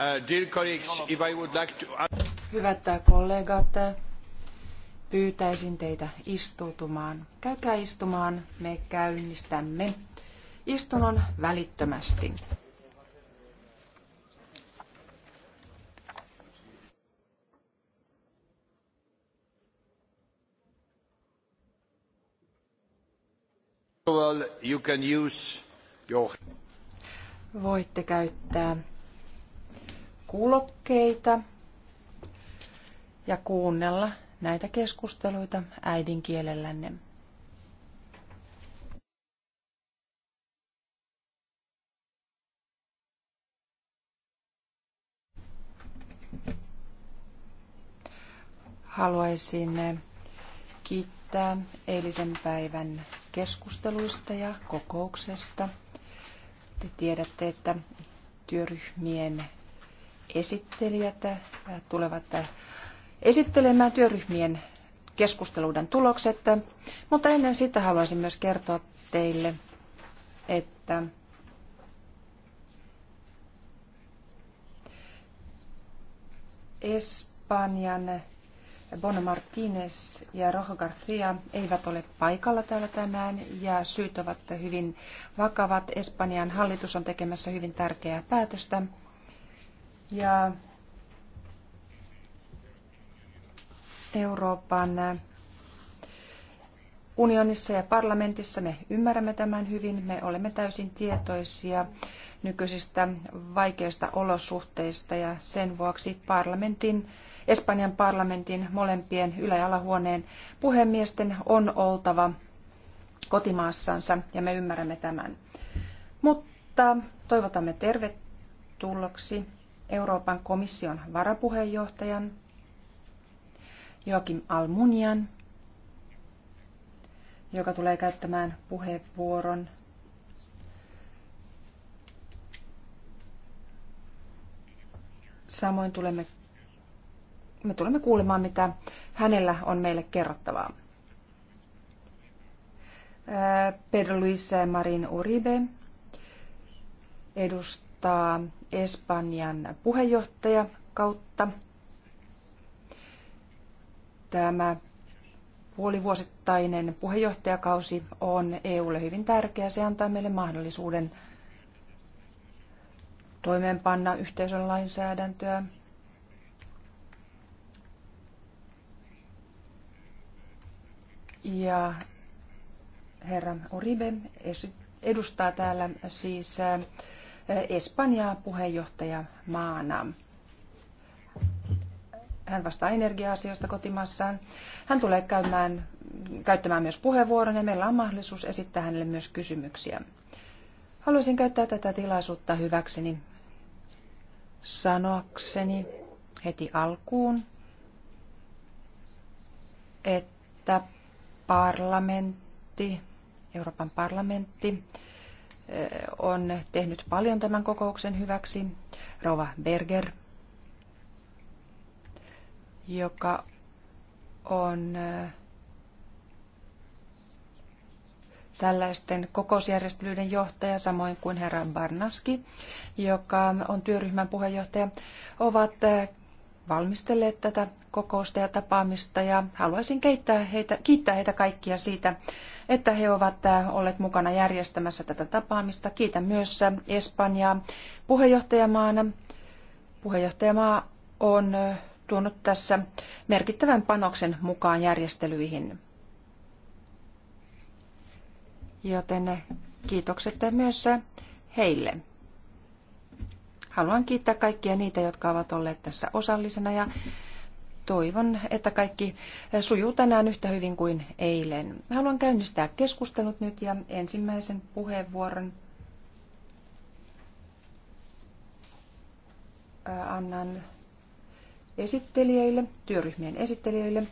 Uh, Hyvät kollegat, pyytäisin teitä istuutumaan. Käykää istumaan, me käynnistämme istunnon välittömästi. Voitte käyttää kulokkeita ja kuunnella näitä keskusteluita äidinkielellänne. Haluaisin kiittää eilisen päivän keskusteluista ja kokouksesta. Te tiedätte, että työryhmien esittelijät tulevat esittelemään työryhmien keskusteluiden tulokset, mutta ennen sitä haluaisin myös kertoa teille, että Espanjan Bono Martínez ja Rojo García eivät ole paikalla täällä tänään ja syyt ovat hyvin vakavat. Espanjan hallitus on tekemässä hyvin tärkeää päätöstä ja Euroopan unionissa ja parlamentissa me ymmärrämme tämän hyvin. Me olemme täysin tietoisia nykyisistä vaikeista olosuhteista ja sen vuoksi parlamentin, Espanjan parlamentin molempien ylä- ja alahuoneen puhemiesten on oltava kotimaassansa ja me ymmärrämme tämän. Mutta toivotamme tervetulloksi Euroopan komission varapuheenjohtajan Joakim Almunian, joka tulee käyttämään puheenvuoron Samoin tulemme, me tulemme kuulemaan, mitä hänellä on meille kerrottavaa. Äh, Pedro Luis Marin Uribe edustaa kertaa Espanjan puheenjohtaja kautta. Tämä puolivuosittainen puheenjohtajakausi on EUlle hyvin tärkeä. Se antaa meille mahdollisuuden toimeenpanna yhteisön lainsäädäntöä, Ja herra Oribe edustaa täällä siis Espanjaa puheenjohtaja maana. Hän vastaa energia-asioista kotimaassaan. Hän tulee käymään, käyttämään myös puheenvuoron ja meillä on mahdollisuus esittää hänelle myös kysymyksiä. Haluaisin käyttää tätä tilaisuutta hyväkseni sanoakseni heti alkuun, että parlamentti, Euroopan parlamentti, on tehnyt paljon tämän kokouksen hyväksi. Rova Berger, joka on tällaisten kokousjärjestelyiden johtaja, samoin kuin herra Barnaski, joka on työryhmän puheenjohtaja, ovat valmistelleet tätä kokousta ja tapaamista ja haluaisin keittää heitä, kiittää heitä kaikkia siitä, että he ovat äh, olleet mukana järjestämässä tätä tapaamista. Kiitän myös äh, Espanjaa puheenjohtajamaana. Puheenjohtajamaa on äh, tuonut tässä merkittävän panoksen mukaan järjestelyihin. Joten kiitokset myös heille. Haluan kiittää kaikkia niitä, jotka ovat olleet tässä osallisena ja toivon, että kaikki sujuu tänään yhtä hyvin kuin eilen. Haluan käynnistää keskustelut nyt ja ensimmäisen puheenvuoron äh, annan esittelijöille, työryhmien esittelijöille,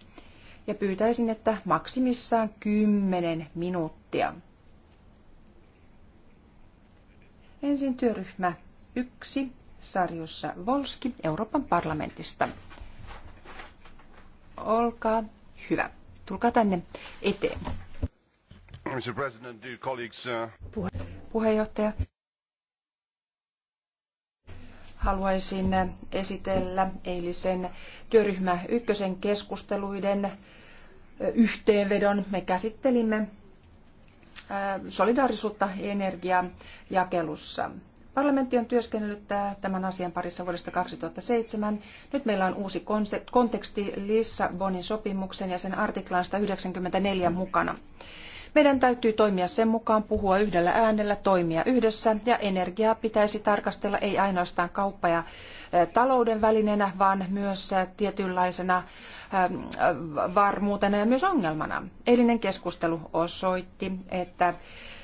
ja pyytäisin, että maksimissaan 10 minuuttia. Ensin työryhmä yksi Sarjussa Volski Euroopan parlamentista. Olkaa hyvä. Tulkaa tänne eteen. Mr. President, dear colleagues, uh, Puhe- puheenjohtaja, haluaisin esitellä eilisen työryhmä ykkösen keskusteluiden yhteenvedon. Me käsittelimme solidaarisuutta energiajakelussa. Parlamentti on työskennellyt tämän asian parissa vuodesta 2007. Nyt meillä on uusi konteksti Lissabonin sopimuksen ja sen artiklan 194 mukana. Meidän täytyy toimia sen mukaan, puhua yhdellä äänellä, toimia yhdessä ja energiaa pitäisi tarkastella ei ainoastaan kauppa- ja talouden välineenä, vaan myös tietynlaisena varmuutena ja myös ongelmana. Eilinen keskustelu osoitti, että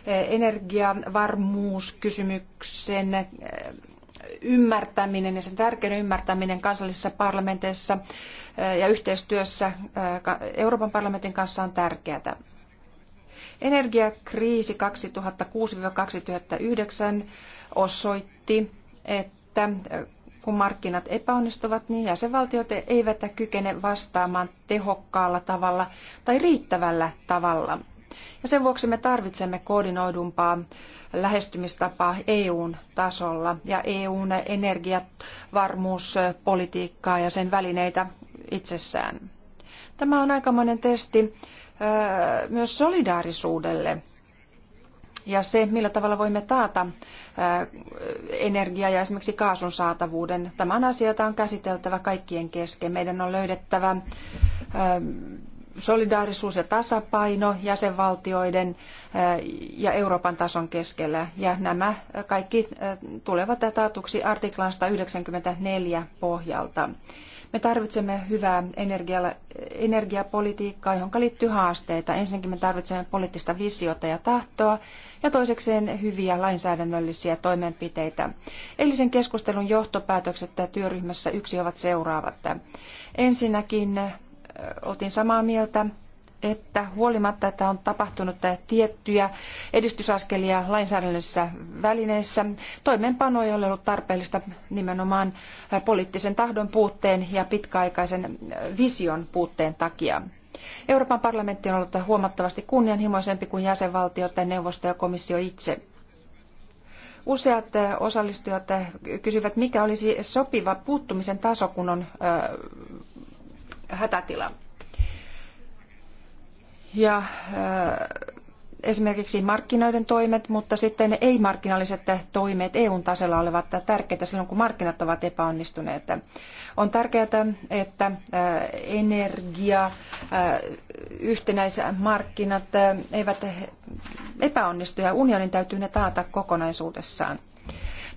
energiavarmuuskysymyksen ymmärtäminen ja sen tärkeyden ymmärtäminen kansallisissa parlamenteissa ja yhteistyössä Euroopan parlamentin kanssa on tärkeää. Energiakriisi 2006-2009 osoitti, että kun markkinat epäonnistuvat, niin jäsenvaltiot eivät kykene vastaamaan tehokkaalla tavalla tai riittävällä tavalla. Ja sen vuoksi me tarvitsemme koordinoidumpaa lähestymistapaa EUn tasolla ja EUn energiavarmuuspolitiikkaa ja sen välineitä itsessään. Tämä on aikamoinen testi myös solidaarisuudelle ja se, millä tavalla voimme taata energiaa ja esimerkiksi kaasun saatavuuden. Tämä on asia, jota on käsiteltävä kaikkien kesken. Meidän on löydettävä solidaarisuus ja tasapaino jäsenvaltioiden ja Euroopan tason keskellä. Ja nämä kaikki tulevat taatuksi artiklan 194 pohjalta. Me tarvitsemme hyvää energia- energiapolitiikkaa, johon liittyy haasteita. Ensinnäkin me tarvitsemme poliittista visiota ja tahtoa ja toisekseen hyviä lainsäädännöllisiä toimenpiteitä. Eilisen keskustelun johtopäätökset työryhmässä yksi ovat seuraavat. Ensinnäkin oltiin samaa mieltä että huolimatta, että on tapahtunut tiettyjä edistysaskelia lainsäädännöllisissä välineissä, toimeenpano ei ole ollut tarpeellista nimenomaan poliittisen tahdon puutteen ja pitkäaikaisen vision puutteen takia. Euroopan parlamentti on ollut huomattavasti kunnianhimoisempi kuin jäsenvaltiot, neuvosto ja komissio itse. Useat osallistujat kysyvät, mikä olisi sopiva puuttumisen taso, kun on hätätila ja äh, esimerkiksi markkinoiden toimet, mutta sitten ei-markkinalliset toimet EUn tasolla olevat tärkeitä silloin, kun markkinat ovat epäonnistuneet. On tärkeää, että äh, energia, äh, yhtenäismarkkinat eivät epäonnistu ja unionin täytyy ne taata kokonaisuudessaan.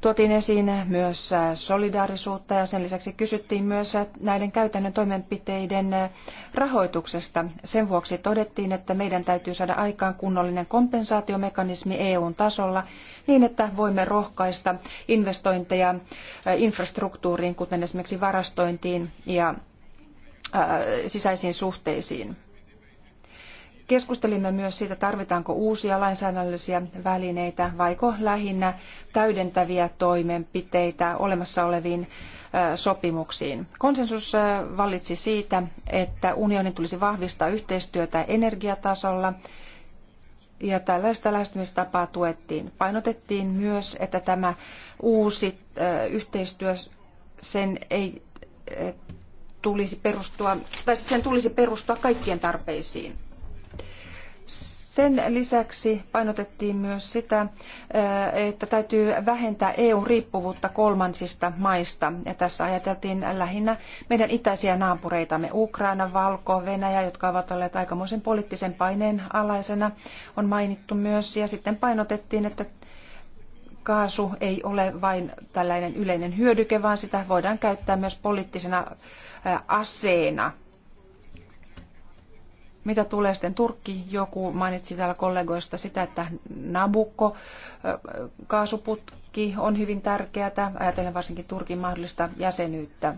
Tuotiin esiin myös äh, solidaarisuutta ja sen lisäksi kysyttiin myös äh, näiden käytännön toimenpiteiden äh, rahoituksesta. Sen vuoksi todettiin, että meidän täytyy saada aikaan kunnollinen kompensaatiomekanismi EUn tasolla niin, että voimme rohkaista investointeja infrastruktuuriin, kuten esimerkiksi varastointiin ja sisäisiin suhteisiin. Keskustelimme myös siitä, tarvitaanko uusia lainsäädännöllisiä välineitä vaiko lähinnä täydentäviä toimenpiteitä olemassa oleviin sopimuksiin. Konsensus vallitsi siitä, että unionin tulisi vahvistaa yhteistyötä energiatasolla ja tällaista lähestymistapaa tuettiin. Painotettiin myös, että tämä uusi yhteistyö sen ei tulisi perustua, tai sen tulisi perustua kaikkien tarpeisiin. Sen lisäksi painotettiin myös sitä, eh, että täytyy vähentää EU-riippuvuutta kolmansista maista. Ja tässä ajateltiin lähinnä meidän itäisiä naapureitamme Ukraina, Valko, Venäjä, jotka ovat olleet aikamoisen poliittisen paineen alaisena, on mainittu myös. Ja sitten painotettiin, että kaasu ei ole vain tällainen yleinen hyödyke, vaan sitä voidaan käyttää myös poliittisena eh, aseena – mitä tulee sitten Turkki, joku mainitsi täällä kollegoista sitä, että Nabukko kaasuputki on hyvin tärkeää, ajatellen varsinkin Turkin mahdollista jäsenyyttä.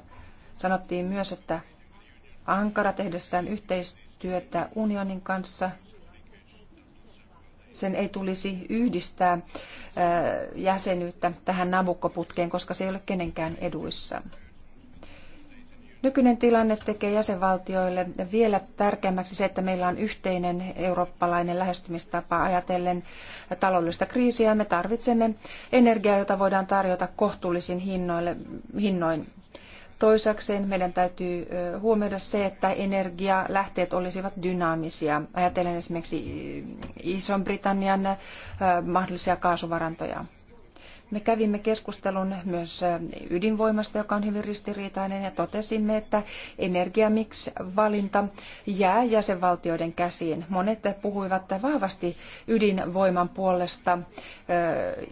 Sanottiin myös, että Ankara tehdessään yhteistyötä unionin kanssa sen ei tulisi yhdistää jäsenyyttä tähän Nabukko-putkeen, koska se ei ole kenenkään eduissa. Nykyinen tilanne tekee jäsenvaltioille vielä tärkeämmäksi se, että meillä on yhteinen eurooppalainen lähestymistapa ajatellen taloudellista kriisiä. Me tarvitsemme energiaa, jota voidaan tarjota kohtuullisin hinnoille, hinnoin. Toisakseen meidän täytyy huomioida se, että energialähteet olisivat dynaamisia. Ajatellen esimerkiksi Ison-Britannian mahdollisia kaasuvarantoja. Me kävimme keskustelun myös ydinvoimasta, joka on hyvin ristiriitainen, ja totesimme, että energiamix-valinta jää jäsenvaltioiden käsiin. Monet puhuivat vahvasti ydinvoiman puolesta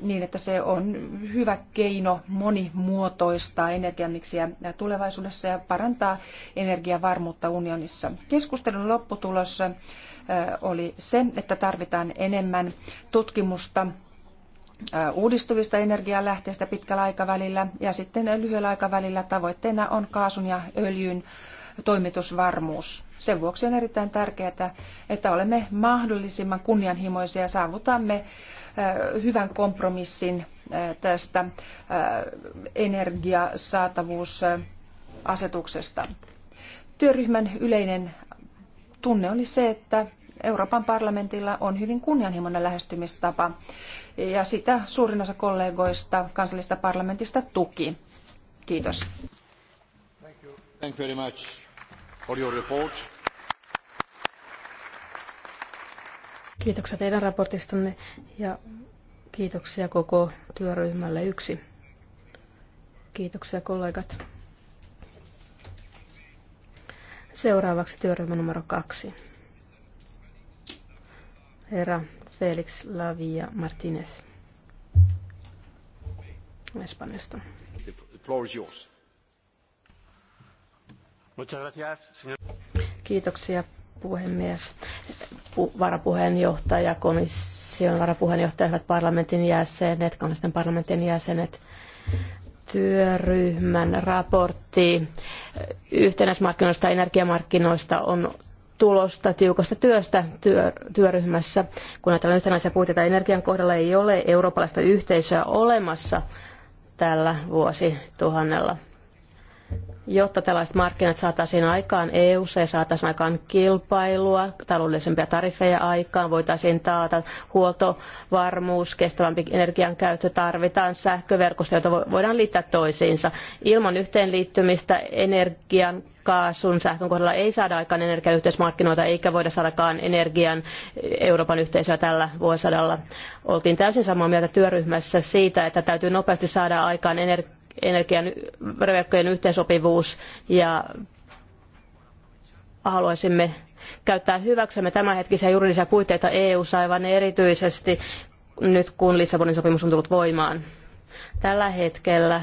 niin, että se on hyvä keino monimuotoistaa energiamiksiä tulevaisuudessa ja parantaa energiavarmuutta unionissa. Keskustelun lopputulos oli se, että tarvitaan enemmän tutkimusta uudistuvista energialähteistä pitkällä aikavälillä ja sitten lyhyellä aikavälillä tavoitteena on kaasun ja öljyn toimitusvarmuus. Sen vuoksi on erittäin tärkeää, että olemme mahdollisimman kunnianhimoisia ja saavutamme hyvän kompromissin tästä energiasaatavuusasetuksesta. Työryhmän yleinen tunne oli se, että Euroopan parlamentilla on hyvin kunnianhimoinen lähestymistapa ja sitä suurin osa kollegoista kansallista parlamentista tuki. Kiitos. Thank you very much for your report. Kiitoksia teidän raportistanne ja kiitoksia koko työryhmälle yksi. Kiitoksia kollegat. Seuraavaksi työryhmä numero kaksi. Herra Felix Lavia Martinez Espanjasta. The floor is yours. Kiitoksia puhemies, pu- varapuheenjohtaja, komission varapuheenjohtaja, hyvät parlamentin jäsenet, komission parlamentin jäsenet, työryhmän raportti yhtenäismarkkinoista ja energiamarkkinoista on tulosta tiukasta työstä työryhmässä. Kun ajatellaan yhtenäisiä puitteita energian kohdalla, ei ole eurooppalaista yhteisöä olemassa tällä vuosituhannella jotta tällaiset markkinat saataisiin aikaan eu ja saataisiin aikaan kilpailua, taloudellisempia tariffeja aikaan, voitaisiin taata huoltovarmuus, kestävämpi energian käyttö, tarvitaan sähköverkostoja, jota voidaan liittää toisiinsa. Ilman yhteenliittymistä energian kaasun sähkön kohdalla ei saada aikaan energiayhteismarkkinoita eikä voida saadakaan energian Euroopan yhteisöä tällä vuosisadalla. Oltiin täysin samaa mieltä työryhmässä siitä, että täytyy nopeasti saada aikaan energi- energian verkkojen yhteensopivuus ja haluaisimme käyttää hyväksemme tämänhetkisiä juridisia puitteita EU-ssa aivan erityisesti nyt kun Lissabonin sopimus on tullut voimaan. Tällä hetkellä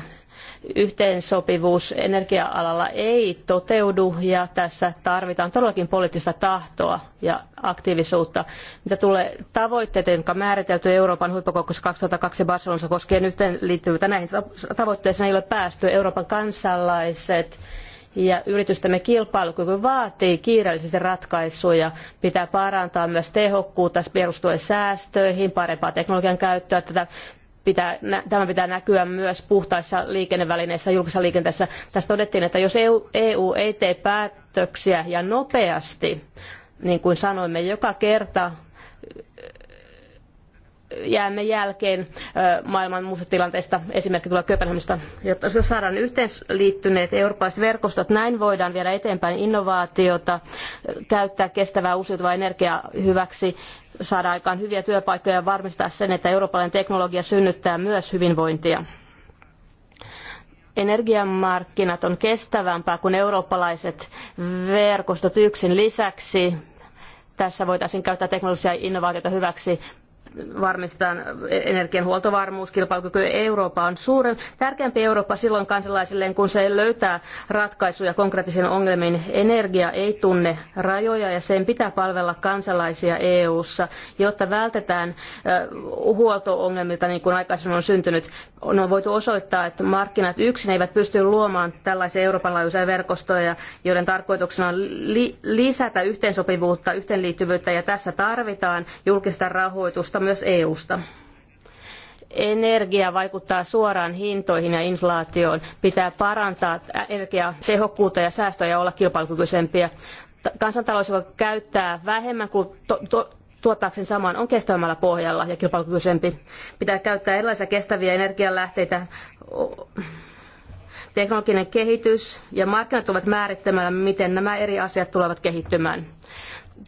yhteensopivuus energia-alalla ei toteudu ja tässä tarvitaan todellakin poliittista tahtoa ja aktiivisuutta. Mitä tulee tavoitteet, jotka on määritelty Euroopan huippukokous 2002 Barcelonassa koskien yhteen näihin tavoitteisiin ei ole päästy. Euroopan kansalaiset ja yritystemme kilpailukyky vaatii kiireellisesti ratkaisuja. Pitää parantaa myös tehokkuutta perustuen säästöihin, parempaa teknologian käyttöä, tätä pitää, tämä pitää näkyä myös puhtaissa liikennevälineissä, julkisessa liikenteessä. Tässä todettiin, että jos EU, EU ei tee päätöksiä ja nopeasti, niin kuin sanoimme, joka kerta jäämme jälkeen maailman muusta tilanteesta, esimerkiksi tulee Köpenhamista, jotta se saadaan yhteenliittyneet eurooppalaiset verkostot. Näin voidaan viedä eteenpäin innovaatiota, käyttää kestävää uusiutuvaa energiaa hyväksi, saada aikaan hyviä työpaikkoja ja varmistaa sen, että eurooppalainen teknologia synnyttää myös hyvinvointia energiamarkkinat on kestävämpää kuin eurooppalaiset verkostot yksin lisäksi. Tässä voitaisiin käyttää teknologisia innovaatioita hyväksi varmistetaan energian huoltovarmuus, kilpailukyky. Eurooppa on tärkeämpi Eurooppa silloin kansalaisilleen, kun se löytää ratkaisuja konkreettisiin ongelmiin. Energia ei tunne rajoja ja sen pitää palvella kansalaisia EU-ssa, jotta vältetään huoltoongelmilta, niin kuin aikaisemmin on syntynyt. On voitu osoittaa, että markkinat yksin eivät pysty luomaan tällaisia Euroopan laajuisia verkostoja, joiden tarkoituksena on lisätä yhteensopivuutta, yhteenliittyvyyttä ja tässä tarvitaan julkista rahoitusta rahoitusta myös EUsta. Energia vaikuttaa suoraan hintoihin ja inflaatioon. Pitää parantaa energiatehokkuutta ja säästöjä ja olla kilpailukykyisempiä. Kansantalous, joka käyttää vähemmän kuin tuottaakseen saman, on kestävämmällä pohjalla ja kilpailukykyisempi. Pitää käyttää erilaisia kestäviä energianlähteitä. Teknologinen kehitys ja markkinat ovat määrittämällä, miten nämä eri asiat tulevat kehittymään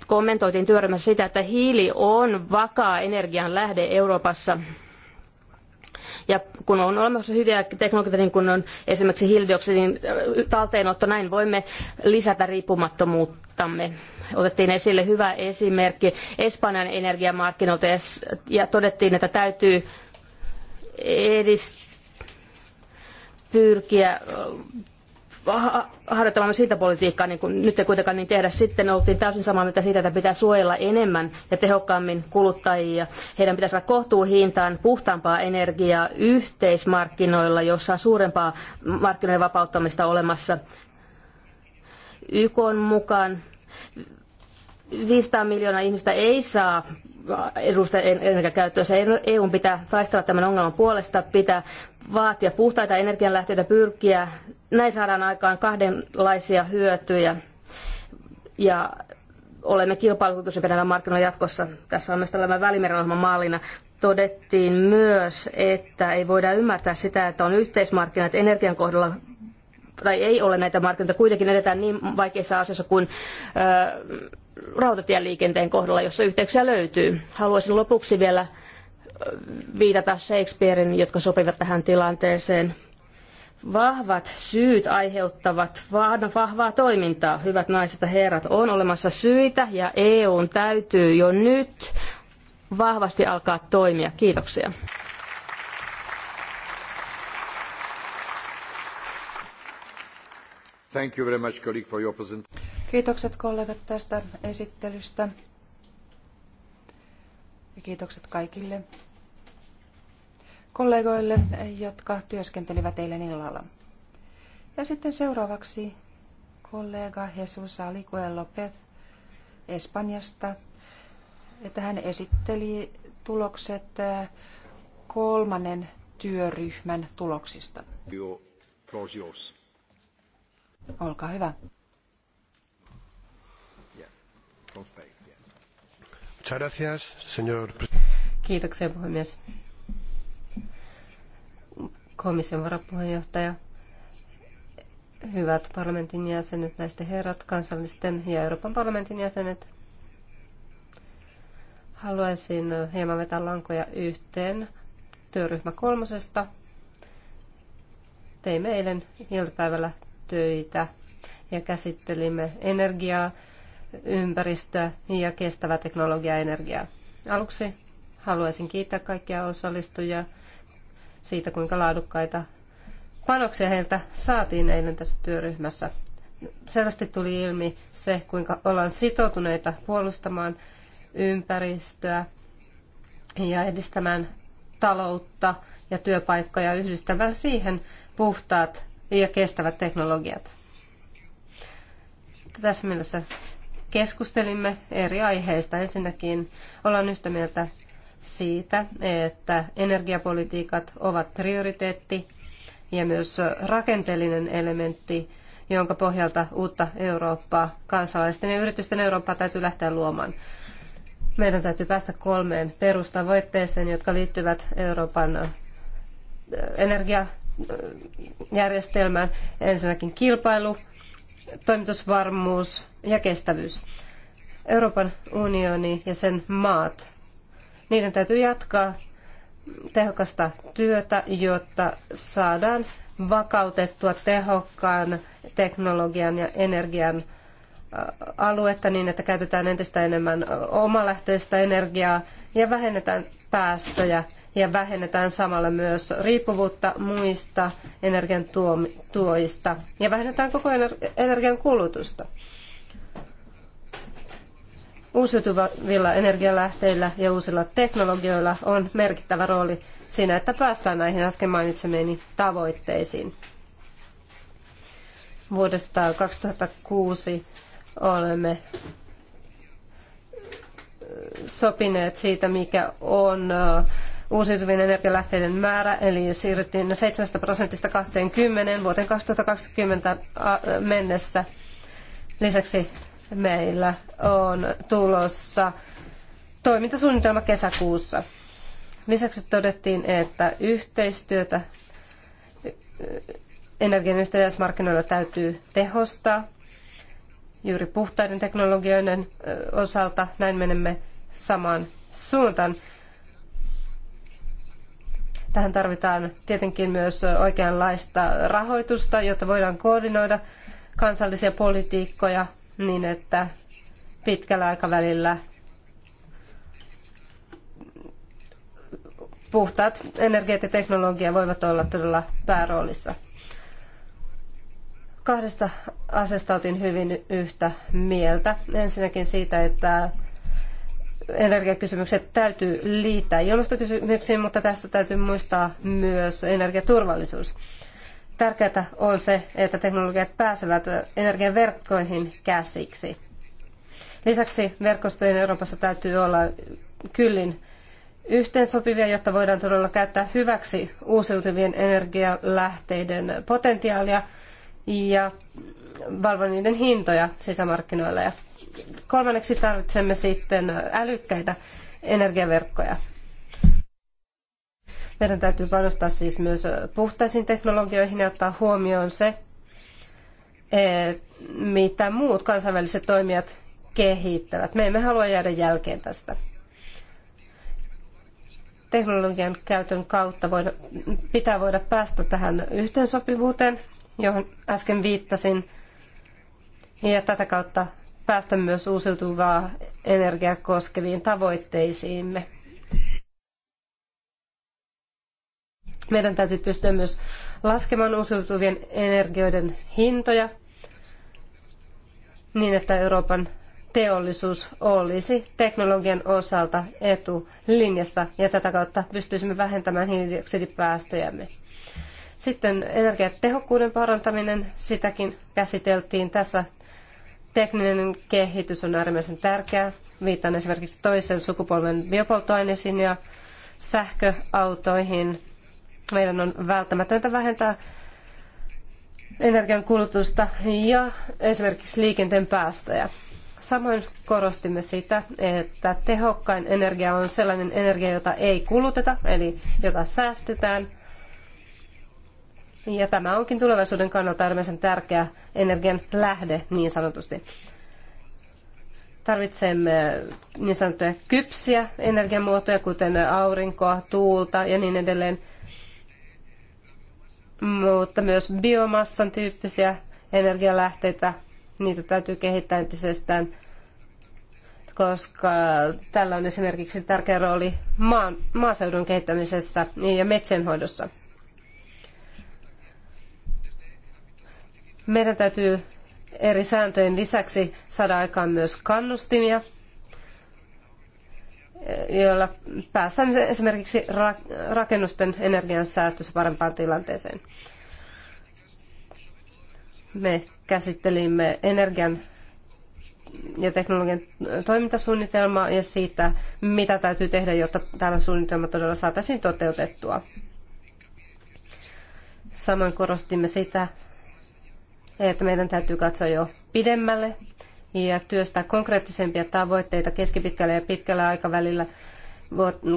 kommentoitiin työryhmässä sitä, että hiili on vakaa energian lähde Euroopassa. Ja kun on olemassa hyviä teknologioita, niin kuin on esimerkiksi hiilidioksidin äh, talteenotto, näin voimme lisätä riippumattomuuttamme. Otettiin esille hyvä esimerkki Espanjan energiamarkkinoilta ja todettiin, että täytyy edist pyrkiä äh, harjoittamamme siitä politiikkaa, niin kuin nyt ei kuitenkaan niin tehdä. Sitten oltiin täysin samaa mieltä siitä, että pitää suojella enemmän ja tehokkaammin kuluttajia. Heidän pitäisi saada kohtuuhintaan puhtaampaa energiaa yhteismarkkinoilla, jossa on suurempaa markkinoiden vapauttamista olemassa. YK on mukaan 500 miljoonaa ihmistä ei saa edustajien energiakäyttöönsä. EUn pitää taistella tämän ongelman puolesta, pitää vaatia puhtaita energianlähteitä, pyrkiä. Näin saadaan aikaan kahdenlaisia hyötyjä ja olemme kilpailukykyisiä näillä markkinoilla jatkossa. Tässä on myös tällainen välimeren ohjelman mallina. Todettiin myös, että ei voida ymmärtää sitä, että on yhteismarkkinat energian kohdalla tai ei ole näitä markkinoita, kuitenkin edetään niin vaikeissa asioissa kuin ö, rautatieliikenteen kohdalla, jossa yhteyksiä löytyy. Haluaisin lopuksi vielä viitata Shakespearein, jotka sopivat tähän tilanteeseen. Vahvat syyt aiheuttavat no, vahvaa toimintaa. Hyvät naiset ja herrat, on olemassa syitä ja EUn täytyy jo nyt vahvasti alkaa toimia. Kiitoksia. Kiitokset kollegat tästä esittelystä. Ja kiitokset kaikille kollegoille, jotka työskentelivät eilen illalla. Ja sitten seuraavaksi kollega Jesus Alicuel López Espanjasta, että hän esitteli tulokset eh, kolmannen työryhmän tuloksista. Olkaa hyvä. Kiitoksia puhemies. Komission varapuheenjohtaja, hyvät parlamentin jäsenet, näistä herrat, kansallisten ja Euroopan parlamentin jäsenet. Haluaisin hieman vetää lankoja yhteen työryhmä kolmosesta. Teimme eilen iltapäivällä töitä ja käsittelimme energiaa, ympäristöä ja kestävää teknologiaa energiaa. Aluksi haluaisin kiittää kaikkia osallistujia siitä, kuinka laadukkaita panoksia heiltä saatiin eilen tässä työryhmässä. Selvästi tuli ilmi se, kuinka ollaan sitoutuneita puolustamaan ympäristöä ja edistämään taloutta ja työpaikkoja yhdistämään siihen puhtaat ja kestävät teknologiat. Tässä mielessä keskustelimme eri aiheista. Ensinnäkin ollaan yhtä mieltä siitä, että energiapolitiikat ovat prioriteetti ja myös rakenteellinen elementti, jonka pohjalta uutta Eurooppaa, kansalaisten ja yritysten Eurooppaa täytyy lähteä luomaan. Meidän täytyy päästä kolmeen perustavoitteeseen, jotka liittyvät Euroopan energia- järjestelmään. Ensinnäkin kilpailu, toimitusvarmuus ja kestävyys. Euroopan unioni ja sen maat, niiden täytyy jatkaa tehokasta työtä, jotta saadaan vakautettua tehokkaan teknologian ja energian aluetta niin, että käytetään entistä enemmän omalähtöistä energiaa ja vähennetään päästöjä ja vähennetään samalla myös riippuvuutta muista energian ja vähennetään koko energian kulutusta. Uusiutuvilla energialähteillä ja uusilla teknologioilla on merkittävä rooli siinä, että päästään näihin äsken mainitsemiini tavoitteisiin. Vuodesta 2006 olemme sopineet siitä, mikä on uusiutuvien energialähteiden määrä, eli siirryttiin 7 prosentista 20 vuoteen 2020 mennessä. Lisäksi meillä on tulossa toimintasuunnitelma kesäkuussa. Lisäksi todettiin, että yhteistyötä energian yhteismarkkinoilla täytyy tehostaa juuri puhtaiden teknologioiden osalta. Näin menemme samaan suuntaan. Tähän tarvitaan tietenkin myös oikeanlaista rahoitusta, jotta voidaan koordinoida kansallisia politiikkoja niin, että pitkällä aikavälillä puhtaat energiat ja teknologia voivat olla todella pääroolissa. Kahdesta asiasta otin hyvin yhtä mieltä. Ensinnäkin siitä, että energiakysymykset täytyy liittää ilmastokysymyksiin, mutta tässä täytyy muistaa myös energiaturvallisuus. Tärkeää on se, että teknologiat pääsevät energiaverkkoihin käsiksi. Lisäksi verkostojen Euroopassa täytyy olla kyllin yhteensopivia, jotta voidaan todella käyttää hyväksi uusiutuvien energialähteiden potentiaalia ja valvoa niiden hintoja sisämarkkinoilla ja kolmanneksi tarvitsemme sitten älykkäitä energiaverkkoja. Meidän täytyy panostaa siis myös puhtaisiin teknologioihin ja ottaa huomioon se, e, mitä muut kansainväliset toimijat kehittävät. Me emme halua jäädä jälkeen tästä. Teknologian käytön kautta voida, pitää voida päästä tähän yhteensopivuuteen, johon äsken viittasin, ja tätä kautta päästä myös uusiutuvaa energiaa koskeviin tavoitteisiimme. Meidän täytyy pystyä myös laskemaan uusiutuvien energioiden hintoja niin, että Euroopan teollisuus olisi teknologian osalta etulinjassa ja tätä kautta pystyisimme vähentämään hiilidioksidipäästöjämme. Sitten energiatehokkuuden parantaminen, sitäkin käsiteltiin tässä tekninen kehitys on äärimmäisen tärkeää. Viittaan esimerkiksi toisen sukupolven biopolttoaineisiin ja sähköautoihin. Meidän on välttämätöntä vähentää energian kulutusta ja esimerkiksi liikenteen päästöjä. Samoin korostimme sitä, että tehokkain energia on sellainen energia, jota ei kuluteta, eli jota säästetään. Ja tämä onkin tulevaisuuden kannalta äärimmäisen tärkeä energian lähde niin sanotusti. Tarvitsemme niin sanottuja kypsiä energiamuotoja, kuten aurinkoa, tuulta ja niin edelleen. Mutta myös biomassan tyyppisiä energialähteitä, niitä täytyy kehittää entisestään, koska tällä on esimerkiksi tärkeä rooli maan, maaseudun kehittämisessä ja metsien hoidossa. Meidän täytyy eri sääntöjen lisäksi saada aikaan myös kannustimia, joilla päästään esimerkiksi rakennusten energiansäästössä parempaan tilanteeseen. Me käsittelimme energian ja teknologian toimintasuunnitelmaa ja siitä, mitä täytyy tehdä, jotta tämä suunnitelma todella saataisiin toteutettua. Samoin korostimme sitä, että meidän täytyy katsoa jo pidemmälle ja työstää konkreettisempia tavoitteita keskipitkällä ja pitkällä aikavälillä.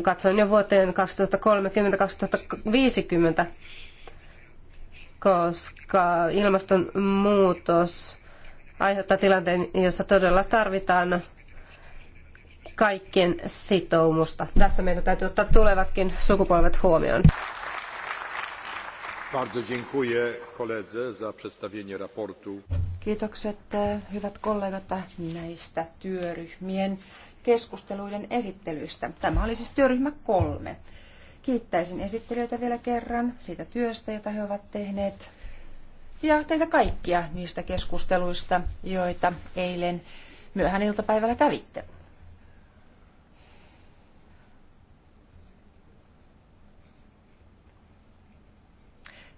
Katsoin jo vuoteen 2030-2050, koska ilmastonmuutos aiheuttaa tilanteen, jossa todella tarvitaan kaikkien sitoumusta. Tässä meidän täytyy ottaa tulevatkin sukupolvet huomioon. Bardzo Kiitokset eh, hyvät kollegat näistä työryhmien keskusteluiden esittelyistä. Tämä oli siis työryhmä kolme. Kiittäisin esittelijöitä vielä kerran siitä työstä, jota he ovat tehneet. Ja teitä kaikkia niistä keskusteluista, joita eilen myöhään iltapäivällä kävitte.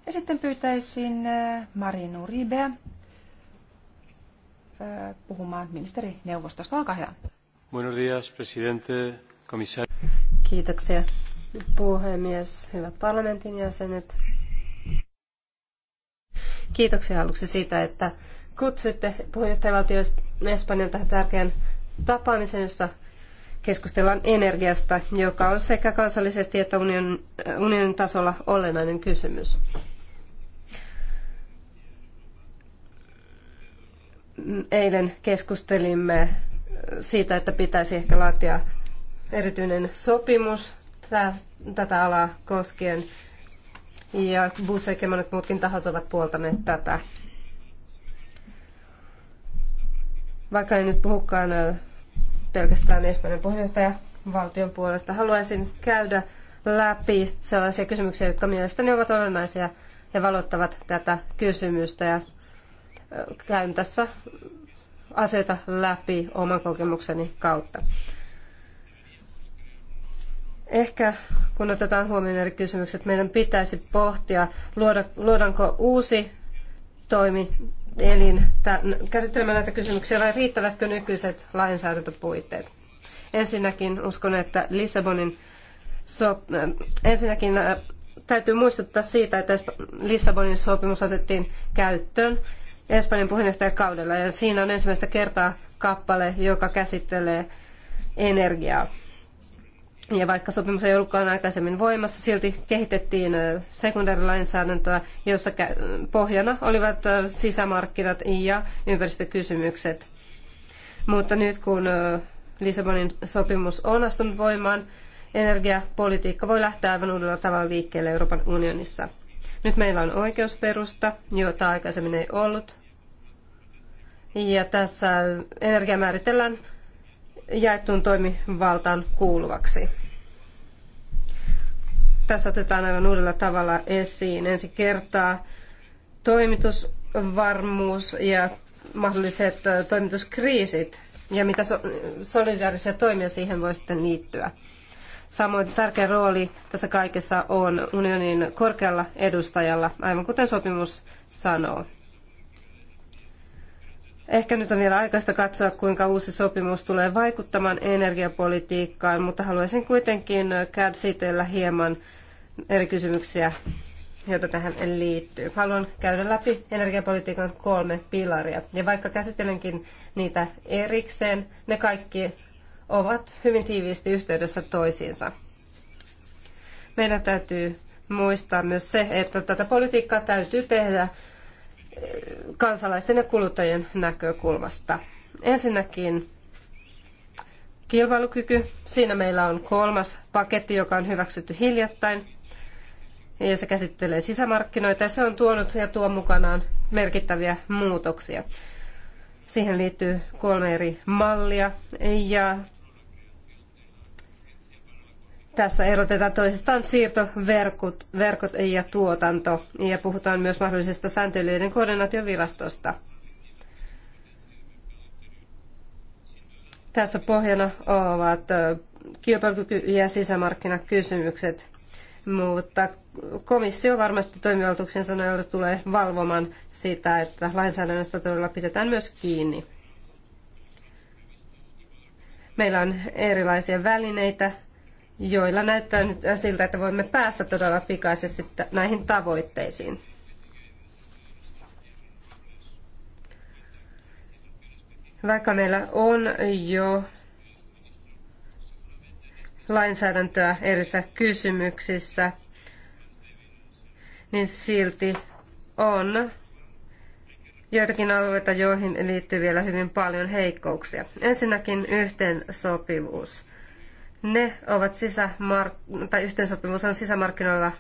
Ja sitten pyytäisin äh, Marino Uribeä äh, puhumaan ministerineuvostosta. Olkaa hyvä. Buenos días, presidente, komissaari. Kiitoksia puhemies, hyvät parlamentin jäsenet. Kiitoksia aluksi siitä, että kutsuitte puheenjohtajavaltioista Espanjan tähän tärkeän tapaamisen, jossa keskustellaan energiasta, joka on sekä kansallisesti että äh, unionin tasolla olennainen kysymys. eilen keskustelimme siitä, että pitäisi ehkä laatia erityinen sopimus tätä alaa koskien. Ja Busek ja monet muutkin tahot ovat puoltaneet tätä. Vaikka en nyt puhukaan pelkästään Espanjan puheenjohtaja valtion puolesta, haluaisin käydä läpi sellaisia kysymyksiä, jotka mielestäni ovat olennaisia ja valottavat tätä kysymystä ja käyn tässä asioita läpi oman kokemukseni kautta. Ehkä kun otetaan huomioon eri kysymykset, meidän pitäisi pohtia, luodaanko uusi toimi elin käsittelemään näitä kysymyksiä vai riittävätkö nykyiset lainsäädäntöpuitteet. Ensinnäkin uskon, että Lissabonin so, äh, ensinnäkin äh, täytyy muistuttaa siitä, että Lissabonin sopimus otettiin käyttöön Espanjan puheenjohtajakaudella. Ja siinä on ensimmäistä kertaa kappale, joka käsittelee energiaa. Ja vaikka sopimus ei ollutkaan aikaisemmin voimassa, silti kehitettiin sekundaarilainsäädäntöä, jossa pohjana olivat sisämarkkinat ja ympäristökysymykset. Mutta nyt kun Lissabonin sopimus on astunut voimaan, energiapolitiikka voi lähteä aivan uudella tavalla liikkeelle Euroopan unionissa. Nyt meillä on oikeusperusta, jota aikaisemmin ei ollut, ja tässä energia määritellään jaettuun toimivaltaan kuuluvaksi. Tässä otetaan aivan uudella tavalla esiin ensi kertaa toimitusvarmuus ja mahdolliset toimituskriisit ja mitä solidaarisia toimia siihen voi sitten liittyä. Samoin tärkeä rooli tässä kaikessa on unionin korkealla edustajalla, aivan kuten sopimus sanoo. Ehkä nyt on vielä aikaista katsoa, kuinka uusi sopimus tulee vaikuttamaan energiapolitiikkaan, mutta haluaisin kuitenkin käsitellä hieman eri kysymyksiä, joita tähän liittyy. Haluan käydä läpi energiapolitiikan kolme pilaria. Ja vaikka käsittelenkin niitä erikseen, ne kaikki ovat hyvin tiiviisti yhteydessä toisiinsa. Meidän täytyy muistaa myös se, että tätä politiikkaa täytyy tehdä kansalaisten ja kuluttajien näkökulmasta. Ensinnäkin kilpailukyky. Siinä meillä on kolmas paketti, joka on hyväksytty hiljattain. Ja se käsittelee sisämarkkinoita ja se on tuonut ja tuo mukanaan merkittäviä muutoksia. Siihen liittyy kolme eri mallia ja tässä erotetaan toisistaan siirtoverkot verkot ja tuotanto ja puhutaan myös mahdollisesta sääntelyiden koordinaatiovirastosta. Tässä pohjana ovat kilpailukyky- ja sisämarkkinakysymykset, mutta komissio varmasti toimivaltuuksensa nojalla tulee valvomaan sitä, että lainsäädännöstä todella pidetään myös kiinni. Meillä on erilaisia välineitä joilla näyttää nyt siltä, että voimme päästä todella pikaisesti näihin tavoitteisiin. Vaikka meillä on jo lainsäädäntöä erissä kysymyksissä, niin silti on joitakin alueita, joihin liittyy vielä hyvin paljon heikkouksia. Ensinnäkin yhteensopivuus. Ne ovat sisämark- tai yhteensopimus on sisämarkkinoilla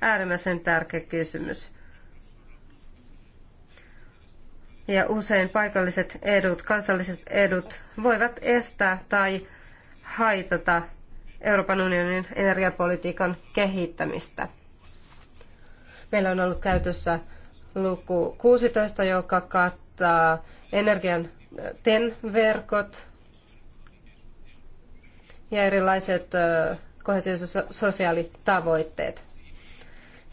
äärimmäisen tärkeä kysymys. Ja usein paikalliset edut, kansalliset edut voivat estää tai haitata Euroopan unionin energiapolitiikan kehittämistä. Meillä on ollut käytössä luku 16, joka kattaa energian TEN-verkot, ja erilaiset sosiaalitavoitteet.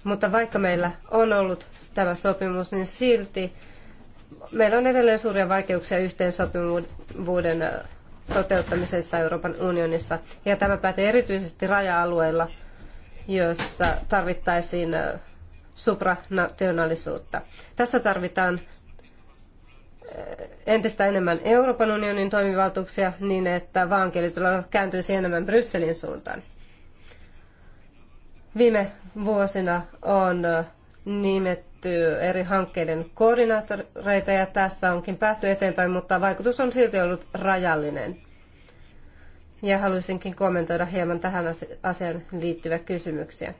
Mutta vaikka meillä on ollut tämä sopimus, niin silti meillä on edelleen suuria vaikeuksia yhteensopivuuden toteuttamisessa Euroopan unionissa. Ja tämä pätee erityisesti raja-alueilla, jossa tarvittaisiin supranationaalisuutta. Tässä tarvitaan entistä enemmän Euroopan unionin toimivaltuuksia niin, että vankilitulo kääntyisi enemmän Brysselin suuntaan. Viime vuosina on nimetty eri hankkeiden koordinaattoreita ja tässä onkin päästy eteenpäin, mutta vaikutus on silti ollut rajallinen. Ja haluaisinkin kommentoida hieman tähän asiaan liittyviä kysymyksiä.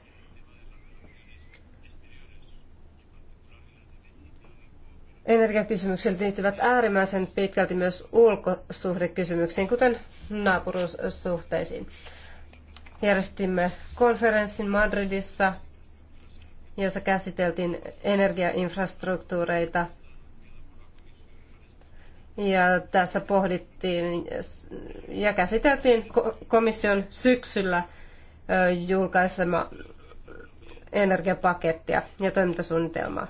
energiakysymykset liittyvät äärimmäisen pitkälti myös ulkosuhdekysymyksiin, kuten naapuruussuhteisiin. Järjestimme konferenssin Madridissa, jossa käsiteltiin energiainfrastruktuureita. Ja tässä pohdittiin ja käsiteltiin komission syksyllä julkaisema energiapakettia ja toimintasuunnitelmaa.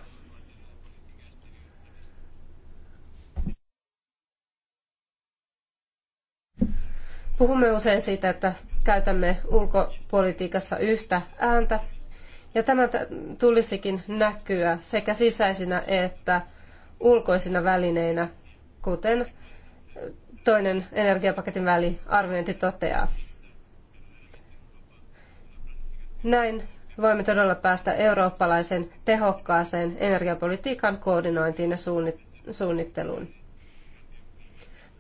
Puhumme usein siitä, että käytämme ulkopolitiikassa yhtä ääntä, ja tämä tulisikin näkyä sekä sisäisinä että ulkoisina välineinä, kuten toinen energiapaketin väliarviointi toteaa. Näin voimme todella päästä eurooppalaisen tehokkaaseen energiapolitiikan koordinointiin ja suunnitteluun.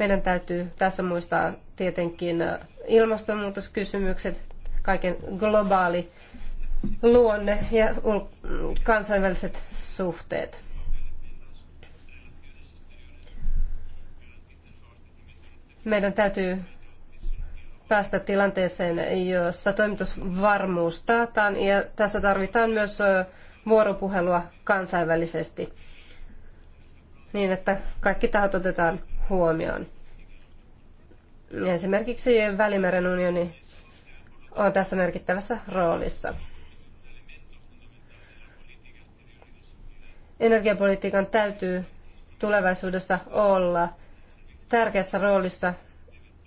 Meidän täytyy tässä muistaa tietenkin äh, ilmastonmuutoskysymykset, kaiken globaali luonne ja kansainväliset suhteet. Meidän täytyy päästä tilanteeseen, jossa toimitusvarmuus taataan ja tässä tarvitaan myös vuoropuhelua kansainvälisesti niin, että kaikki tahot otetaan huomioon. Esimerkiksi Välimeren unioni on tässä merkittävässä roolissa. Energiapolitiikan täytyy tulevaisuudessa olla tärkeässä roolissa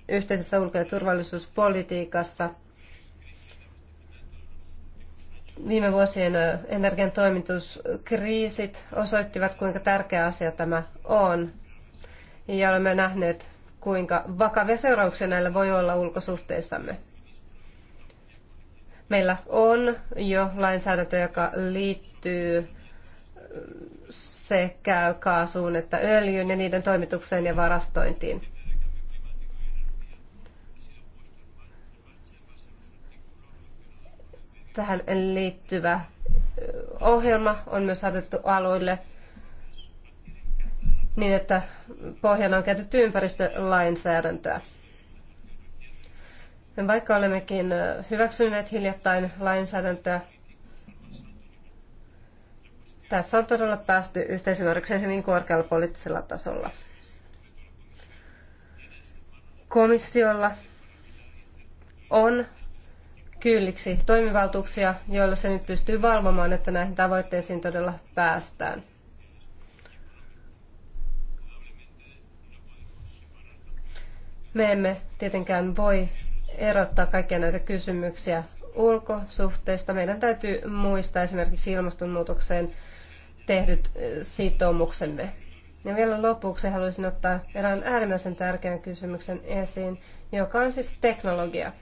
yhteisessä ulko- ja turvallisuuspolitiikassa. Viime vuosien äh, energian toimituskriisit osoittivat, kuinka tärkeä asia tämä on ja olemme nähneet, kuinka vakavia seurauksia näillä voi olla ulkosuhteissamme. Meillä on jo lainsäädäntö, joka liittyy sekä kaasuun että öljyyn ja niiden toimitukseen ja varastointiin. Tähän liittyvä ohjelma on myös saatettu aloille niin, että pohjana on käytetty ympäristölainsäädäntöä. Vaikka olemmekin hyväksyneet hiljattain lainsäädäntöä, tässä on todella päästy yhteisymmärrykseen hyvin korkealla poliittisella tasolla. Komissiolla on kylliksi toimivaltuuksia, joilla se nyt pystyy valvomaan, että näihin tavoitteisiin todella päästään. Me emme tietenkään voi erottaa kaikkia näitä kysymyksiä ulkosuhteista. Meidän täytyy muistaa esimerkiksi ilmastonmuutokseen tehdyt eh, sitoumuksemme. Ja vielä lopuksi haluaisin ottaa erään äärimmäisen tärkeän kysymyksen esiin, joka on siis teknologia.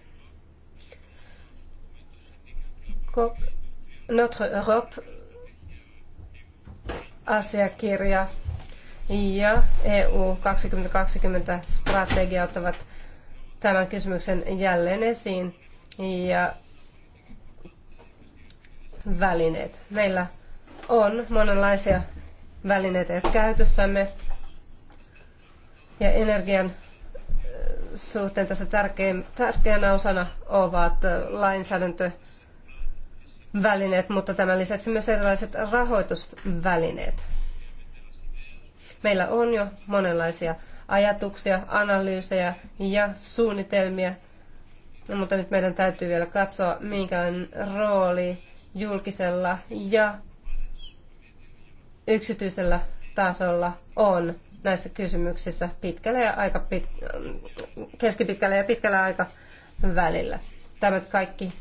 Notre Europe asiakirja ja EU 2020 strategia ottavat tämän kysymyksen jälleen esiin ja välineet. Meillä on monenlaisia välineitä käytössämme ja energian suhteen tässä tärkein, tärkeänä osana ovat välineet, mutta tämän lisäksi myös erilaiset rahoitusvälineet. Meillä on jo monenlaisia ajatuksia, analyysejä ja suunnitelmia, mutta nyt meidän täytyy vielä katsoa, minkälainen rooli julkisella ja yksityisellä tasolla on näissä kysymyksissä pitkällä ja aika pit, keskipitkällä ja pitkällä välillä. Tämä kaikki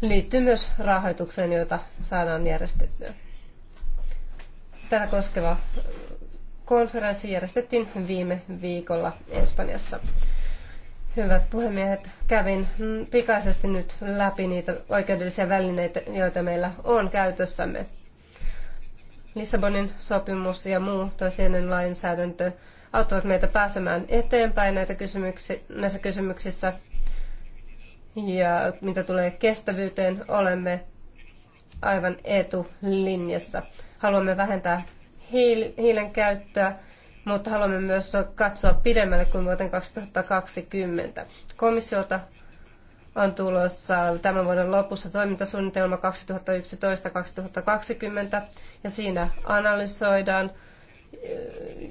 liittyy myös rahoitukseen, jota saadaan järjestettyä tätä koskeva konferenssi järjestettiin viime viikolla Espanjassa. Hyvät puhemiehet, kävin pikaisesti nyt läpi niitä oikeudellisia välineitä, joita meillä on käytössämme. Lissabonin sopimus ja muu toisinen lainsäädäntö auttavat meitä pääsemään eteenpäin näitä kysymyksiä, näissä kysymyksissä. Ja mitä tulee kestävyyteen, olemme aivan etulinjassa. Haluamme vähentää hiilen käyttöä, mutta haluamme myös katsoa pidemmälle kuin vuoteen 2020. Komissiolta on tulossa tämän vuoden lopussa toimintasuunnitelma 2011-2020 ja siinä analysoidaan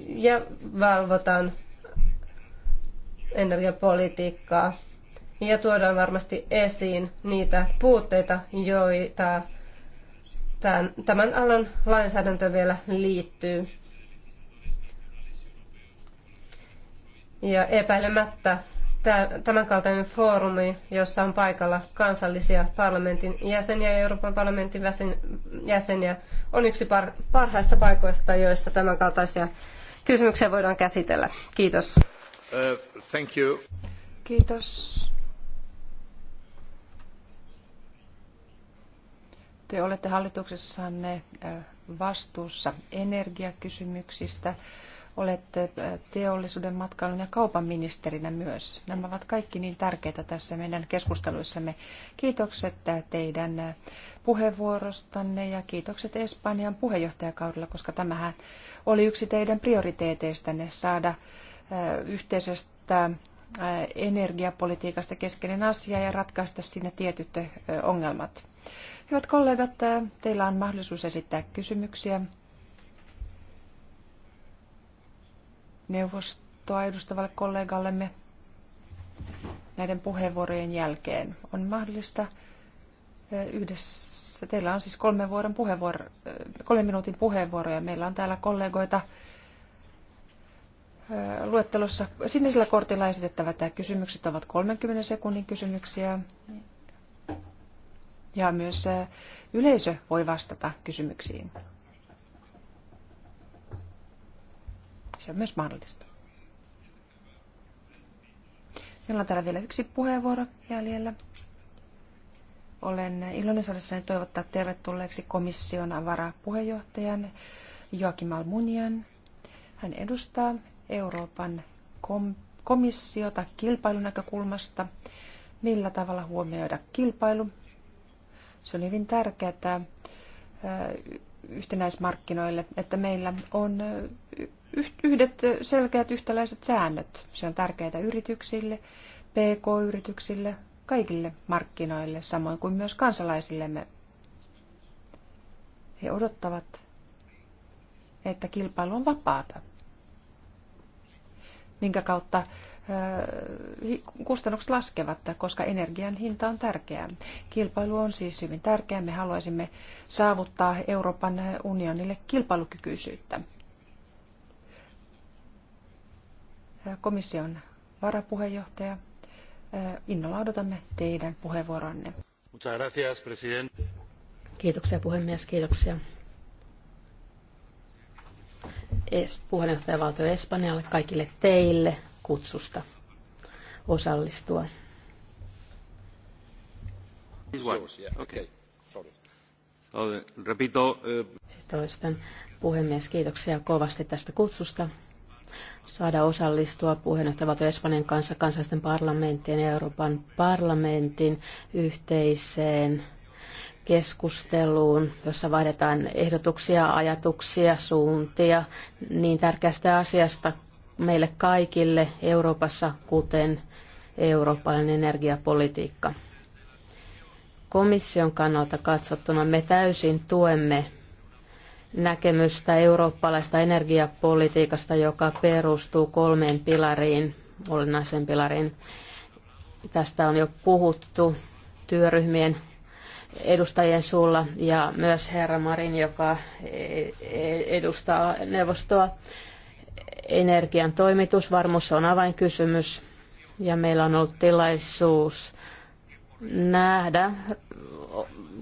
ja valvotaan energiapolitiikkaa ja tuodaan varmasti esiin niitä puutteita, joita tämän, tämän alan lainsäädäntö vielä liittyy. Ja epäilemättä tämänkaltainen foorumi, jossa on paikalla kansallisia parlamentin jäseniä ja Euroopan parlamentin jäseniä, on yksi parhaista paikoista, joissa tämänkaltaisia kysymyksiä voidaan käsitellä. Kiitos. Uh, thank you. Kiitos. Te olette hallituksessanne vastuussa energiakysymyksistä. Olette teollisuuden, matkailun ja kaupan ministerinä myös. Nämä ovat kaikki niin tärkeitä tässä meidän keskusteluissamme. Kiitokset teidän puheenvuorostanne ja kiitokset Espanjan puheenjohtajakaudella, koska tämähän oli yksi teidän prioriteeteistanne saada yhteisestä energiapolitiikasta keskeinen asia ja ratkaista sinne tietyt ongelmat. Hyvät kollegat, teillä on mahdollisuus esittää kysymyksiä neuvostoa edustavalle kollegallemme näiden puheenvuorojen jälkeen. On mahdollista yhdessä, teillä on siis kolmen, vuoden puheenvuoro, kolmen minuutin puheenvuoroja. Meillä on täällä kollegoita luettelossa. Sinisellä kortilla esitettävät kysymykset ovat 30 sekunnin kysymyksiä ja myös yleisö voi vastata kysymyksiin. Se on myös mahdollista. Meillä on täällä vielä yksi puheenvuoro jäljellä. Olen iloinen saada toivottaa tervetulleeksi komission varapuheenjohtajan Joakim Almunian. Hän edustaa Euroopan kom- komissiota kilpailunäkökulmasta, millä tavalla huomioida kilpailu se on hyvin tärkeää äh, yhtenäismarkkinoille, että meillä on äh, yhdet äh, selkeät yhtäläiset säännöt. Se on tärkeää yrityksille, PK-yrityksille, kaikille markkinoille, samoin kuin myös kansalaisillemme. He odottavat, että kilpailu on vapaata, minkä kautta kustannukset laskevat, koska energian hinta on tärkeää. Kilpailu on siis hyvin tärkeää. Me haluaisimme saavuttaa Euroopan unionille kilpailukykyisyyttä. Komission varapuheenjohtaja, innolla odotamme teidän puheenvuoronne. Kiitoksia puhemies, kiitoksia puheenjohtajavaltio Espanjalle, kaikille teille, kutsusta osallistua. Uh, uh, siis toistan. Puhemies, kiitoksia kovasti tästä kutsusta saada osallistua puheenjohtajavaltio Espanjan kanssa kansallisten parlamenttien ja Euroopan parlamentin yhteiseen keskusteluun, jossa vaihdetaan ehdotuksia, ajatuksia, suuntia niin tärkeästä asiasta meille kaikille Euroopassa, kuten eurooppalainen energiapolitiikka. Komission kannalta katsottuna me täysin tuemme näkemystä eurooppalaista energiapolitiikasta, joka perustuu kolmeen pilariin, olennaisen pilariin. Tästä on jo puhuttu työryhmien edustajien suulla ja myös herra Marin, joka e- e- edustaa neuvostoa Energian toimitusvarmuus on avainkysymys ja meillä on ollut tilaisuus nähdä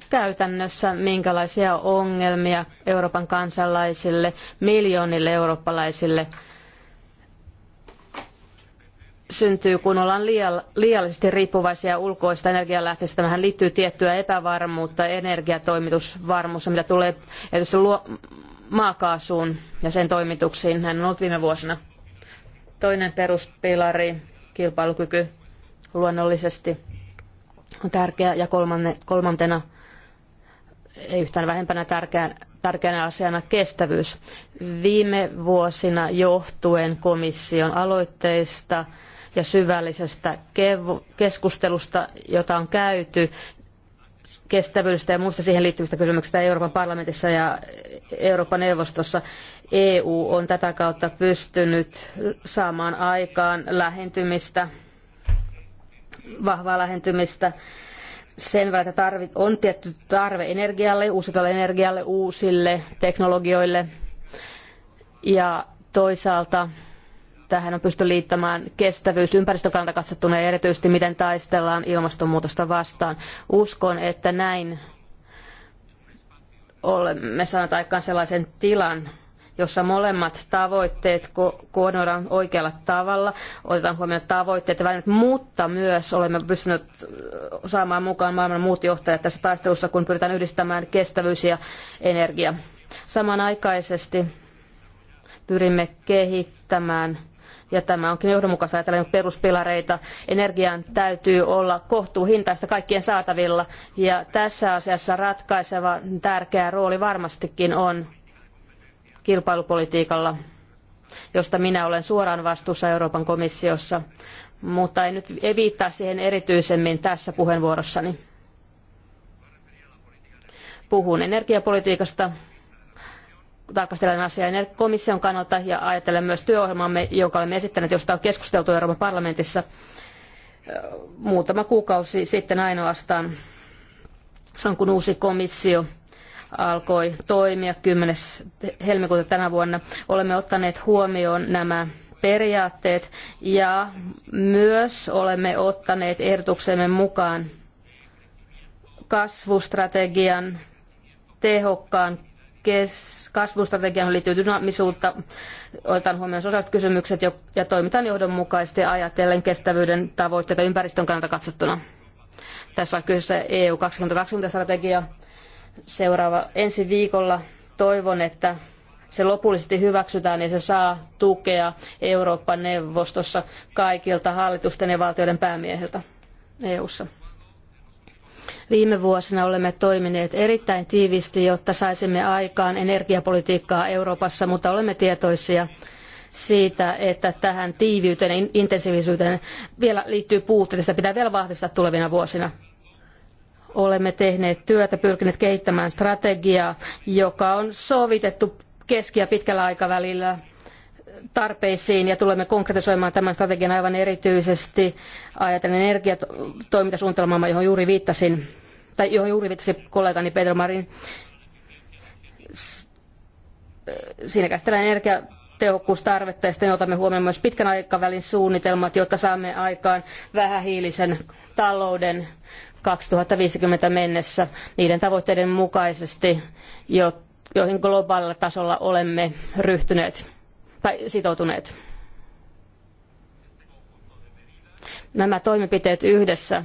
käytännössä, minkälaisia ongelmia Euroopan kansalaisille, miljoonille eurooppalaisille syntyy, kun ollaan liiallisesti riippuvaisia ulkoista energialähteistä. Tämähän liittyy tiettyä epävarmuutta, energiatoimitusvarmuus, mitä tulee luo, maakaasuun ja sen toimituksiin. hän on ollut viime vuosina. Toinen peruspilari, kilpailukyky luonnollisesti on tärkeä ja kolmanne, kolmantena, ei yhtään vähempänä tärkeän, tärkeänä asiana kestävyys. Viime vuosina johtuen komission aloitteista ja syvällisestä keskustelusta, jota on käyty, kestävyydestä ja muista siihen liittyvistä kysymyksistä Euroopan parlamentissa ja Euroopan neuvostossa. EU on tätä kautta pystynyt saamaan aikaan lähentymistä, vahvaa lähentymistä sen välttä tarvit, on tietty tarve energialle, uusiutuvalle energialle, uusille teknologioille ja toisaalta Tähän on pystytty liittämään kestävyys ympäristökannalta katsottuna ja erityisesti miten taistellaan ilmastonmuutosta vastaan. Uskon, että näin olemme saaneet aikaan sellaisen tilan, jossa molemmat tavoitteet ko- koordinoidaan oikealla tavalla, otetaan huomioon tavoitteet ja välineet, mutta myös olemme pystyneet saamaan mukaan maailman muut johtajat tässä taistelussa, kun pyritään yhdistämään kestävyys ja energia. Samanaikaisesti pyrimme kehittämään ja tämä onkin johdonmukaista ajatellen peruspilareita. Energian täytyy olla kohtuuhintaista kaikkien saatavilla, ja tässä asiassa ratkaiseva tärkeä rooli varmastikin on kilpailupolitiikalla, josta minä olen suoraan vastuussa Euroopan komissiossa, mutta en nyt ei viittaa siihen erityisemmin tässä puheenvuorossani. Puhun energiapolitiikasta, tarkastellen asiaa komission kannalta ja ajatellen myös työohjelmaamme, jonka olemme esittäneet, josta on keskusteltu Euroopan parlamentissa muutama kuukausi sitten ainoastaan. Se on kun uusi komissio alkoi toimia 10. helmikuuta tänä vuonna. Olemme ottaneet huomioon nämä periaatteet ja myös olemme ottaneet ehdotuksemme mukaan kasvustrategian tehokkaan kes, kasvustrategiaan liittyy dynaamisuutta, otetaan huomioon sosiaaliset kysymykset ja toimitaan johdonmukaisesti ajatellen kestävyyden tavoitteita ympäristön kannalta katsottuna. Tässä on kyseessä EU 2020-strategia. Seuraava ensi viikolla toivon, että se lopullisesti hyväksytään ja se saa tukea Euroopan neuvostossa kaikilta hallitusten ja valtioiden päämiehiltä EU:ssa. Viime vuosina olemme toimineet erittäin tiivisti, jotta saisimme aikaan energiapolitiikkaa Euroopassa, mutta olemme tietoisia siitä, että tähän tiiviyteen, intensiivisyyteen vielä liittyy puutteita. Sitä pitää vielä vahvistaa tulevina vuosina olemme tehneet työtä, pyrkineet kehittämään strategiaa, joka on sovitettu keski- ja pitkällä aikavälillä tarpeisiin ja tulemme konkretisoimaan tämän strategian aivan erityisesti ajatellen energiatoimintasuunnitelmaa, johon juuri viittasin, tai johon juuri viittasi kollegani Pedro Marin. Siinä käsitellään energia tehokkuustarvetta ja sitten otamme huomioon myös pitkän aikavälin suunnitelmat, jotta saamme aikaan vähähiilisen talouden 2050 mennessä niiden tavoitteiden mukaisesti, joihin globaalilla tasolla olemme ryhtyneet tai sitoutuneet. Nämä toimenpiteet yhdessä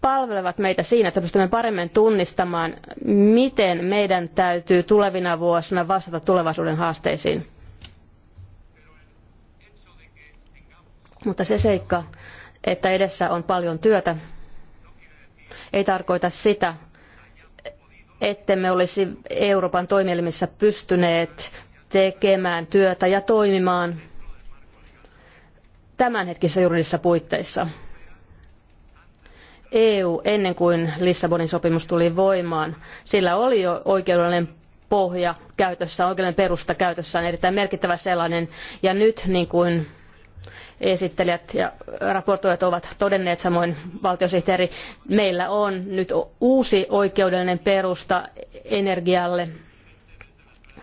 palvelevat meitä siinä, että pystymme paremmin tunnistamaan, miten meidän täytyy tulevina vuosina vastata tulevaisuuden haasteisiin. Mutta se seikka, että edessä on paljon työtä, ei tarkoita sitä, ettemme olisi Euroopan toimielimissä pystyneet tekemään työtä ja toimimaan tämänhetkisissä juridisissa puitteissa. EU ennen kuin Lissabonin sopimus tuli voimaan, sillä oli jo oikeudellinen pohja käytössä, oikeuden perusta käytössä on erittäin merkittävä sellainen. Ja nyt, niin kuin esittelijät ja raportoijat ovat todenneet, samoin valtiosihteeri, meillä on nyt uusi oikeudellinen perusta energialle,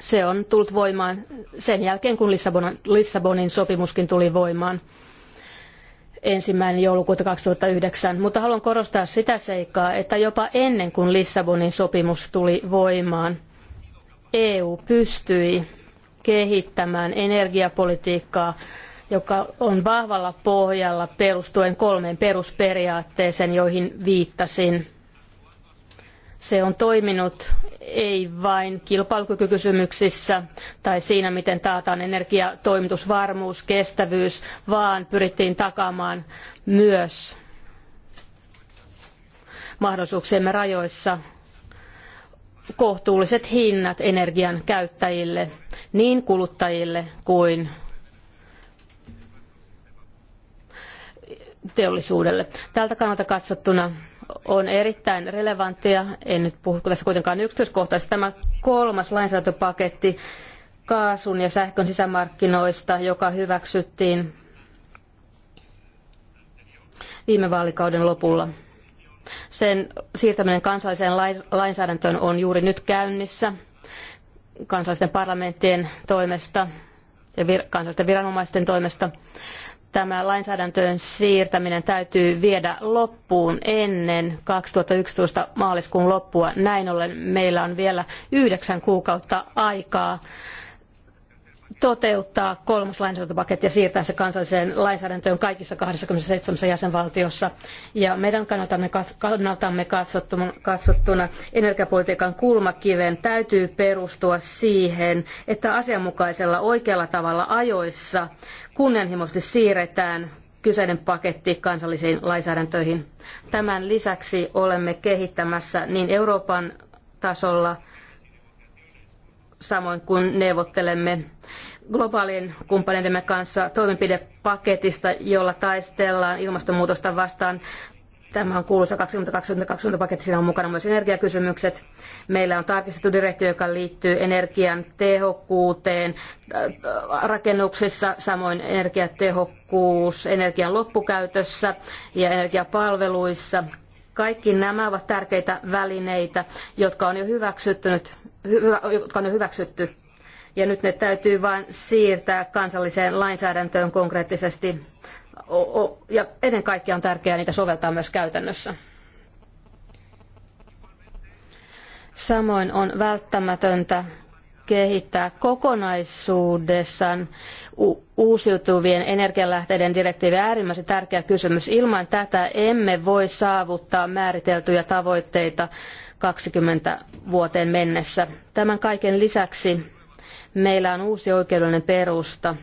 se on tullut voimaan sen jälkeen, kun Lissabonin, Lissabonin sopimuskin tuli voimaan ensimmäinen joulukuuta 2009, mutta haluan korostaa sitä seikkaa, että jopa ennen kuin Lissabonin sopimus tuli voimaan, EU pystyi kehittämään energiapolitiikkaa, joka on vahvalla pohjalla perustuen kolmeen perusperiaatteeseen, joihin viittasin se on toiminut ei vain kilpailukykykysymyksissä tai siinä, miten taataan energiatoimitusvarmuus, kestävyys, vaan pyrittiin takaamaan myös mahdollisuuksiemme rajoissa kohtuulliset hinnat energian käyttäjille, niin kuluttajille kuin teollisuudelle. Tältä kannalta katsottuna on erittäin relevanttia. En nyt puhu tässä kuitenkaan yksityiskohtaisesti. Tämä kolmas lainsäädäntöpaketti kaasun ja sähkön sisämarkkinoista, joka hyväksyttiin viime vaalikauden lopulla. Sen siirtäminen kansalliseen lainsäädäntöön on juuri nyt käynnissä kansallisten parlamenttien toimesta ja vir- kansallisten viranomaisten toimesta tämä lainsäädäntöön siirtäminen täytyy viedä loppuun ennen 2011 maaliskuun loppua. Näin ollen meillä on vielä yhdeksän kuukautta aikaa toteuttaa kolmas lainsäädäntöpaketti ja siirtää se kansalliseen lainsäädäntöön kaikissa 27 jäsenvaltiossa. Ja meidän kannaltamme, kannaltamme katsottuna energiapolitiikan kulmakiven täytyy perustua siihen, että asianmukaisella oikealla tavalla ajoissa kunnianhimoisesti siirretään kyseinen paketti kansallisiin lainsäädäntöihin. Tämän lisäksi olemme kehittämässä niin Euroopan tasolla samoin kuin neuvottelemme globaalien kumppaneidemme kanssa toimenpidepaketista, jolla taistellaan ilmastonmuutosta vastaan. Tämä on kuuluisa 2020 paketti, siinä on mukana myös energiakysymykset. Meillä on tarkistettu direktiivi, joka liittyy energian tehokkuuteen äh, rakennuksissa, samoin energiatehokkuus, energian loppukäytössä ja energiapalveluissa. Kaikki nämä ovat tärkeitä välineitä, jotka on jo, jotka on jo hyväksytty ja nyt ne täytyy vain siirtää kansalliseen lainsäädäntöön konkreettisesti. ja ennen kaikkea on tärkeää niitä soveltaa myös käytännössä. Samoin on välttämätöntä kehittää kokonaisuudessaan uusiutuvien energialähteiden direktiivi äärimmäisen tärkeä kysymys. Ilman tätä emme voi saavuttaa määriteltyjä tavoitteita 20 vuoteen mennessä. Tämän kaiken lisäksi Meillä on uusi oikeudellinen perusta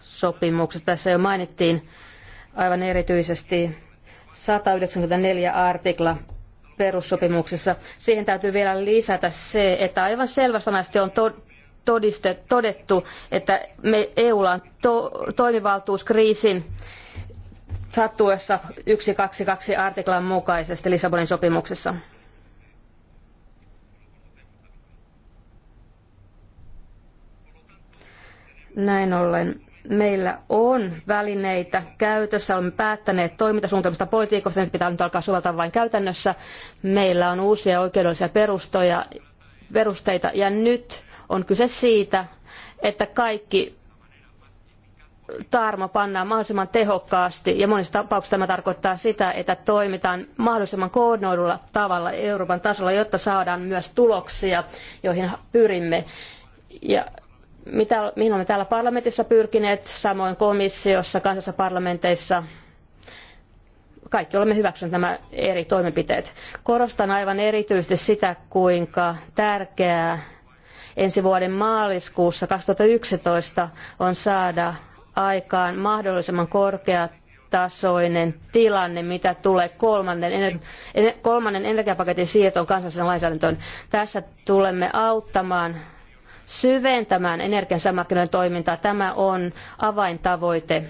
sopimuksessa. Tässä jo mainittiin aivan erityisesti 194 artikla perussopimuksessa. Siihen täytyy vielä lisätä se, että aivan selväsanaisesti on todiste, todettu, että me EUlla on to, toimivaltuus kriisin sattuessa 122 artiklan mukaisesti Lissabonin sopimuksessa. Näin ollen meillä on välineitä käytössä, olemme päättäneet toimintasuunnitelmista politiikosta, nyt pitää nyt alkaa soveltaa vain käytännössä. Meillä on uusia oikeudellisia perustoja, perusteita ja nyt on kyse siitä, että kaikki tarmo pannaan mahdollisimman tehokkaasti ja monissa tapauksissa tämä tarkoittaa sitä, että toimitaan mahdollisimman koordinoidulla tavalla Euroopan tasolla, jotta saadaan myös tuloksia, joihin pyrimme. Ja mitä, mihin olemme täällä parlamentissa pyrkineet, samoin komissiossa, kansallisissa parlamenteissa. Kaikki olemme hyväksyneet nämä eri toimenpiteet. Korostan aivan erityisesti sitä, kuinka tärkeää ensi vuoden maaliskuussa 2011 on saada aikaan mahdollisimman korkea tasoinen tilanne, mitä tulee kolmannen, kolmannen energiapaketin siirtoon kansalliseen lainsäädäntöön. Tässä tulemme auttamaan syventämään energiamarkkinoiden toimintaa. Tämä on avaintavoite.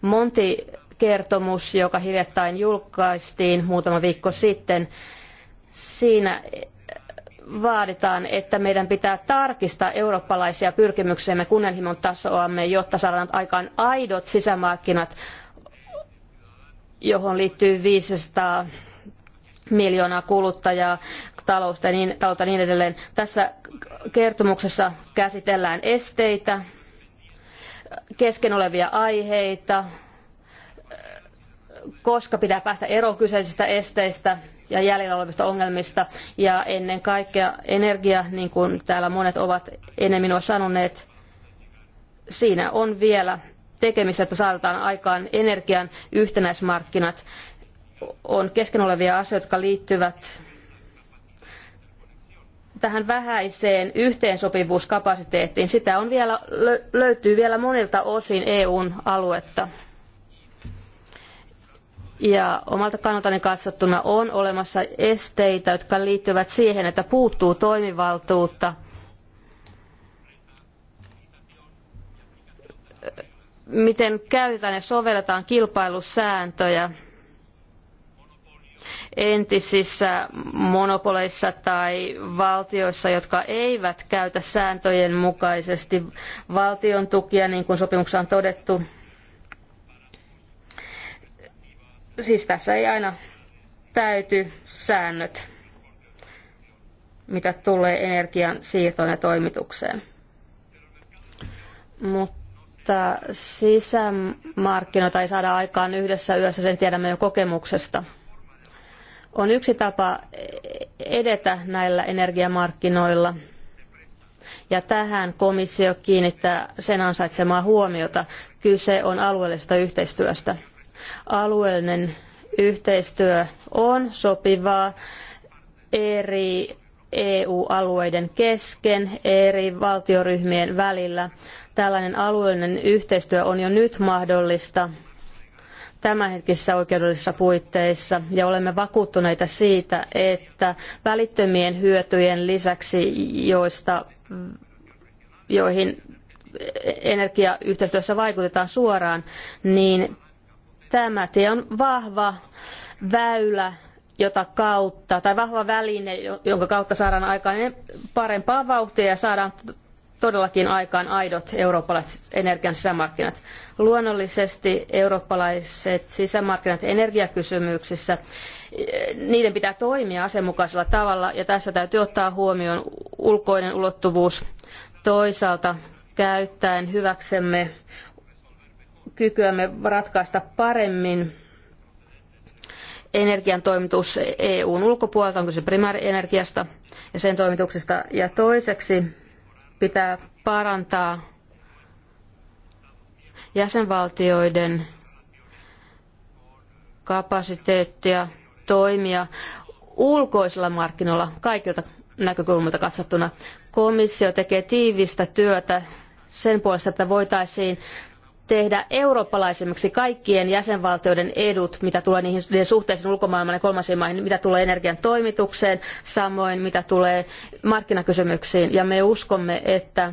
Monti kertomus, joka hiljattain julkaistiin muutama viikko sitten, siinä vaaditaan, että meidän pitää tarkistaa eurooppalaisia pyrkimyksiämme kunnianhimon tasoamme, jotta saadaan aikaan aidot sisämarkkinat, johon liittyy 500 miljoonaa kuluttajaa, taloutta ja niin, taloutta niin edelleen. Tässä kertomuksessa käsitellään esteitä, kesken olevia aiheita, koska pitää päästä eroon kyseisistä esteistä ja jäljellä olevista ongelmista ja ennen kaikkea energia, niin kuin täällä monet ovat enemmän on sanoneet, siinä on vielä tekemistä, että saadaan aikaan energian yhtenäismarkkinat on kesken olevia asioita, jotka liittyvät tähän vähäiseen yhteensopivuuskapasiteettiin. Sitä on vielä, löytyy vielä monilta osin EUn aluetta. Ja omalta kannaltani katsottuna on olemassa esteitä, jotka liittyvät siihen, että puuttuu toimivaltuutta miten käytetään ja sovelletaan kilpailusääntöjä entisissä monopoleissa tai valtioissa, jotka eivät käytä sääntöjen mukaisesti valtion tukia, niin kuin sopimuksessa on todettu. Siis tässä ei aina täyty säännöt, mitä tulee energian siirtoon ja toimitukseen. Mutta sisämarkkinoita ei saada aikaan yhdessä yössä, sen tiedämme jo kokemuksesta on yksi tapa edetä näillä energiamarkkinoilla. Ja tähän komissio kiinnittää sen ansaitsemaa huomiota. Kyse on alueellisesta yhteistyöstä. Alueellinen yhteistyö on sopivaa eri EU-alueiden kesken, eri valtioryhmien välillä. Tällainen alueellinen yhteistyö on jo nyt mahdollista tämänhetkisissä oikeudellisissa puitteissa ja olemme vakuuttuneita siitä, että välittömien hyötyjen lisäksi, joista, joihin energiayhteistyössä vaikutetaan suoraan, niin tämä tie on vahva väylä jota kautta, tai vahva väline, jonka kautta saadaan aikaan parempaa vauhtia ja saadaan todellakin aikaan aidot eurooppalaiset energian sisämarkkinat. Luonnollisesti eurooppalaiset sisämarkkinat energiakysymyksissä, niiden pitää toimia asianmukaisella tavalla ja tässä täytyy ottaa huomioon ulkoinen ulottuvuus toisaalta käyttäen hyväksemme kykyämme ratkaista paremmin energian toimitus EUn ulkopuolelta, onko se primäärienergiasta ja sen toimituksesta. Ja toiseksi pitää parantaa jäsenvaltioiden kapasiteettia toimia ulkoisilla markkinoilla kaikilta näkökulmilta katsottuna. Komissio tekee tiivistä työtä sen puolesta, että voitaisiin tehdä eurooppalaisemmiksi kaikkien jäsenvaltioiden edut, mitä tulee niihin suhteisiin ulkomaailmaan ja kolmansiin maihin, mitä tulee energian toimitukseen, samoin mitä tulee markkinakysymyksiin. Ja me uskomme, että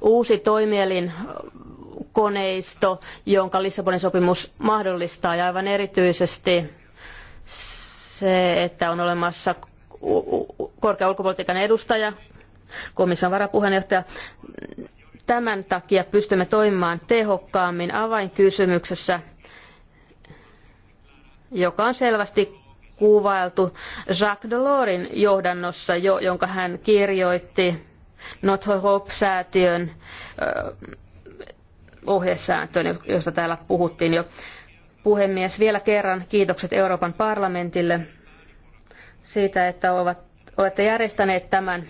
uusi toimielin koneisto, jonka Lissabonin sopimus mahdollistaa ja aivan erityisesti se, että on olemassa korkea ulkopolitiikan edustaja, komission varapuheenjohtaja, Tämän takia pystymme toimimaan tehokkaammin avainkysymyksessä, joka on selvästi kuvailtu Jacques Delorsin johdannossa, jo, jonka hän kirjoitti Notre Hope-säätiön ohjesääntöön, josta täällä puhuttiin jo. Puhemies, vielä kerran kiitokset Euroopan parlamentille siitä, että ovat, olette järjestäneet tämän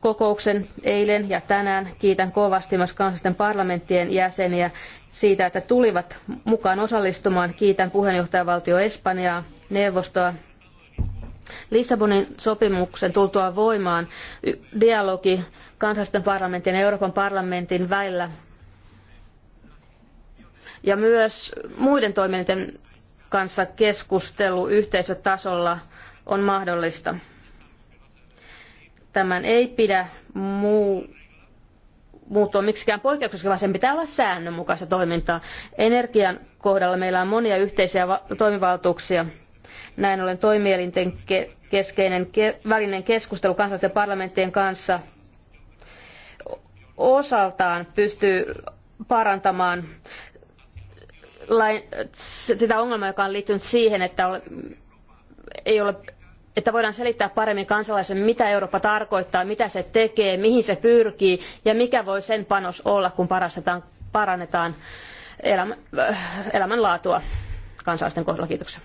kokouksen eilen ja tänään. Kiitän kovasti myös kansallisten parlamenttien jäseniä siitä, että tulivat mukaan osallistumaan. Kiitän puheenjohtajavaltio Espanjaa, neuvostoa, Lissabonin sopimuksen tultua voimaan dialogi kansallisten parlamentin ja Euroopan parlamentin välillä ja myös muiden toimijoiden kanssa keskustelu yhteisötasolla on mahdollista. Tämän ei pidä muu, muuttua miksikään poikkeukseksi, vaan sen pitää olla säännönmukaista toimintaa. Energian kohdalla meillä on monia yhteisiä toimivaltuuksia. Näin ollen toimielinten ke- keskeinen ke- välinen keskustelu kansallisten parlamenttien kanssa osaltaan pystyy parantamaan lain, sitä ongelmaa, joka on liittynyt siihen, että ei ole että voidaan selittää paremmin kansalaisen, mitä Eurooppa tarkoittaa, mitä se tekee, mihin se pyrkii ja mikä voi sen panos olla, kun parannetaan elämä, äh, elämänlaatua kansalaisten kohdalla. Kiitoksia.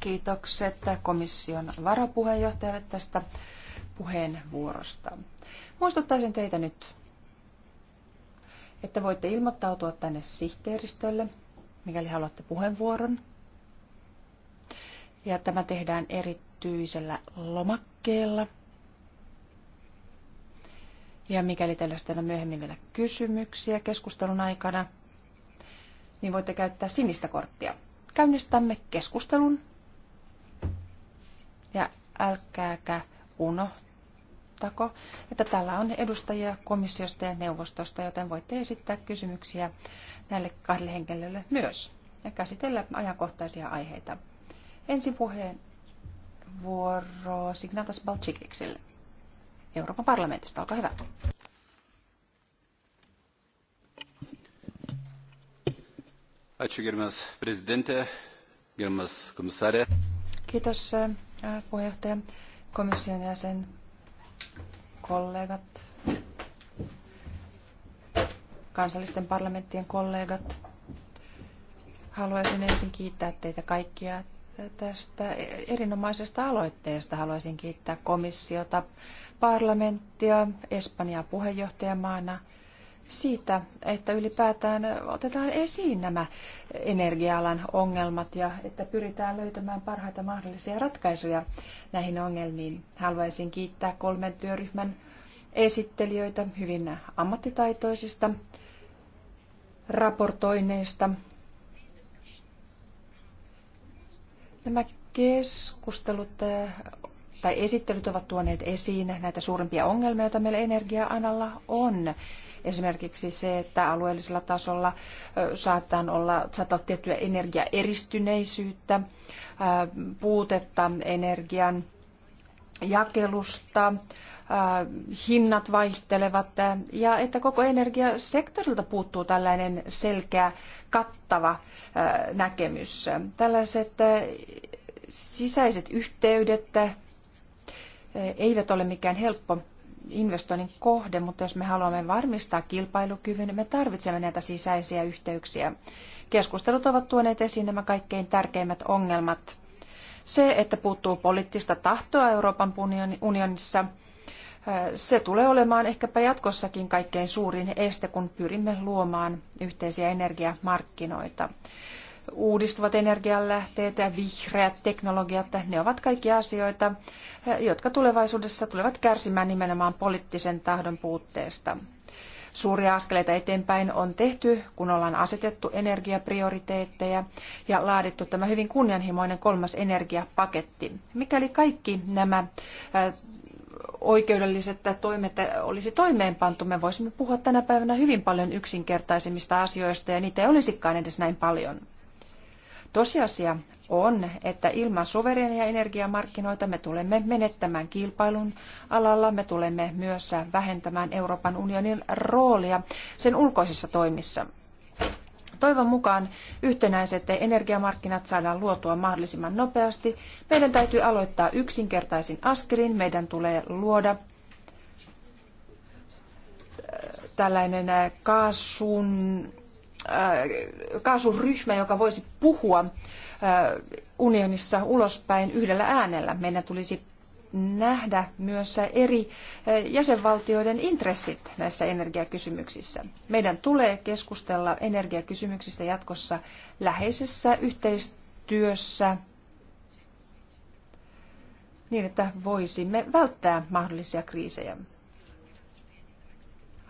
Kiitokset komission varapuheenjohtajalle tästä puheenvuorosta. Muistuttaisin teitä nyt, että voitte ilmoittautua tänne sihteeristölle – mikäli haluatte puheenvuoron. Ja tämä tehdään erityisellä lomakkeella. Ja mikäli teillä on myöhemmin vielä kysymyksiä keskustelun aikana, niin voitte käyttää sinistä korttia. Käynnistämme keskustelun. Ja älkääkä unohtaa Muistuttako, että täällä on edustajia komissiosta ja neuvostosta, joten voitte esittää kysymyksiä näille kahdelle henkilölle myös ja käsitellä ajankohtaisia aiheita. Ensin puheen vuoro Signatas Balcikikselle Euroopan parlamentista. Olkaa hyvä. Ačiū gerbiamas prezidentė, gerbiamas komisarė. Kiitos puheenjohtaja komission jäsen, kollegat, kansallisten parlamenttien kollegat. Haluaisin ensin kiittää teitä kaikkia tästä erinomaisesta aloitteesta. Haluaisin kiittää komissiota, parlamenttia, Espanjaa puheenjohtajamaana – siitä, että ylipäätään otetaan esiin nämä energiaalan ongelmat ja että pyritään löytämään parhaita mahdollisia ratkaisuja näihin ongelmiin. Haluaisin kiittää kolmen työryhmän esittelijöitä hyvin ammattitaitoisista raportoineista. Nämä keskustelut tai esittelyt ovat tuoneet esiin näitä suurimpia ongelmia, joita meillä energia-analla on. Esimerkiksi se, että alueellisella tasolla saattaa olla, saattaa olla tiettyä energiaeristyneisyyttä, puutetta energian jakelusta, hinnat vaihtelevat ja että koko energiasektorilta puuttuu tällainen selkeä, kattava näkemys. Tällaiset sisäiset yhteydet Eh, eivät ole mikään helppo investoinnin kohde, mutta jos me haluamme varmistaa kilpailukyvyn, me tarvitsemme näitä sisäisiä yhteyksiä. Keskustelut ovat tuoneet esiin nämä kaikkein tärkeimmät ongelmat. Se, että puuttuu poliittista tahtoa Euroopan unionissa, eh, se tulee olemaan ehkäpä jatkossakin kaikkein suurin este, kun pyrimme luomaan yhteisiä energiamarkkinoita uudistuvat energianlähteet ja vihreät teknologiat, ne ovat kaikki asioita, eh, jotka tulevaisuudessa tulevat kärsimään nimenomaan poliittisen tahdon puutteesta. Suuria askeleita eteenpäin on tehty, kun ollaan asetettu energiaprioriteetteja ja laadittu tämä hyvin kunnianhimoinen kolmas energiapaketti. Mikäli kaikki nämä eh, oikeudelliset toimet olisi toimeenpantu, me voisimme puhua tänä päivänä hyvin paljon yksinkertaisemmista asioista ja niitä ei olisikaan edes näin paljon. Tosiasia on, että ilman suverenia energiamarkkinoita me tulemme menettämään kilpailun alalla, me tulemme myös vähentämään Euroopan unionin roolia sen ulkoisissa toimissa. Toivon mukaan yhtenäiset energiamarkkinat saadaan luotua mahdollisimman nopeasti. Meidän täytyy aloittaa yksinkertaisin askelin. Meidän tulee luoda äh, tällainen äh, kaasun Äh, kaasuryhmä, joka voisi puhua äh, unionissa ulospäin yhdellä äänellä. Meidän tulisi nähdä myös eri äh, jäsenvaltioiden intressit näissä energiakysymyksissä. Meidän tulee keskustella energiakysymyksistä jatkossa läheisessä yhteistyössä niin, että voisimme välttää mahdollisia kriisejä.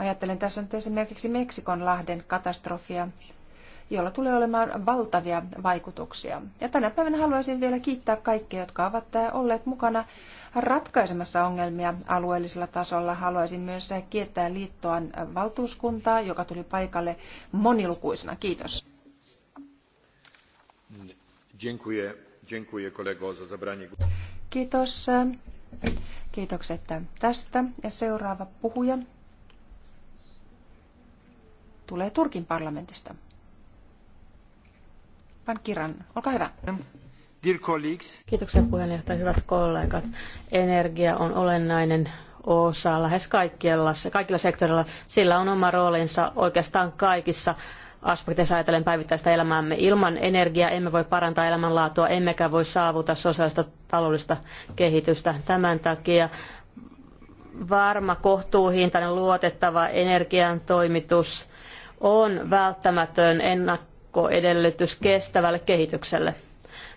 Ajattelen tässä nyt esimerkiksi Meksikon lahden katastrofia, jolla tulee olemaan valtavia vaikutuksia. Ja tänä päivänä haluaisin vielä kiittää kaikkia, jotka ovat äh, olleet mukana ratkaisemassa ongelmia alueellisella tasolla. Haluaisin myös äh, kiittää liittoan äh, valtuuskuntaa, joka tuli paikalle monilukuisena. Kiitos. Kiitos. Kiitokset tästä. Ja seuraava puhuja tulee Turkin parlamentista. Van Kiran, olkaa hyvä. Dear colleagues. Kiitoksia puheenjohtaja, hyvät kollegat. Energia on olennainen osa lähes kaikkialla, kaikilla sektoreilla. Sillä on oma roolinsa oikeastaan kaikissa aspekteissa ajatellen päivittäistä elämäämme. Ilman energiaa emme voi parantaa elämänlaatua, emmekä voi saavuttaa sosiaalista taloudellista kehitystä. Tämän takia varma, kohtuuhintainen, luotettava energian toimitus on välttämätön ennakkoedellytys kestävälle kehitykselle.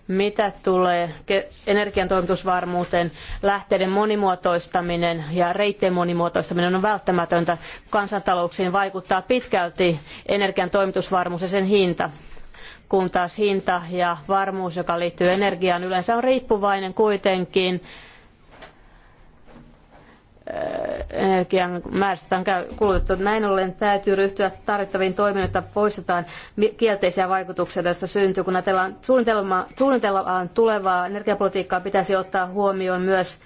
Mitä tulee energiantoimitusvarmuuteen, lähteiden monimuotoistaminen ja reittien monimuotoistaminen on välttämätöntä. Kansantalouksiin vaikuttaa pitkälti energian toimitusvarmuus ja sen hinta kun taas hinta ja varmuus, joka liittyy energiaan, yleensä on riippuvainen kuitenkin energian määrästä on kulutettu. Näin ollen täytyy ryhtyä tarvittaviin toimiin, jotta poistetaan kielteisiä vaikutuksia tästä syntyy. Kun ajatellaan suunnitelmaan, suunnitellaan tulevaa energiapolitiikkaa, pitäisi ottaa huomioon myös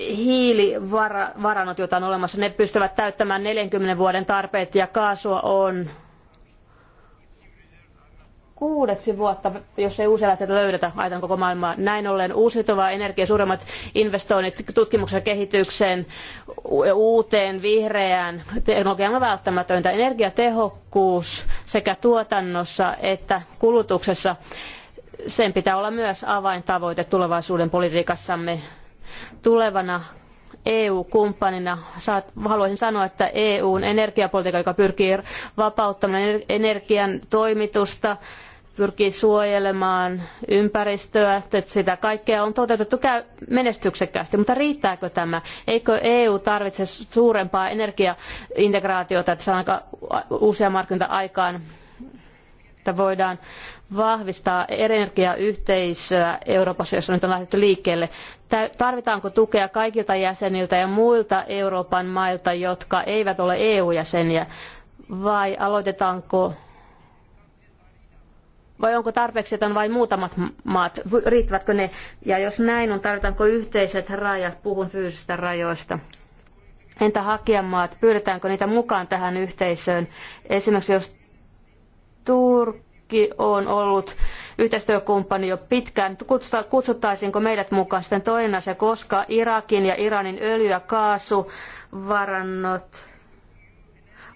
hiilivarannot, joita on olemassa. Ne pystyvät täyttämään 40 vuoden tarpeet ja kaasua on kuudeksi vuotta, jos ei uusia lähteitä löydetä, aitan koko maailmaa. Näin ollen uusiutuvaa energia, suuremmat investoinnit tutkimukseen, kehitykseen, uuteen, vihreään teknologiaan on välttämätöntä. Energiatehokkuus sekä tuotannossa että kulutuksessa, sen pitää olla myös avaintavoite tulevaisuuden politiikassamme. Tulevana EU-kumppanina haluaisin sanoa, että EUn energiapolitiikka, joka pyrkii vapauttamaan energian toimitusta, pyrkii suojelemaan ympäristöä, että sitä kaikkea on toteutettu menestyksekkäästi, mutta riittääkö tämä? Eikö EU tarvitse suurempaa energiaintegraatiota, että saadaan uusia markkinoita aikaan, että voidaan vahvistaa energiayhteisöä Euroopassa, jossa nyt on lähdetty liikkeelle. Tarvitaanko tukea kaikilta jäseniltä ja muilta Euroopan mailta, jotka eivät ole EU-jäseniä, vai aloitetaanko vai onko tarpeeksi, että on vain muutamat maat? Riittävätkö ne? Ja jos näin on, tarvitaanko yhteiset rajat? Puhun fyysisistä rajoista. Entä hakijamaat? Pyydetäänkö niitä mukaan tähän yhteisöön? Esimerkiksi jos Turkki on ollut yhteistyökumppani jo pitkään, kutsuttaisiinko meidät mukaan? Sitten toinen asia, koska Irakin ja Iranin öljy- ja kaasuvarannot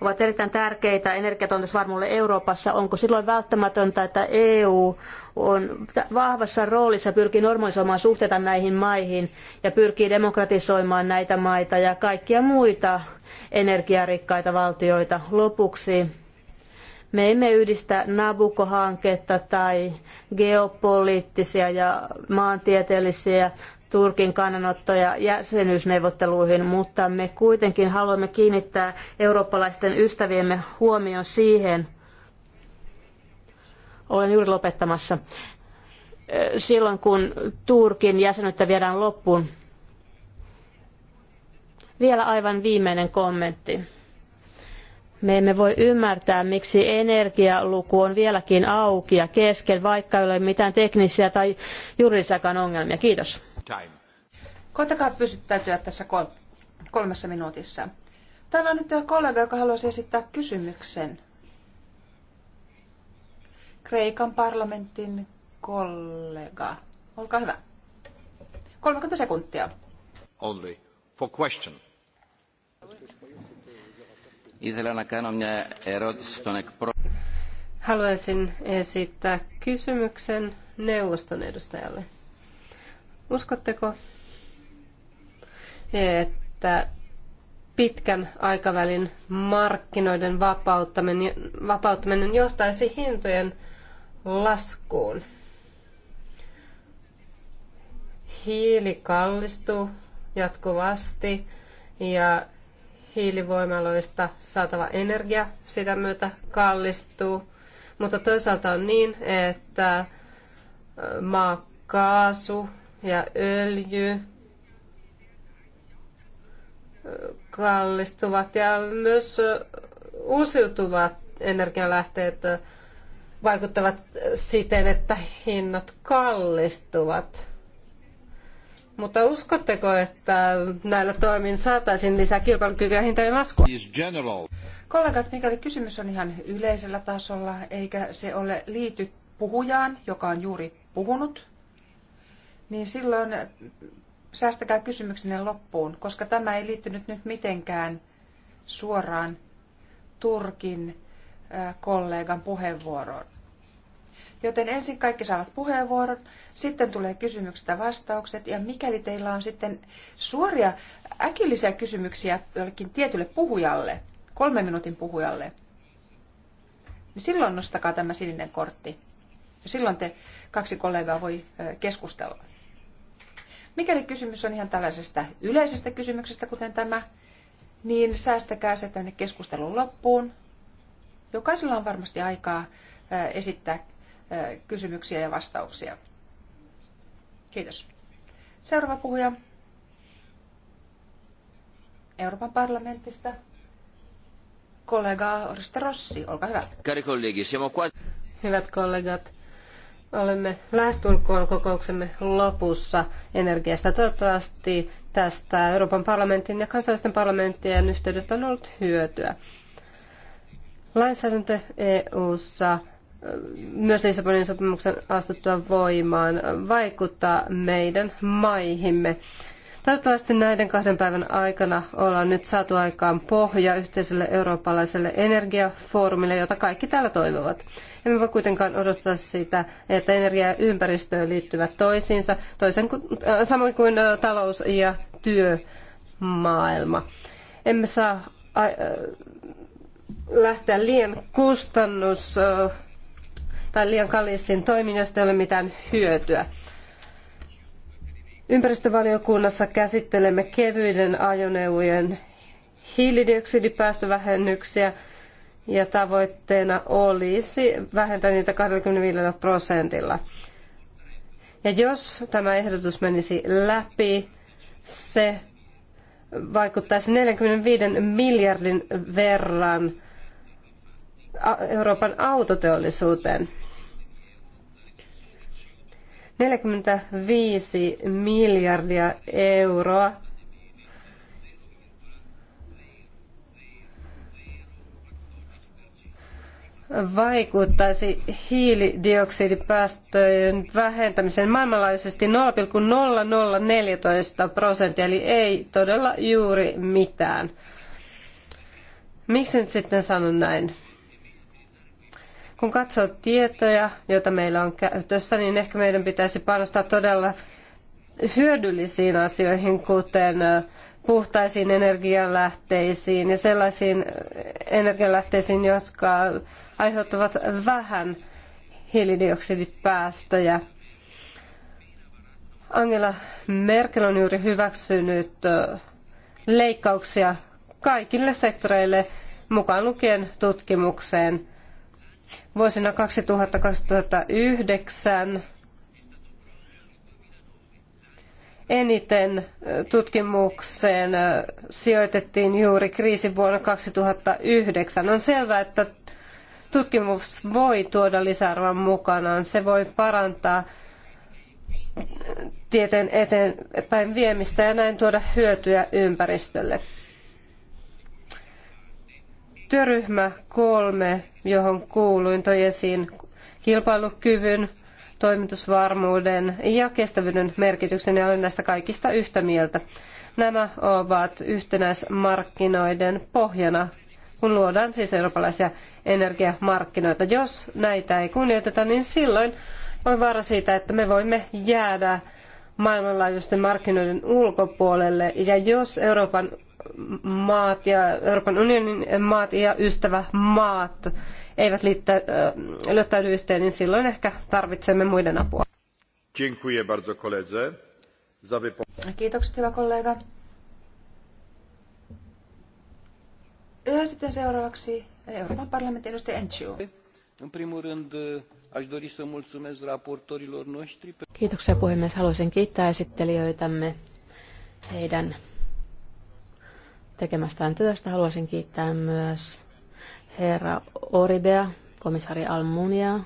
ovat erittäin tärkeitä energiatoimitusvarmuudelle Euroopassa. Onko silloin välttämätöntä, että EU on vahvassa roolissa, pyrkii normalisoimaan suhteita näihin maihin ja pyrkii demokratisoimaan näitä maita ja kaikkia muita energiarikkaita valtioita. Lopuksi me emme yhdistä Nabucco-hanketta tai geopoliittisia ja maantieteellisiä Turkin kannanottoja jäsenyysneuvotteluihin, mutta me kuitenkin haluamme kiinnittää eurooppalaisten ystäviemme huomion siihen, olen juuri lopettamassa, silloin kun Turkin jäsenyyttä viedään loppuun. Vielä aivan viimeinen kommentti. Me emme voi ymmärtää, miksi energialuku on vieläkin auki ja kesken, vaikka ei ole mitään teknisiä tai juridisiakaan ongelmia. Kiitos time. Koitakaa pysyttäytyä tässä kol- kolmessa minuutissa. Täällä on nyt kollega, joka haluaisi esittää kysymyksen. Kreikan parlamentin kollega. Olkaa hyvä. 30 sekuntia. Only for question. Haluaisin esittää kysymyksen neuvoston edustajalle. Uskotteko, että pitkän aikavälin markkinoiden vapauttaminen, vapauttaminen johtaisi hintojen laskuun? Hiili kallistuu jatkuvasti ja hiilivoimaloista saatava energia sitä myötä kallistuu. Mutta toisaalta on niin, että maakaasu ja öljy kallistuvat ja myös uusiutuvat energialähteet vaikuttavat siten, että hinnat kallistuvat. Mutta uskotteko, että näillä toimin saataisiin lisää kilpailukykyä hintojen laskuun? Kollegat, mikäli kysymys on ihan yleisellä tasolla, eikä se ole liity puhujaan, joka on juuri puhunut, niin silloin säästäkää kysymyksenne loppuun, koska tämä ei liittynyt nyt mitenkään suoraan Turkin kollegan puheenvuoroon. Joten ensin kaikki saavat puheenvuoron, sitten tulee kysymykset ja vastaukset, ja mikäli teillä on sitten suoria äkillisiä kysymyksiä jollekin tietylle puhujalle, kolmen minuutin puhujalle, niin silloin nostakaa tämä sininen kortti. ja Silloin te kaksi kollegaa voi keskustella. Mikäli kysymys on ihan tällaisesta yleisestä kysymyksestä, kuten tämä, niin säästäkää se tänne keskustelun loppuun. Jokaisella on varmasti aikaa esittää kysymyksiä ja vastauksia. Kiitos. Seuraava puhuja Euroopan parlamentista. Kollega Oreste Rossi, olkaa hyvä. Cari colleghi, siamo quasi... Hyvät kollegat, Olemme lähestulkoon kokouksemme lopussa energiasta. Toivottavasti tästä Euroopan parlamentin ja kansallisten parlamenttien yhteydestä on ollut hyötyä. Lainsäädäntö EU-ssa myös Lissabonin sopimuksen astuttua voimaan vaikuttaa meidän maihimme. Toivottavasti näiden kahden päivän aikana ollaan nyt saatu aikaan pohja yhteiselle eurooppalaiselle energiafoorumille, jota kaikki täällä toivovat. Emme voi kuitenkaan odottaa sitä, että energia ja ympäristö liittyvät toisiinsa, toisen äh, samoin kuin äh, talous ja työmaailma. Emme saa äh, lähteä liian kustannus tai liian kalliisiin toimiin, joista ei ole mitään hyötyä. Ympäristövaliokunnassa käsittelemme kevyiden ajoneuvojen hiilidioksidipäästövähennyksiä ja tavoitteena olisi vähentää niitä 25 prosentilla. Ja jos tämä ehdotus menisi läpi, se vaikuttaisi 45 miljardin verran Euroopan autoteollisuuteen. 45 miljardia euroa vaikuttaisi hiilidioksidipäästöjen vähentämiseen maailmanlaajuisesti 0,0014 prosenttia, eli ei todella juuri mitään. Miksi nyt sitten sanon näin? Kun katsoo tietoja, joita meillä on käytössä, niin ehkä meidän pitäisi panostaa todella hyödyllisiin asioihin, kuten puhtaisiin energianlähteisiin ja sellaisiin energianlähteisiin, jotka aiheuttavat vähän hiilidioksidipäästöjä. Angela Merkel on juuri hyväksynyt leikkauksia kaikille sektoreille, mukaan lukien tutkimukseen. Vuosina 2000-2009 eniten tutkimukseen sijoitettiin juuri kriisin vuonna 2009. On selvää, että tutkimus voi tuoda lisäarvon mukanaan. Se voi parantaa tieteen eteenpäin viemistä ja näin tuoda hyötyä ympäristölle. Työryhmä kolme, johon kuuluin, toi esiin kilpailukyvyn, toimitusvarmuuden ja kestävyyden merkityksen ja olen näistä kaikista yhtä mieltä. Nämä ovat yhtenäismarkkinoiden pohjana, kun luodaan siis eurooppalaisia energiamarkkinoita. Jos näitä ei kunnioiteta, niin silloin on vaara siitä, että me voimme jäädä maailmanlaajuisten markkinoiden ulkopuolelle. Ja jos Euroopan maat ja Euroopan unionin maat ja ystävämaat eivät liittä, lyöttäydy yhteen, niin silloin ehkä tarvitsemme muiden apua. Kiitokset hyvä kollega. Ja sitten seuraavaksi Euroopan parlamentin edustaja Enciu. În primul rând, aș Kiitoksia puhemies. Haluaisin kiittää esittelijöitämme heidän tekemästään työstä. Haluaisin kiittää myös herra Oribea, komissaari Almunia,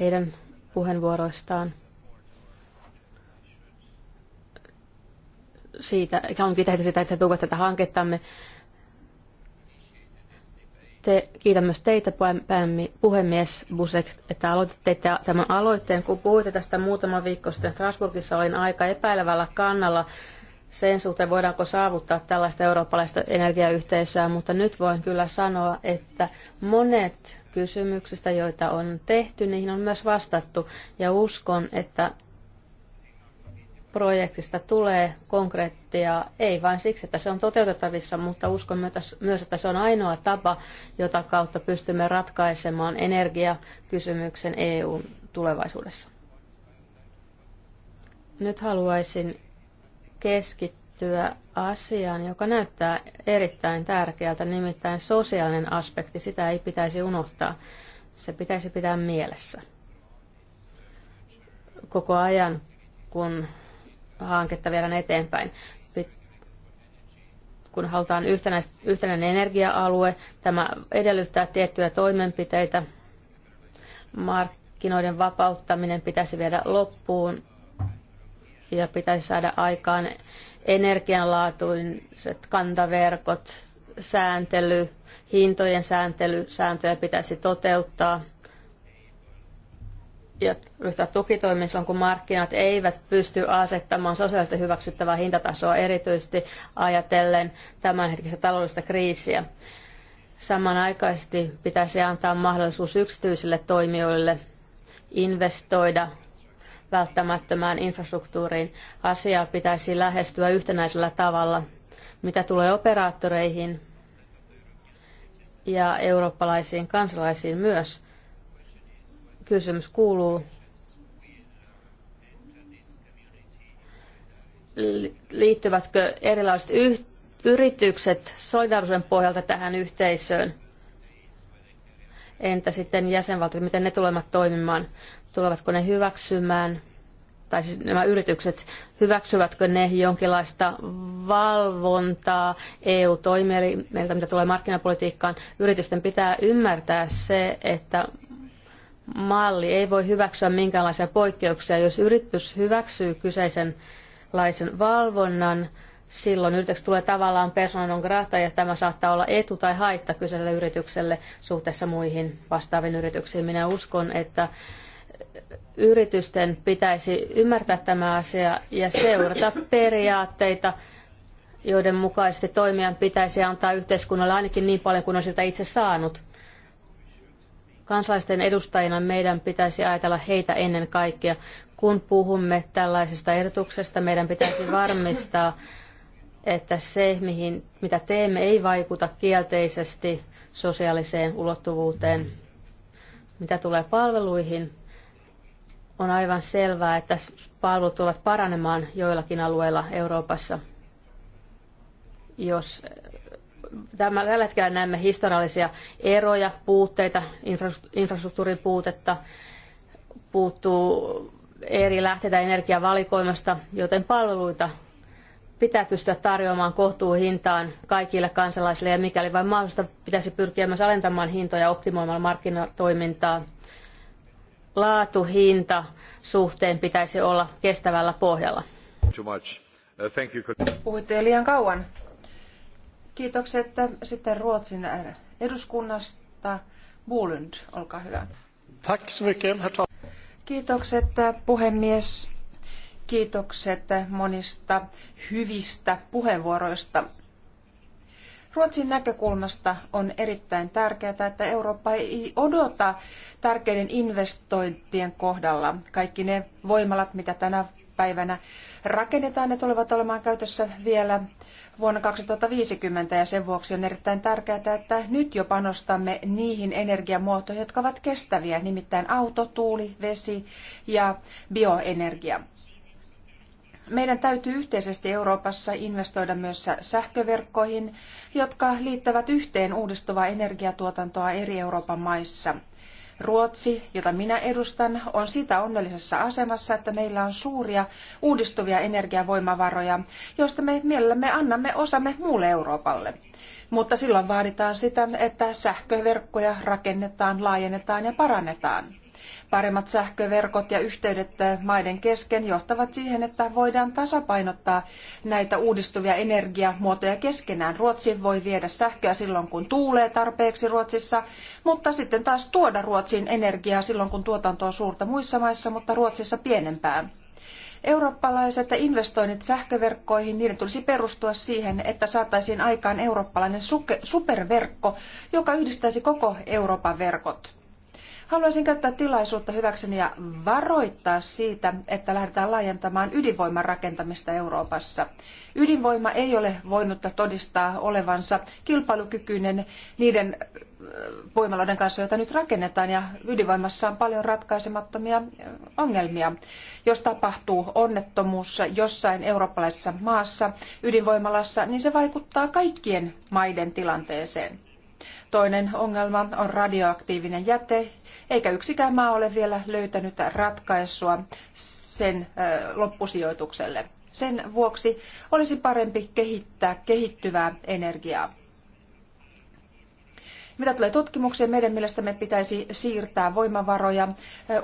heidän puheenvuoroistaan. Siitä, on kiitä sitä, että he tuovat tätä hankettamme. Te, kiitän myös teitä, puhemies Busek, että aloititte tämän aloitteen. Kun puhuitte tästä muutama viikko sitten Strasbourgissa, olin aika epäilevällä kannalla sen suhteen, voidaanko saavuttaa tällaista eurooppalaista energiayhteisöä, mutta nyt voin kyllä sanoa, että monet kysymyksistä, joita on tehty, niihin on myös vastattu. Ja uskon, että projektista tulee konkreettia, ei vain siksi, että se on toteutettavissa, mutta uskon myös, että se on ainoa tapa, jota kautta pystymme ratkaisemaan energiakysymyksen eu tulevaisuudessa. Nyt haluaisin keskittyä asiaan, joka näyttää erittäin tärkeältä, nimittäin sosiaalinen aspekti. Sitä ei pitäisi unohtaa. Se pitäisi pitää mielessä koko ajan, kun hanketta viedään eteenpäin. Kun halutaan yhtenäinen energia-alue, tämä edellyttää tiettyjä toimenpiteitä. Markkinoiden vapauttaminen pitäisi viedä loppuun ja pitäisi saada aikaan energianlaatuiset kantaverkot, sääntely, hintojen sääntely, sääntöjä pitäisi toteuttaa ja ryhtyä tukitoimiin kun markkinat eivät pysty asettamaan sosiaalisesti hyväksyttävää hintatasoa, erityisesti ajatellen tämänhetkistä taloudellista kriisiä. Samanaikaisesti pitäisi antaa mahdollisuus yksityisille toimijoille investoida välttämättömään infrastruktuuriin. Asiaa pitäisi lähestyä yhtenäisellä tavalla. Mitä tulee operaattoreihin ja eurooppalaisiin kansalaisiin myös, kysymys kuuluu, liittyvätkö erilaiset yritykset solidarisuuden pohjalta tähän yhteisöön? Entä sitten jäsenvaltiot, miten ne tulevat toimimaan? tulevatko ne hyväksymään, tai siis nämä yritykset, hyväksyvätkö ne jonkinlaista valvontaa eu toimielimeltä mitä tulee markkinapolitiikkaan. Yritysten pitää ymmärtää se, että malli ei voi hyväksyä minkäänlaisia poikkeuksia. Jos yritys hyväksyy kyseisenlaisen valvonnan, silloin yrityksestä tulee tavallaan persona non grata ja tämä saattaa olla etu tai haitta kyseiselle yritykselle suhteessa muihin vastaaviin yrityksiin. Minä uskon, että yritysten pitäisi ymmärtää tämä asia ja seurata periaatteita, joiden mukaisesti toimijan pitäisi antaa yhteiskunnalle ainakin niin paljon kuin on siltä itse saanut. Kansalaisten edustajina meidän pitäisi ajatella heitä ennen kaikkea. Kun puhumme tällaisesta ehdotuksesta, meidän pitäisi varmistaa, että se, mihin, mitä teemme, ei vaikuta kielteisesti sosiaaliseen ulottuvuuteen. Mitä tulee palveluihin, on aivan selvää, että palvelut tulevat paranemaan joillakin alueilla Euroopassa. Jos tämä, tällä hetkellä näemme historiallisia eroja, puutteita, infrastruktuurin puutetta, puuttuu eri lähteitä energiavalikoimasta, joten palveluita pitää pystyä tarjoamaan kohtuuhintaan kaikille kansalaisille ja mikäli vain mahdollista pitäisi pyrkiä myös alentamaan hintoja optimoimalla markkinatoimintaa laatuhinta suhteen pitäisi olla kestävällä pohjalla. Uh, Puhuitte jo liian kauan. Kiitokset sitten Ruotsin eduskunnasta. Bulund, olkaa hyvä. Tack så mycket, Kiitokset puhemies. Kiitokset monista hyvistä puheenvuoroista. Ruotsin näkökulmasta on erittäin tärkeää, että Eurooppa ei odota tärkeiden investointien kohdalla. Kaikki ne voimalat, mitä tänä päivänä rakennetaan, ne tulevat olemaan käytössä vielä vuonna 2050 ja sen vuoksi on erittäin tärkeää, että nyt jo panostamme niihin energiamuotoihin, jotka ovat kestäviä, nimittäin auto, tuuli, vesi ja bioenergia. Meidän täytyy yhteisesti Euroopassa investoida myös sähköverkkoihin, jotka liittävät yhteen uudistuvaa energiatuotantoa eri Euroopan maissa. Ruotsi, jota minä edustan, on sitä onnellisessa asemassa, että meillä on suuria uudistuvia energiavoimavaroja, joista me mielellämme annamme osamme muulle Euroopalle. Mutta silloin vaaditaan sitä, että sähköverkkoja rakennetaan, laajennetaan ja parannetaan. Paremmat sähköverkot ja yhteydet eh, maiden kesken johtavat siihen, että voidaan tasapainottaa näitä uudistuvia energiamuotoja keskenään. Ruotsi voi viedä sähköä silloin, kun tuulee tarpeeksi Ruotsissa, mutta sitten taas tuoda Ruotsiin energiaa silloin, kun tuotanto on suurta muissa maissa, mutta Ruotsissa pienempää. Eurooppalaiset investoinnit sähköverkkoihin, niiden tulisi perustua siihen, että saataisiin aikaan eurooppalainen superverkko, joka yhdistäisi koko Euroopan verkot. Haluaisin käyttää tilaisuutta hyväkseni ja varoittaa siitä, että lähdetään laajentamaan ydinvoiman rakentamista Euroopassa. Ydinvoima ei ole voinut todistaa olevansa kilpailukykyinen niiden voimaloiden kanssa, joita nyt rakennetaan, ja ydinvoimassa on paljon ratkaisemattomia ongelmia. Jos tapahtuu onnettomuus jossain eurooppalaisessa maassa ydinvoimalassa, niin se vaikuttaa kaikkien maiden tilanteeseen. Toinen ongelma on radioaktiivinen jäte, eikä yksikään maa ole vielä löytänyt ratkaisua sen loppusijoitukselle. Sen vuoksi olisi parempi kehittää kehittyvää energiaa. Mitä tulee tutkimukseen, meidän mielestämme pitäisi siirtää voimavaroja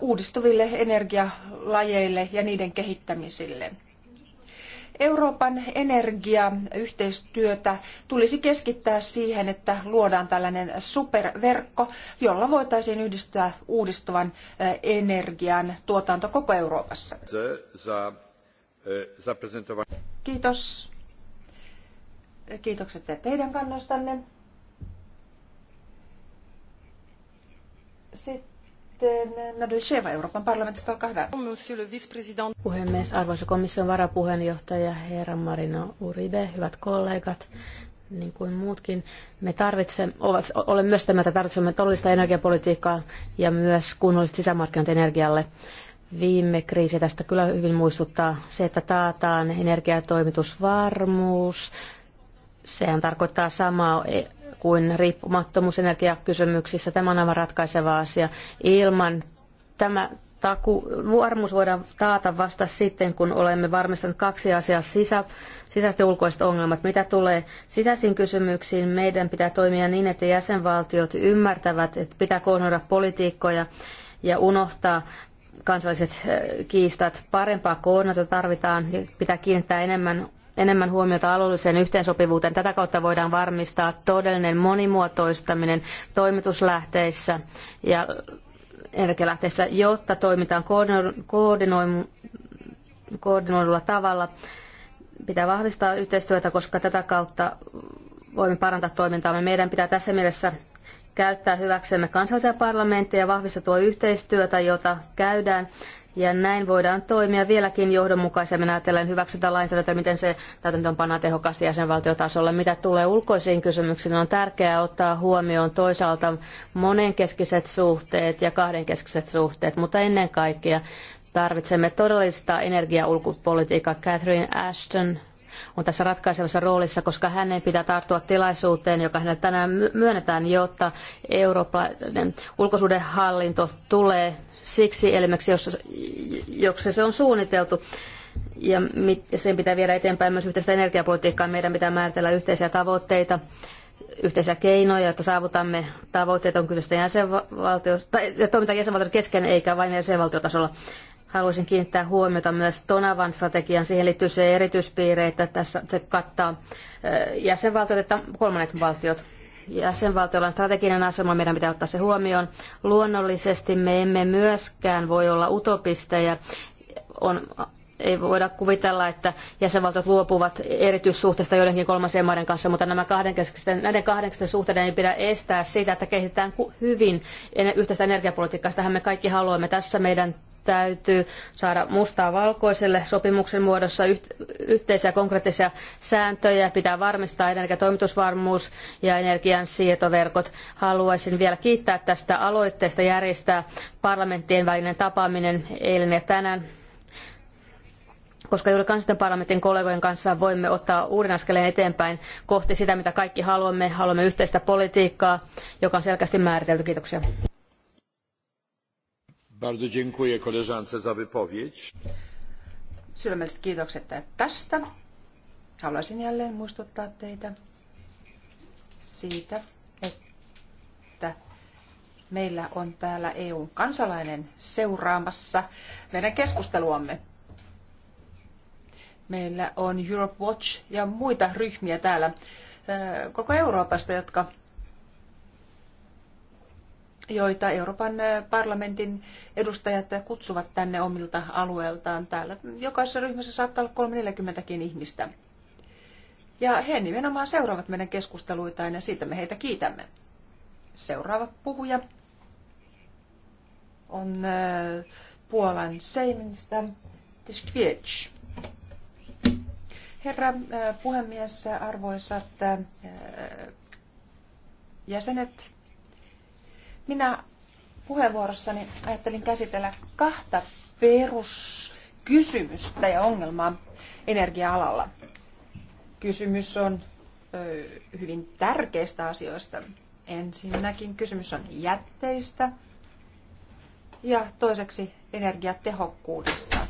uudistuville energialajeille ja niiden kehittämiselle. Euroopan energiayhteistyötä tulisi keskittää siihen, että luodaan tällainen superverkko, jolla voitaisiin yhdistää uudistuvan energian tuotanto koko Euroopassa. E, Kiitos. Kiitokset teidän kannostanne. Sitten sitten Euroopan parlamentista, olkaa hyvä. Puhemies, arvoisa komission varapuheenjohtaja herra Marino Uribe, hyvät kollegat, niin kuin muutkin, me tarvitsemme, olen myös tämä, että tarvitsemme todellista energiapolitiikkaa ja myös kunnolliset sisämarkkinat energialle. Viime kriisi tästä kyllä hyvin muistuttaa se, että taataan energiatoimitusvarmuus. Sehän tarkoittaa samaa kuin riippumattomuus energiakysymyksissä. Tämä on aivan ratkaiseva asia. Ilman tämä taku, varmuus voidaan taata vasta sitten, kun olemme varmistaneet kaksi asiaa sisä, sisäiset ja ulkoiset ongelmat. Mitä tulee sisäisiin kysymyksiin, meidän pitää toimia niin, että jäsenvaltiot ymmärtävät, että pitää kohdata politiikkoja ja unohtaa kansalliset eh, kiistat. Parempaa koordinaatiota tarvitaan ja pitää kiinnittää enemmän enemmän huomiota alueelliseen yhteensopivuuteen. Tätä kautta voidaan varmistaa todellinen monimuotoistaminen toimituslähteissä ja energialähteissä, jotta toimitaan koordinoidulla tavalla. Pitää vahvistaa yhteistyötä, koska tätä kautta voimme parantaa toimintaamme. Meidän pitää tässä mielessä käyttää hyväksemme kansallisia parlamentteja ja tuo yhteistyötä, jota käydään ja näin voidaan toimia vieläkin johdonmukaisemmin ajatellen hyväksytä lainsäädäntöä, miten se täytäntöönpannaan tehokkaasti jäsenvaltiotasolla. Mitä tulee ulkoisiin kysymyksiin, on tärkeää ottaa huomioon toisaalta monenkeskiset suhteet ja kahdenkeskiset suhteet, mutta ennen kaikkea tarvitsemme todellista energiaulkopolitiikkaa. Catherine Ashton on tässä ratkaisevassa roolissa, koska hänen pitää tarttua tilaisuuteen, joka hänelle tänään myönnetään, jotta eurooppalainen ulkosuhdehallinto tulee siksi elimeksi, jossa, jossa se on suunniteltu. Ja sen pitää viedä eteenpäin myös yhteistä energiapolitiikkaa. Meidän pitää määritellä yhteisiä tavoitteita, yhteisiä keinoja, jotta saavutamme tavoitteet on kyseistä jäsenvaltiosta, tai toiminta jäsenvaltiosta kesken eikä vain jäsenvaltiotasolla. Haluaisin kiinnittää huomiota myös Tonavan strategian. Siihen liittyy se erityispiirre, että tässä se kattaa jäsenvaltiot että kolmannet valtiot jäsenvaltiolla on strateginen asema, meidän pitää ottaa se huomioon. Luonnollisesti me emme myöskään voi olla utopisteja. On, ei voida kuvitella, että jäsenvaltiot luopuvat erityissuhteista joidenkin kolmansien maiden kanssa, mutta nämä keskisten, näiden kahdenkeskisten suhteiden ei pidä estää sitä, että kehitetään hyvin yhteistä energiapolitiikkaa. Tähän me kaikki haluamme. Tässä meidän täytyy saada mustaa valkoiselle sopimuksen muodossa yhteisiä konkreettisia sääntöjä, pitää varmistaa energiatoimitusvarmuus ja energian siirtoverkot. Haluaisin vielä kiittää tästä aloitteesta järjestää parlamenttien välinen tapaaminen eilen ja tänään koska juuri kansallisten parlamentin kollegojen kanssa voimme ottaa uuden askeleen eteenpäin kohti sitä, mitä kaikki haluamme. Haluamme yhteistä politiikkaa, joka on selkeästi määritelty. Kiitoksia. Bardzo dziękuję koleżance za wypowiedź. Sydämelliset kiitokset tästä. Haluaisin jälleen muistuttaa teitä siitä, että meillä on täällä EUn kansalainen seuraamassa meidän keskusteluamme. Meillä on Europe Watch ja muita ryhmiä täällä koko Euroopasta, jotka joita Euroopan eh, parlamentin edustajat kutsuvat tänne omilta alueeltaan. Täällä jokaisessa ryhmässä saattaa olla 340 ihmistä. Ja he nimenomaan seuraavat meidän keskusteluitaan ja siitä me heitä kiitämme. Seuraava puhuja on eh, Puolan Seimistä Tiskviec. Herra eh, puhemies, arvoisat jäsenet, minä puheenvuorossani ajattelin käsitellä kahta peruskysymystä ja ongelmaa energia-alalla. Kysymys on ö, hyvin tärkeistä asioista. Ensinnäkin kysymys on jätteistä ja toiseksi energiatehokkuudesta.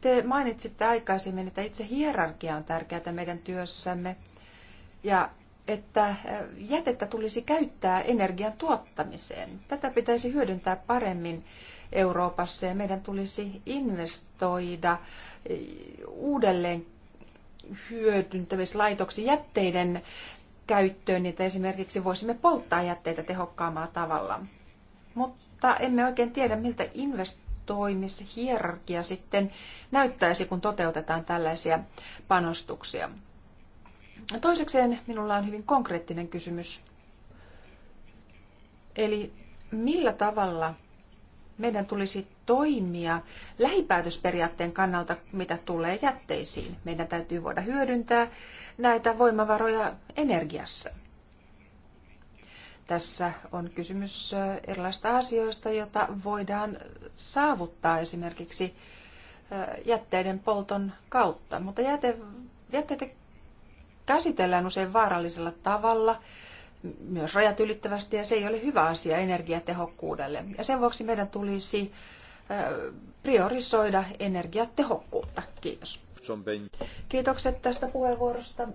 Te mainitsitte aikaisemmin, että itse hierarkia on tärkeää meidän työssämme ja että äh, jätettä tulisi käyttää energian tuottamiseen. Tätä pitäisi hyödyntää paremmin Euroopassa ja meidän tulisi investoida äh, uudelleen hyödyntämislaitoksi jätteiden käyttöön, niin että esimerkiksi voisimme polttaa jätteitä tehokkaammalla tavalla. Mutta emme oikein tiedä, miltä investoimishierarkia sitten näyttäisi, kun toteutetaan tällaisia panostuksia. Toisekseen minulla on hyvin konkreettinen kysymys. Eli millä tavalla meidän tulisi toimia lähipäätösperiaatteen kannalta, mitä tulee jätteisiin. Meidän täytyy voida hyödyntää näitä voimavaroja energiassa. Tässä on kysymys erilaisista asioista, joita voidaan saavuttaa esimerkiksi jätteiden polton kautta, mutta jäte, jätteiden käsitellään usein vaarallisella tavalla, myös rajat ylittävästi, ja se ei ole hyvä asia energiatehokkuudelle. Ja sen vuoksi meidän tulisi priorisoida energiatehokkuutta. Kiitos. Kiitokset tästä puheenvuorosta.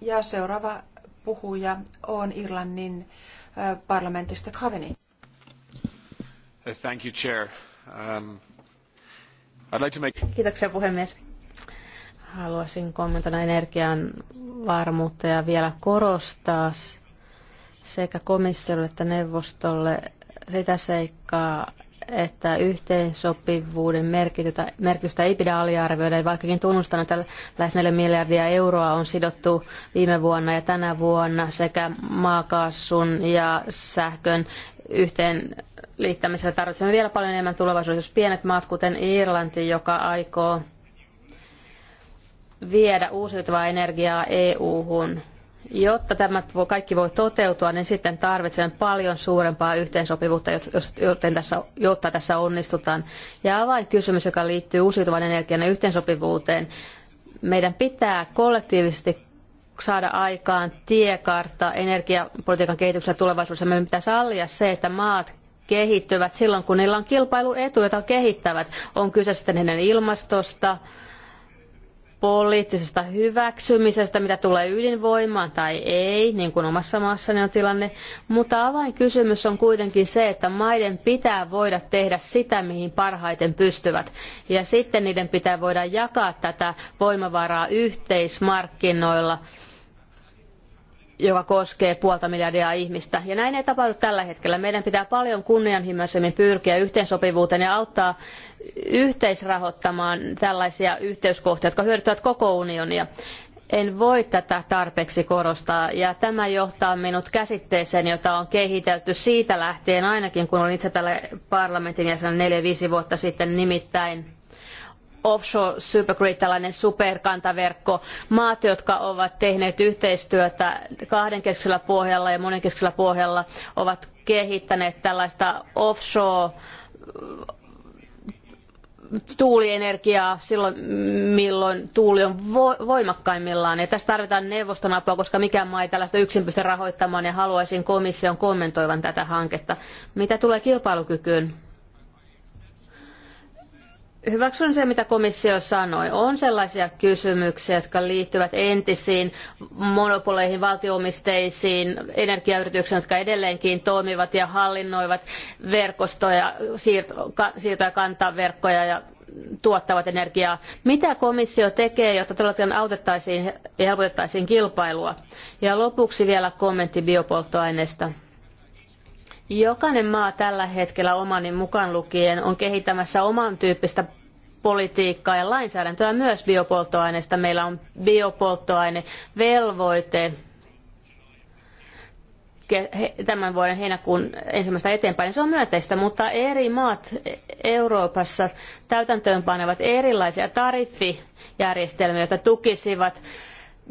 Ja seuraava puhuja on Irlannin parlamentista Kaveni. Thank you, chair. Um, I'd like to make... Kiitoksia puhemies. Haluaisin kommentoida energian varmuutta ja vielä korostaa sekä komissiolle että neuvostolle sitä seikkaa, että yhteensopivuuden merkitystä ei pidä aliarvioida, vaikkakin tunnustan, että lähes 4 miljardia euroa on sidottu viime vuonna ja tänä vuonna sekä maakaasun ja sähkön yhteen liittämisellä tarvitsemme vielä paljon enemmän tulevaisuudessa. Jos pienet maat, kuten Irlanti, joka aikoo viedä uusiutuvaa energiaa EU-hun. Jotta tämä kaikki voi toteutua, niin sitten tarvitsemme paljon suurempaa yhteensopivuutta, joten tässä, jotta tässä onnistutaan. Ja avainkysymys, joka liittyy uusiutuvan energian ja yhteensopivuuteen, meidän pitää kollektiivisesti saada aikaan tiekartta energiapolitiikan kehityksessä tulevaisuudessa. Meidän pitää sallia se, että maat kehittyvät silloin, kun niillä on kilpailuetu, jota kehittävät. On kyse sitten heidän ilmastosta, poliittisesta hyväksymisestä, mitä tulee ydinvoimaan tai ei, niin kuin omassa maassani on tilanne. Mutta avainkysymys on kuitenkin se, että maiden pitää voida tehdä sitä, mihin parhaiten pystyvät. Ja sitten niiden pitää voida jakaa tätä voimavaraa yhteismarkkinoilla joka koskee puolta miljardia ihmistä. Ja näin ei tapahdu tällä hetkellä. Meidän pitää paljon kunnianhimoisemmin pyrkiä yhteensopivuuteen ja auttaa yhteisrahoittamaan tällaisia yhteyskohtia, jotka hyödyttävät koko unionia. En voi tätä tarpeeksi korostaa ja tämä johtaa minut käsitteeseen, jota on kehitelty siitä lähtien ainakin, kun olin itse täällä parlamentin jäsenen neljä viisi vuotta sitten nimittäin offshore supergrid, tällainen superkantaverkko. Maat, jotka ovat tehneet yhteistyötä kahdenkeskisellä pohjalla ja monenkeskisellä pohjalla, ovat kehittäneet tällaista offshore mm, tuulienergiaa silloin, milloin tuuli on voimakkaimmillaan. Ja tässä tarvitaan neuvoston apua, koska mikään maa ei tällaista yksin pysty rahoittamaan ja haluaisin komission kommentoivan tätä hanketta. Mitä tulee kilpailukykyyn? Hyväksyn se, mitä komissio sanoi. On sellaisia kysymyksiä, jotka liittyvät entisiin monopoleihin, valtioomisteisiin, energiayrityksiin, jotka edelleenkin toimivat ja hallinnoivat verkostoja, siirto- ja verkkoja ja tuottavat energiaa. Mitä komissio tekee, jotta todellakin autettaisiin ja helpotettaisiin kilpailua? Ja lopuksi vielä kommentti biopolttoaineista Jokainen maa tällä hetkellä omani mukaan lukien on kehittämässä oman tyyppistä politiikkaa ja lainsäädäntöä myös biopolttoaineista. Meillä on biopolttoainevelvoite tämän vuoden heinäkuun ensimmäistä eteenpäin, se on myönteistä, mutta eri maat Euroopassa täytäntöönpanevat erilaisia tariffijärjestelmiä, jotka tukisivat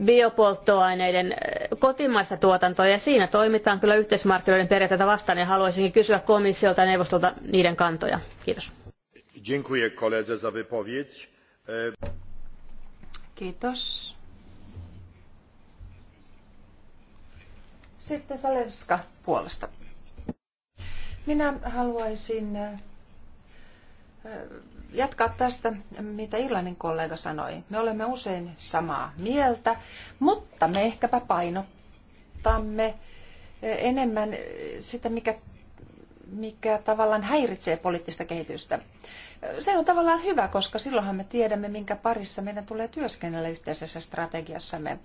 biopolttoaineiden äh, kotimaista tuotantoa, ja siinä toimitaan kyllä yhteismarkkinoiden periaatteita vastaan, ja haluaisinkin kysyä komissiolta ja neuvostolta niiden kantoja. Kiitos. Dziękuję za e, Kiitos. Sitten Salevska puolesta. Minä haluaisin e, jatkaa tästä, mitä Irlannin kollega sanoi. Me olemme usein samaa mieltä, mutta me ehkäpä painottamme eh, enemmän eh, sitä, mikä, mikä tavallaan häiritsee poliittista kehitystä. Se on tavallaan hyvä, koska silloinhan me tiedämme, minkä parissa meidän tulee työskennellä yhteisessä strategiassamme.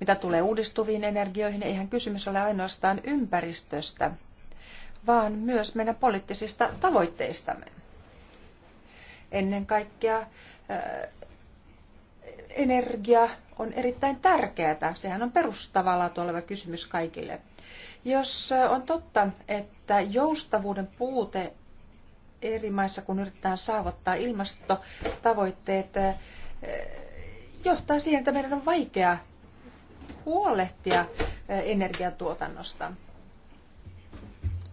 Mitä tulee uudistuviin energioihin, eihän kysymys ole ainoastaan ympäristöstä, vaan myös meidän poliittisista tavoitteistamme. Ennen kaikkea äh, energia on erittäin tärkeää. Sehän on perustavalla tuoleva kysymys kaikille. Jos äh, on totta, että joustavuuden puute eri maissa, kun yritetään saavuttaa ilmastotavoitteet, äh, johtaa siihen, että meidän on vaikea huolehtia energiantuotannosta.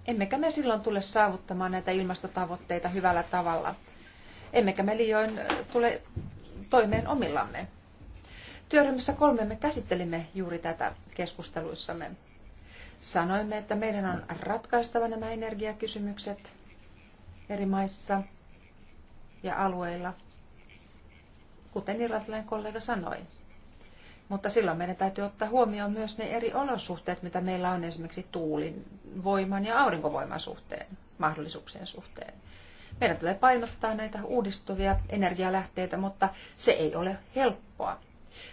Emmekä me silloin tule saavuttamaan näitä ilmastotavoitteita hyvällä tavalla emmekä me liioin äh, tule toimeen omillamme. Työryhmässä kolme me käsittelimme juuri tätä keskusteluissamme. Sanoimme, että meidän on ratkaistava nämä energiakysymykset eri maissa ja alueilla, kuten irlantilainen kollega sanoi. Mutta silloin meidän täytyy ottaa huomioon myös ne eri olosuhteet, mitä meillä on esimerkiksi tuulin voiman ja aurinkovoiman suhteen, mahdollisuuksien suhteen. Meidän tulee painottaa näitä uudistuvia energialähteitä, mutta se ei ole helppoa.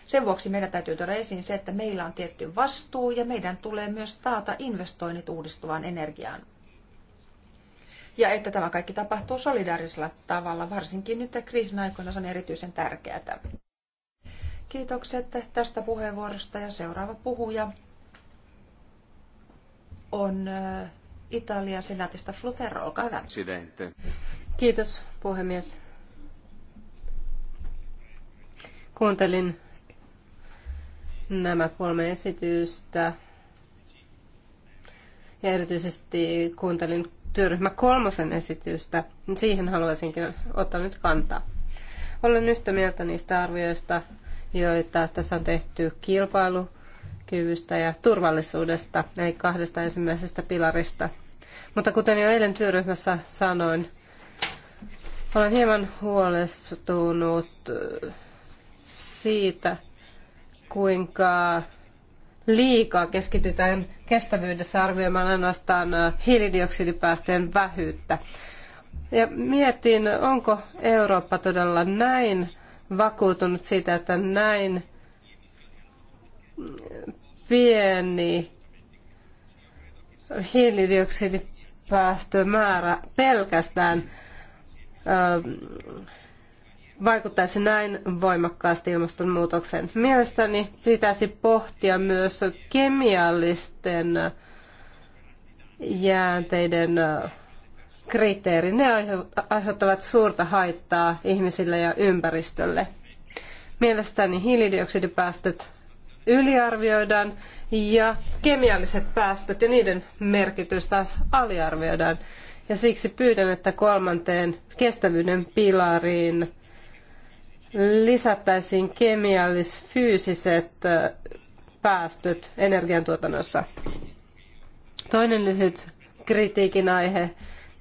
Sen vuoksi meidän täytyy tuoda esiin se, että meillä on tietty vastuu ja meidän tulee myös taata investoinnit uudistuvaan energiaan. Ja että tämä kaikki tapahtuu solidaarisella tavalla, varsinkin nyt kriisin aikoina se on erityisen tärkeää. Kiitokset tästä puheenvuorosta ja seuraava puhuja on äh, Italian senaatista Flutero, olkaa hyvä. Presidente. Kiitos puhemies. Kuuntelin nämä kolme esitystä ja erityisesti kuuntelin työryhmä kolmosen esitystä. Siihen haluaisinkin ottaa nyt kantaa. Olen yhtä mieltä niistä arvioista, joita tässä on tehty kilpailu kyvystä ja turvallisuudesta, näin kahdesta ensimmäisestä pilarista. Mutta kuten jo eilen työryhmässä sanoin, olen hieman huolestunut äh, siitä, kuinka liikaa keskitytään kestävyydessä arvioimaan ainoastaan äh, hiilidioksidipäästöjen vähyyttä. Ja mietin, onko Eurooppa todella näin vakuutunut siitä, että näin pieni hiilidioksidipäästömäärä pelkästään ähm, vaikuttaisi näin voimakkaasti ilmastonmuutokseen. Mielestäni pitäisi pohtia myös kemiallisten jäänteiden äh, kriteeri. Ne aiheuttavat suurta haittaa ihmisille ja ympäristölle. Mielestäni hiilidioksidipäästöt yliarvioidaan ja kemialliset päästöt ja niiden merkitys taas aliarvioidaan. Ja siksi pyydän, että kolmanteen kestävyyden pilariin lisättäisiin kemiallis-fyysiset päästöt energiantuotannossa. Toinen lyhyt kritiikin aihe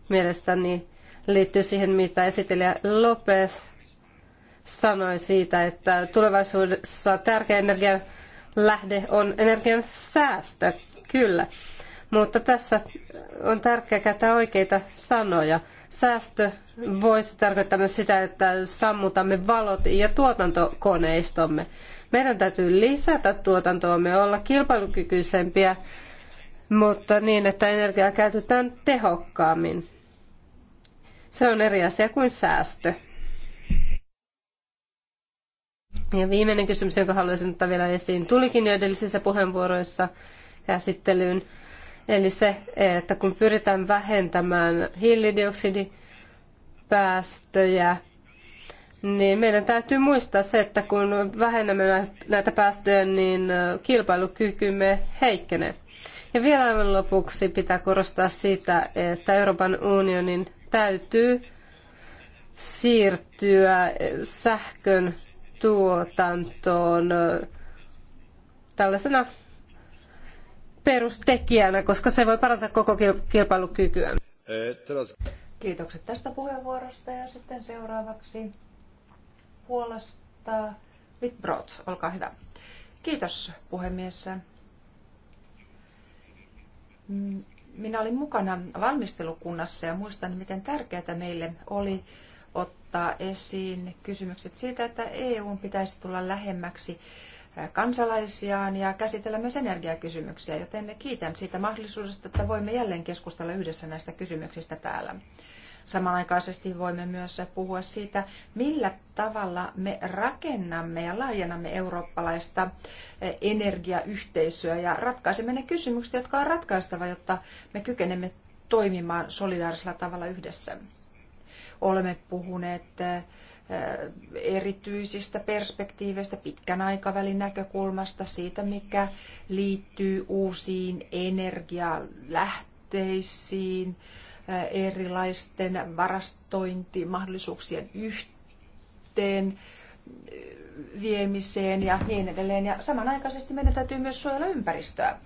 mielestäni liittyy siihen, mitä esittelijä Lopez sanoi siitä, että tulevaisuudessa tärkeä energian lähde on energian säästö, kyllä. Mutta tässä on tärkeää käyttää oikeita sanoja. Säästö voisi tarkoittaa myös sitä, että sammutamme valot ja tuotantokoneistomme. Meidän täytyy lisätä tuotantoamme, olla kilpailukykyisempiä, mutta niin, että energiaa käytetään tehokkaammin. Se on eri asia kuin säästö. Ja viimeinen kysymys, jonka haluaisin ottaa vielä esiin, tulikin jo edellisissä puheenvuoroissa käsittelyyn. Eli se, että kun pyritään vähentämään hiilidioksidipäästöjä, niin meidän täytyy muistaa se, että kun vähennämme näitä päästöjä, niin kilpailukykymme heikkenee. Ja vielä aivan lopuksi pitää korostaa sitä, että Euroopan unionin täytyy siirtyä sähkön tuotantoon tällaisena perustekijänä, koska se voi parantaa koko kilpailukykyä. Kiitokset tästä puheenvuorosta ja sitten seuraavaksi Puolasta Wittbrod, olkaa hyvä. Kiitos puhemies. Minä olin mukana valmistelukunnassa ja muistan, miten tärkeää meille oli ottaa esiin kysymykset siitä, että EU pitäisi tulla lähemmäksi kansalaisiaan ja käsitellä myös energiakysymyksiä, joten kiitän siitä mahdollisuudesta, että voimme jälleen keskustella yhdessä näistä kysymyksistä täällä. Samanaikaisesti voimme myös puhua siitä, millä tavalla me rakennamme ja laajennamme eurooppalaista energiayhteisöä ja ratkaisemme ne kysymykset, jotka on ratkaistava, jotta me kykenemme toimimaan solidaarisella tavalla yhdessä. Olemme puhuneet erityisistä perspektiiveistä, pitkän aikavälin näkökulmasta, siitä mikä liittyy uusiin energialähteisiin, erilaisten varastointimahdollisuuksien yhteen viemiseen ja niin edelleen. Ja samanaikaisesti meidän täytyy myös suojella ympäristöä.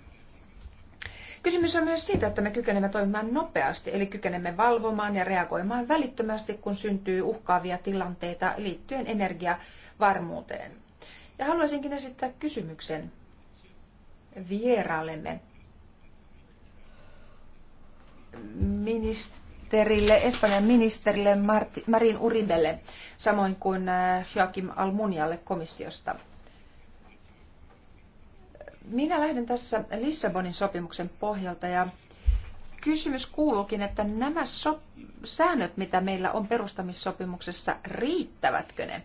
Kysymys on myös siitä, että me kykenemme toimimaan nopeasti, eli kykenemme valvomaan ja reagoimaan välittömästi, kun syntyy uhkaavia tilanteita liittyen energiavarmuuteen. Ja haluaisinkin esittää kysymyksen vieraallemme ministerille, Espanjan ministerille Martin, Marin Uribelle, samoin kuin äh, Joakim Almunialle komissiosta. Minä lähden tässä Lissabonin sopimuksen pohjalta ja kysymys kuuluukin, että nämä so- säännöt, mitä meillä on perustamissopimuksessa, riittävätkö ne?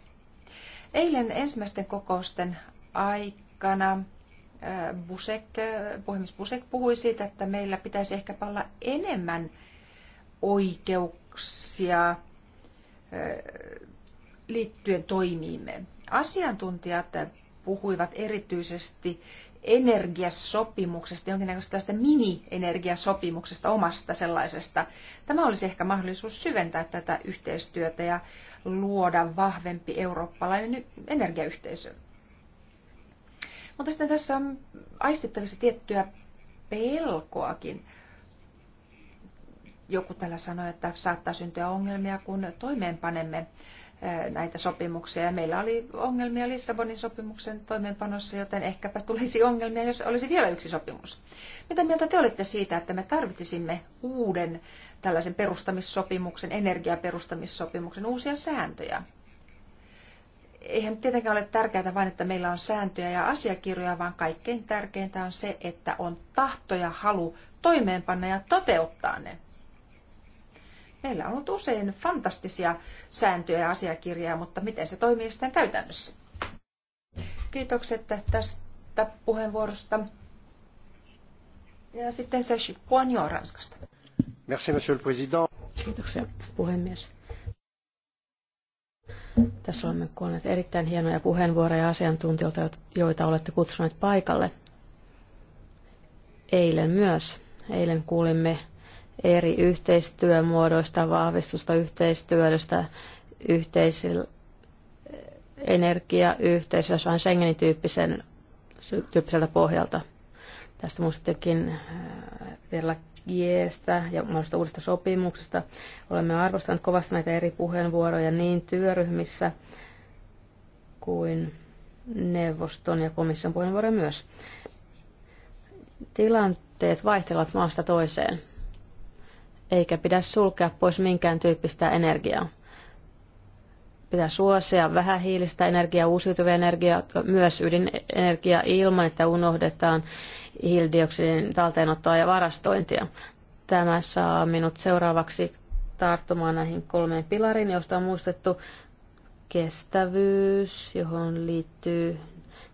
Eilen ensimmäisten kokousten aikana äh, Busek, puhemies Busek puhui siitä, että meillä pitäisi ehkä palla enemmän oikeuksia äh, liittyen toimiimme. Asiantuntijat puhuivat erityisesti energiasopimuksesta, jonkinnäköisestä tästä mini-energiasopimuksesta, omasta sellaisesta. Tämä olisi ehkä mahdollisuus syventää tätä yhteistyötä ja luoda vahvempi eurooppalainen energiayhteisö. Mutta sitten tässä on aistittavissa tiettyä pelkoakin. Joku täällä sanoi, että saattaa syntyä ongelmia, kun toimeenpanemme näitä sopimuksia. Ja meillä oli ongelmia Lissabonin sopimuksen toimeenpanossa, joten ehkäpä tulisi ongelmia, jos olisi vielä yksi sopimus. Mitä mieltä te olette siitä, että me tarvitsisimme uuden tällaisen perustamissopimuksen, energiaperustamissopimuksen, uusia sääntöjä? Eihän tietenkään ole tärkeää vain, että meillä on sääntöjä ja asiakirjoja, vaan kaikkein tärkeintä on se, että on tahto ja halu toimeenpanna ja toteuttaa ne. Meillä on ollut usein fantastisia sääntöjä ja asiakirjaa, mutta miten se toimii sitten käytännössä? Kiitokset tästä puheenvuorosta. Ja sitten se Puanjo Ranskasta. Merci, monsieur le président. Kiitoksia, puhemies. Tässä olemme kuulleet erittäin hienoja puheenvuoroja asiantuntijoita, joita olette kutsuneet paikalle. Eilen myös. Eilen kuulimme eri yhteistyömuodoista, vahvistusta yhteistyöstä, yhteisillä energiayhteisössä, vaan Schengenin tyyppisen, tyyppiseltä pohjalta. Tästä muistuttikin äh, vielä Giestä ja mahdollisesta uudesta sopimuksesta. Olemme arvostaneet kovasti näitä eri puheenvuoroja niin työryhmissä kuin neuvoston ja komission puheenvuoroja myös. Tilanteet vaihtelevat maasta toiseen eikä pidä sulkea pois minkään tyyppistä energiaa. Pitää suosia vähähiilistä energiaa, uusiutuvia energiaa, myös ydinenergiaa ilman, että unohdetaan hiilidioksidin talteenottoa ja varastointia. Tämä saa minut seuraavaksi tarttumaan näihin kolmeen pilariin, joista on muistettu kestävyys, johon liittyy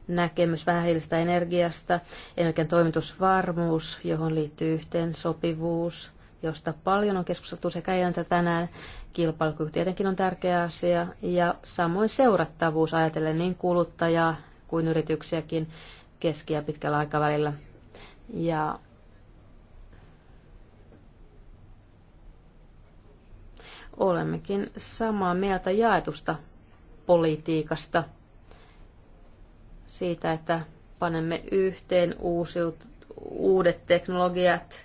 näkemys vähähiilistä energiasta, energian toimitusvarmuus, johon liittyy yhteensopivuus josta paljon on keskusteltu sekä eilen että tänään. Kilpailukyky tietenkin on tärkeä asia ja samoin seurattavuus ajatellen niin kuluttajaa kuin yrityksiäkin keski- ja pitkällä aikavälillä. Ja olemmekin samaa mieltä jaetusta politiikasta, siitä, että panemme yhteen uusiut, uudet teknologiat,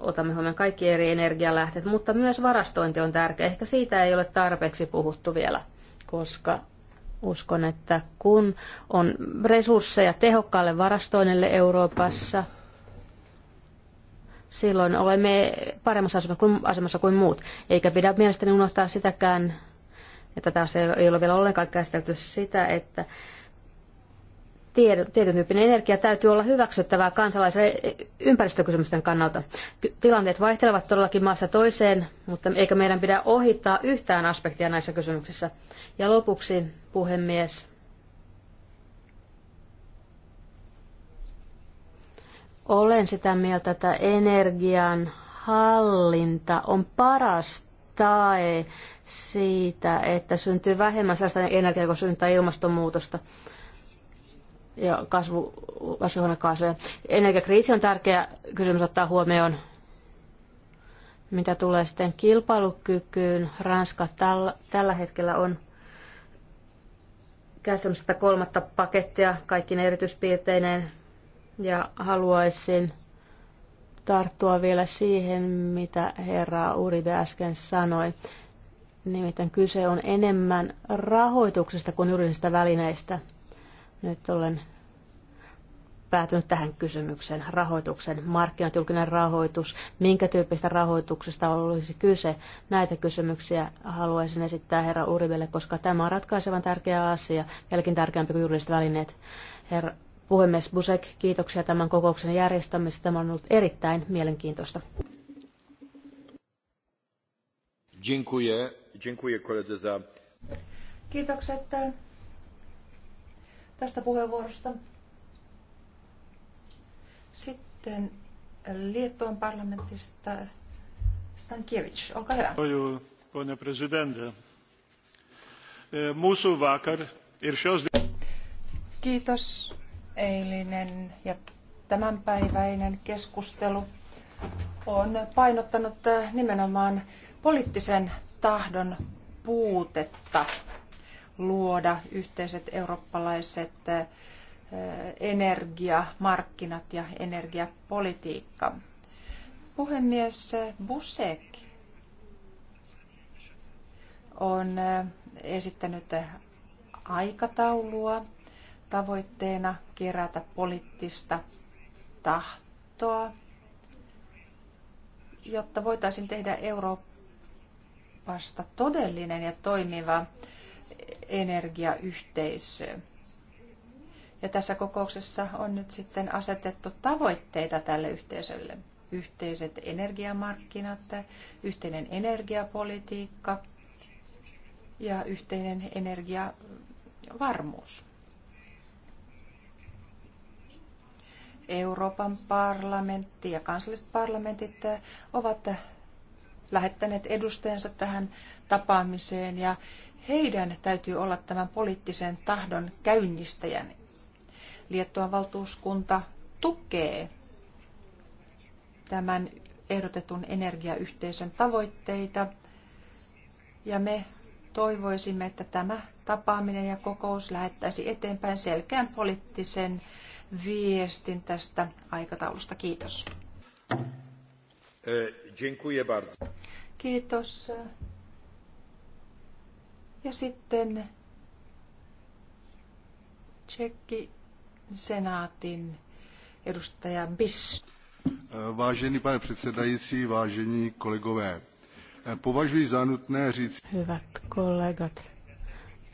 otamme huomioon kaikki eri energialähteet, mutta myös varastointi on tärkeä. Ehkä siitä ei ole tarpeeksi puhuttu vielä, koska uskon, että kun on resursseja tehokkaalle varastoinnille Euroopassa, silloin olemme paremmassa asemassa kuin muut. Eikä pidä mielestäni unohtaa sitäkään, että tässä ei ole vielä ollenkaan käsitelty sitä, että tietyn tyyppinen energia täytyy olla hyväksyttävää kansalaisen ympäristökysymysten kannalta. Tilanteet vaihtelevat todellakin maassa toiseen, mutta eikä meidän pidä ohittaa yhtään aspektia näissä kysymyksissä. Ja lopuksi, puhemies, olen sitä mieltä, että energian hallinta on paras tae siitä, että syntyy vähemmän sellaista energiaa, kun syntyy ilmastonmuutosta ja kasvu, kasvihuonekaasuja. Energiakriisi on tärkeä kysymys ottaa huomioon. Mitä tulee sitten kilpailukykyyn, Ranska tällä, tällä hetkellä on käsittämässä sitä kolmatta pakettia kaikkine erityispiirteineen ja haluaisin tarttua vielä siihen, mitä herra Uribe äsken sanoi. Nimittäin kyse on enemmän rahoituksesta kuin juridisista välineistä – nyt olen päätynyt tähän kysymykseen, rahoituksen, markkinat, julkinen rahoitus, minkä tyyppistä rahoituksesta olisi kyse. Näitä kysymyksiä haluaisin esittää herra Uribelle, koska tämä on ratkaisevan tärkeä asia, vieläkin tärkeämpi kuin juridiset välineet. Herra puhemies Busek, kiitoksia tämän kokouksen järjestämisestä. Tämä on ollut erittäin mielenkiintoista. Dziękuję, dziękuję koledze za... Kiitokset tästä puheenvuorosta. Sitten Liettuan parlamentista Stankiewicz, olkaa hyvä. Oju, pone presidente. Musu vakar ir šios... Kiitos. Eilinen ja tämänpäiväinen keskustelu on painottanut e, nimenomaan poliittisen tahdon puutetta luoda yhteiset eurooppalaiset energiamarkkinat ja energiapolitiikka. Puhemies Busek on esittänyt aikataulua tavoitteena kerätä poliittista tahtoa, jotta voitaisiin tehdä Euroopasta todellinen ja toimiva energiayhteisö. Ja tässä kokouksessa on nyt sitten asetettu tavoitteita tälle yhteisölle. Yhteiset energiamarkkinat, yhteinen energiapolitiikka ja yhteinen energiavarmuus. Euroopan parlamentti ja kansalliset parlamentit ovat lähettäneet edustajansa tähän tapaamiseen ja heidän täytyy olla tämän poliittisen tahdon käynnistäjän. Liettuan valtuuskunta tukee tämän ehdotetun energiayhteisön tavoitteita ja me toivoisimme, että tämä tapaaminen ja kokous lähettäisi eteenpäin selkeän poliittisen viestin tästä aikataulusta. Kiitos. E, Kiitos. Ja sitten Tsekki senaatin edustaja Bis. Eh, vážený pane předsedající, vážení kolegové, eh, považuji za nutné říct... Hyvät kollegat,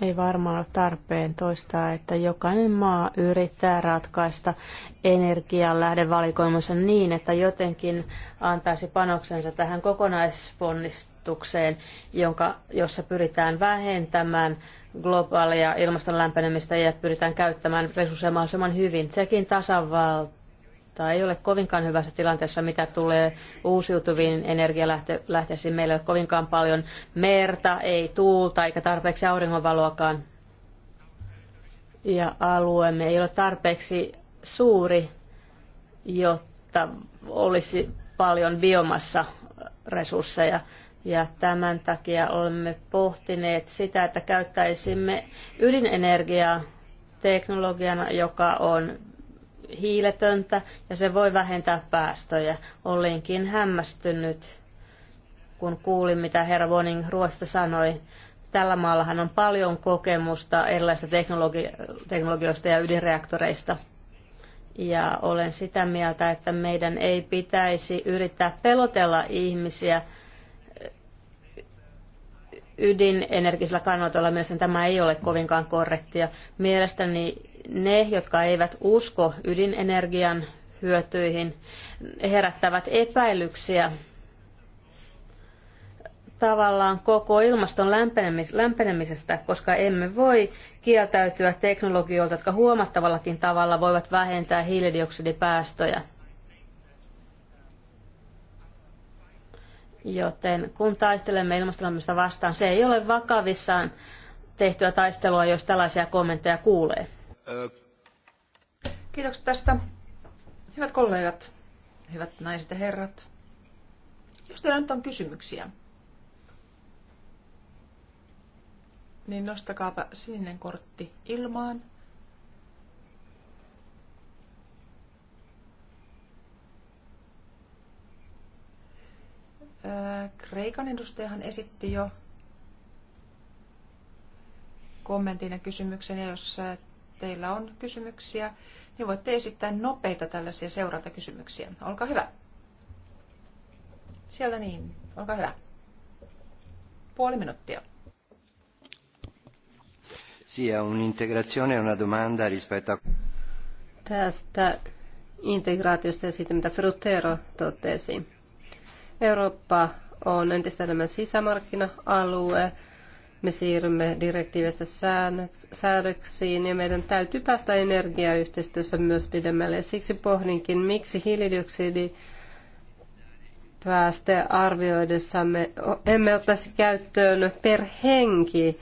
ei varmaan ole tarpeen toistaa, että jokainen maa yrittää ratkaista energian lähdevalikoimansa niin, että jotenkin antaisi panoksensa tähän kokonaisponnistukseen, jonka, jossa pyritään vähentämään globaalia ilmaston lämpenemistä ja pyritään käyttämään resursseja mahdollisimman hyvin. Sekin tasavalta tai ei ole kovinkaan hyvässä tilanteessa, mitä tulee uusiutuviin energialähteisiin. Meillä ei ole kovinkaan paljon merta, ei tuulta eikä tarpeeksi auringonvaloakaan. Ja alueemme ei ole tarpeeksi suuri, jotta olisi paljon biomassa resursseja. Ja tämän takia olemme pohtineet sitä, että käyttäisimme ydinenergiaa teknologiana, joka on hiiletöntä ja se voi vähentää päästöjä. Olinkin hämmästynyt, kun kuulin, mitä herra Woning Ruotsista sanoi. Tällä maallahan on paljon kokemusta erilaisista teknologi- teknologioista ja ydinreaktoreista. Ja olen sitä mieltä, että meidän ei pitäisi yrittää pelotella ihmisiä ydinenergisillä kannanotolla. Mielestäni tämä ei ole kovinkaan korrektia. Mielestäni ne, jotka eivät usko ydinenergian hyötyihin, herättävät epäilyksiä tavallaan koko ilmaston lämpenemisestä, koska emme voi kieltäytyä teknologioilta, jotka huomattavallakin tavalla voivat vähentää hiilidioksidipäästöjä. Joten kun taistelemme ilmastonmuutosta vastaan, se ei ole vakavissaan tehtyä taistelua, jos tällaisia kommentteja kuulee. Kiitokset tästä. Hyvät kollegat, hyvät naiset ja herrat, jos teillä nyt on kysymyksiä, niin nostakaapa sininen kortti ilmaan. Kreikan edustajahan esitti jo kommentin ja kysymyksen, ja jos teillä on kysymyksiä, niin voitte esittää nopeita tällaisia seurantakysymyksiä. Olkaa hyvä. Sieltä niin, olkaa hyvä. Puoli minuuttia. un'integrazione e una domanda rispetto a... Tästä integraatiosta ja siitä, mitä Frutero totesi. Eurooppa on entistä enemmän sisämarkkina-alue, me siirrymme direktiivistä säädöksiin ja meidän täytyy päästä energiayhteistyössä myös pidemmälle. Siksi pohdinkin, miksi hiilidioksidi päästöarvioidessamme emme ottaisi käyttöön per henki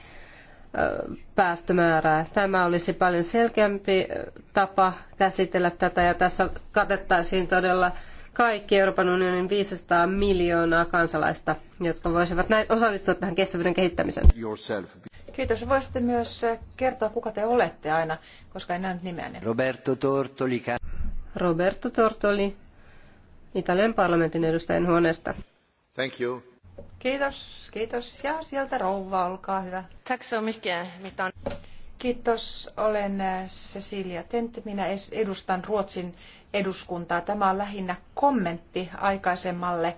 päästömäärää. Tämä olisi paljon selkeämpi tapa käsitellä tätä ja tässä katettaisiin todella kaikki Euroopan unionin 500 miljoonaa kansalaista, jotka voisivat näin osallistua tähän kestävyyden kehittämiseen. Kiitos. Voisitte myös kertoa, kuka te olette aina, koska en nähnyt nimeänne. Roberto Tortoli. Roberto Tortoli, Italian parlamentin edustajan huoneesta. Thank you. Kiitos, kiitos. Ja sieltä rouva, olkaa hyvä. Tack så mycket. Kiitos. Olen äh, Cecilia Tentti. Minä edustan Ruotsin eduskuntaa. Tämä on lähinnä kommentti aikaisemmalle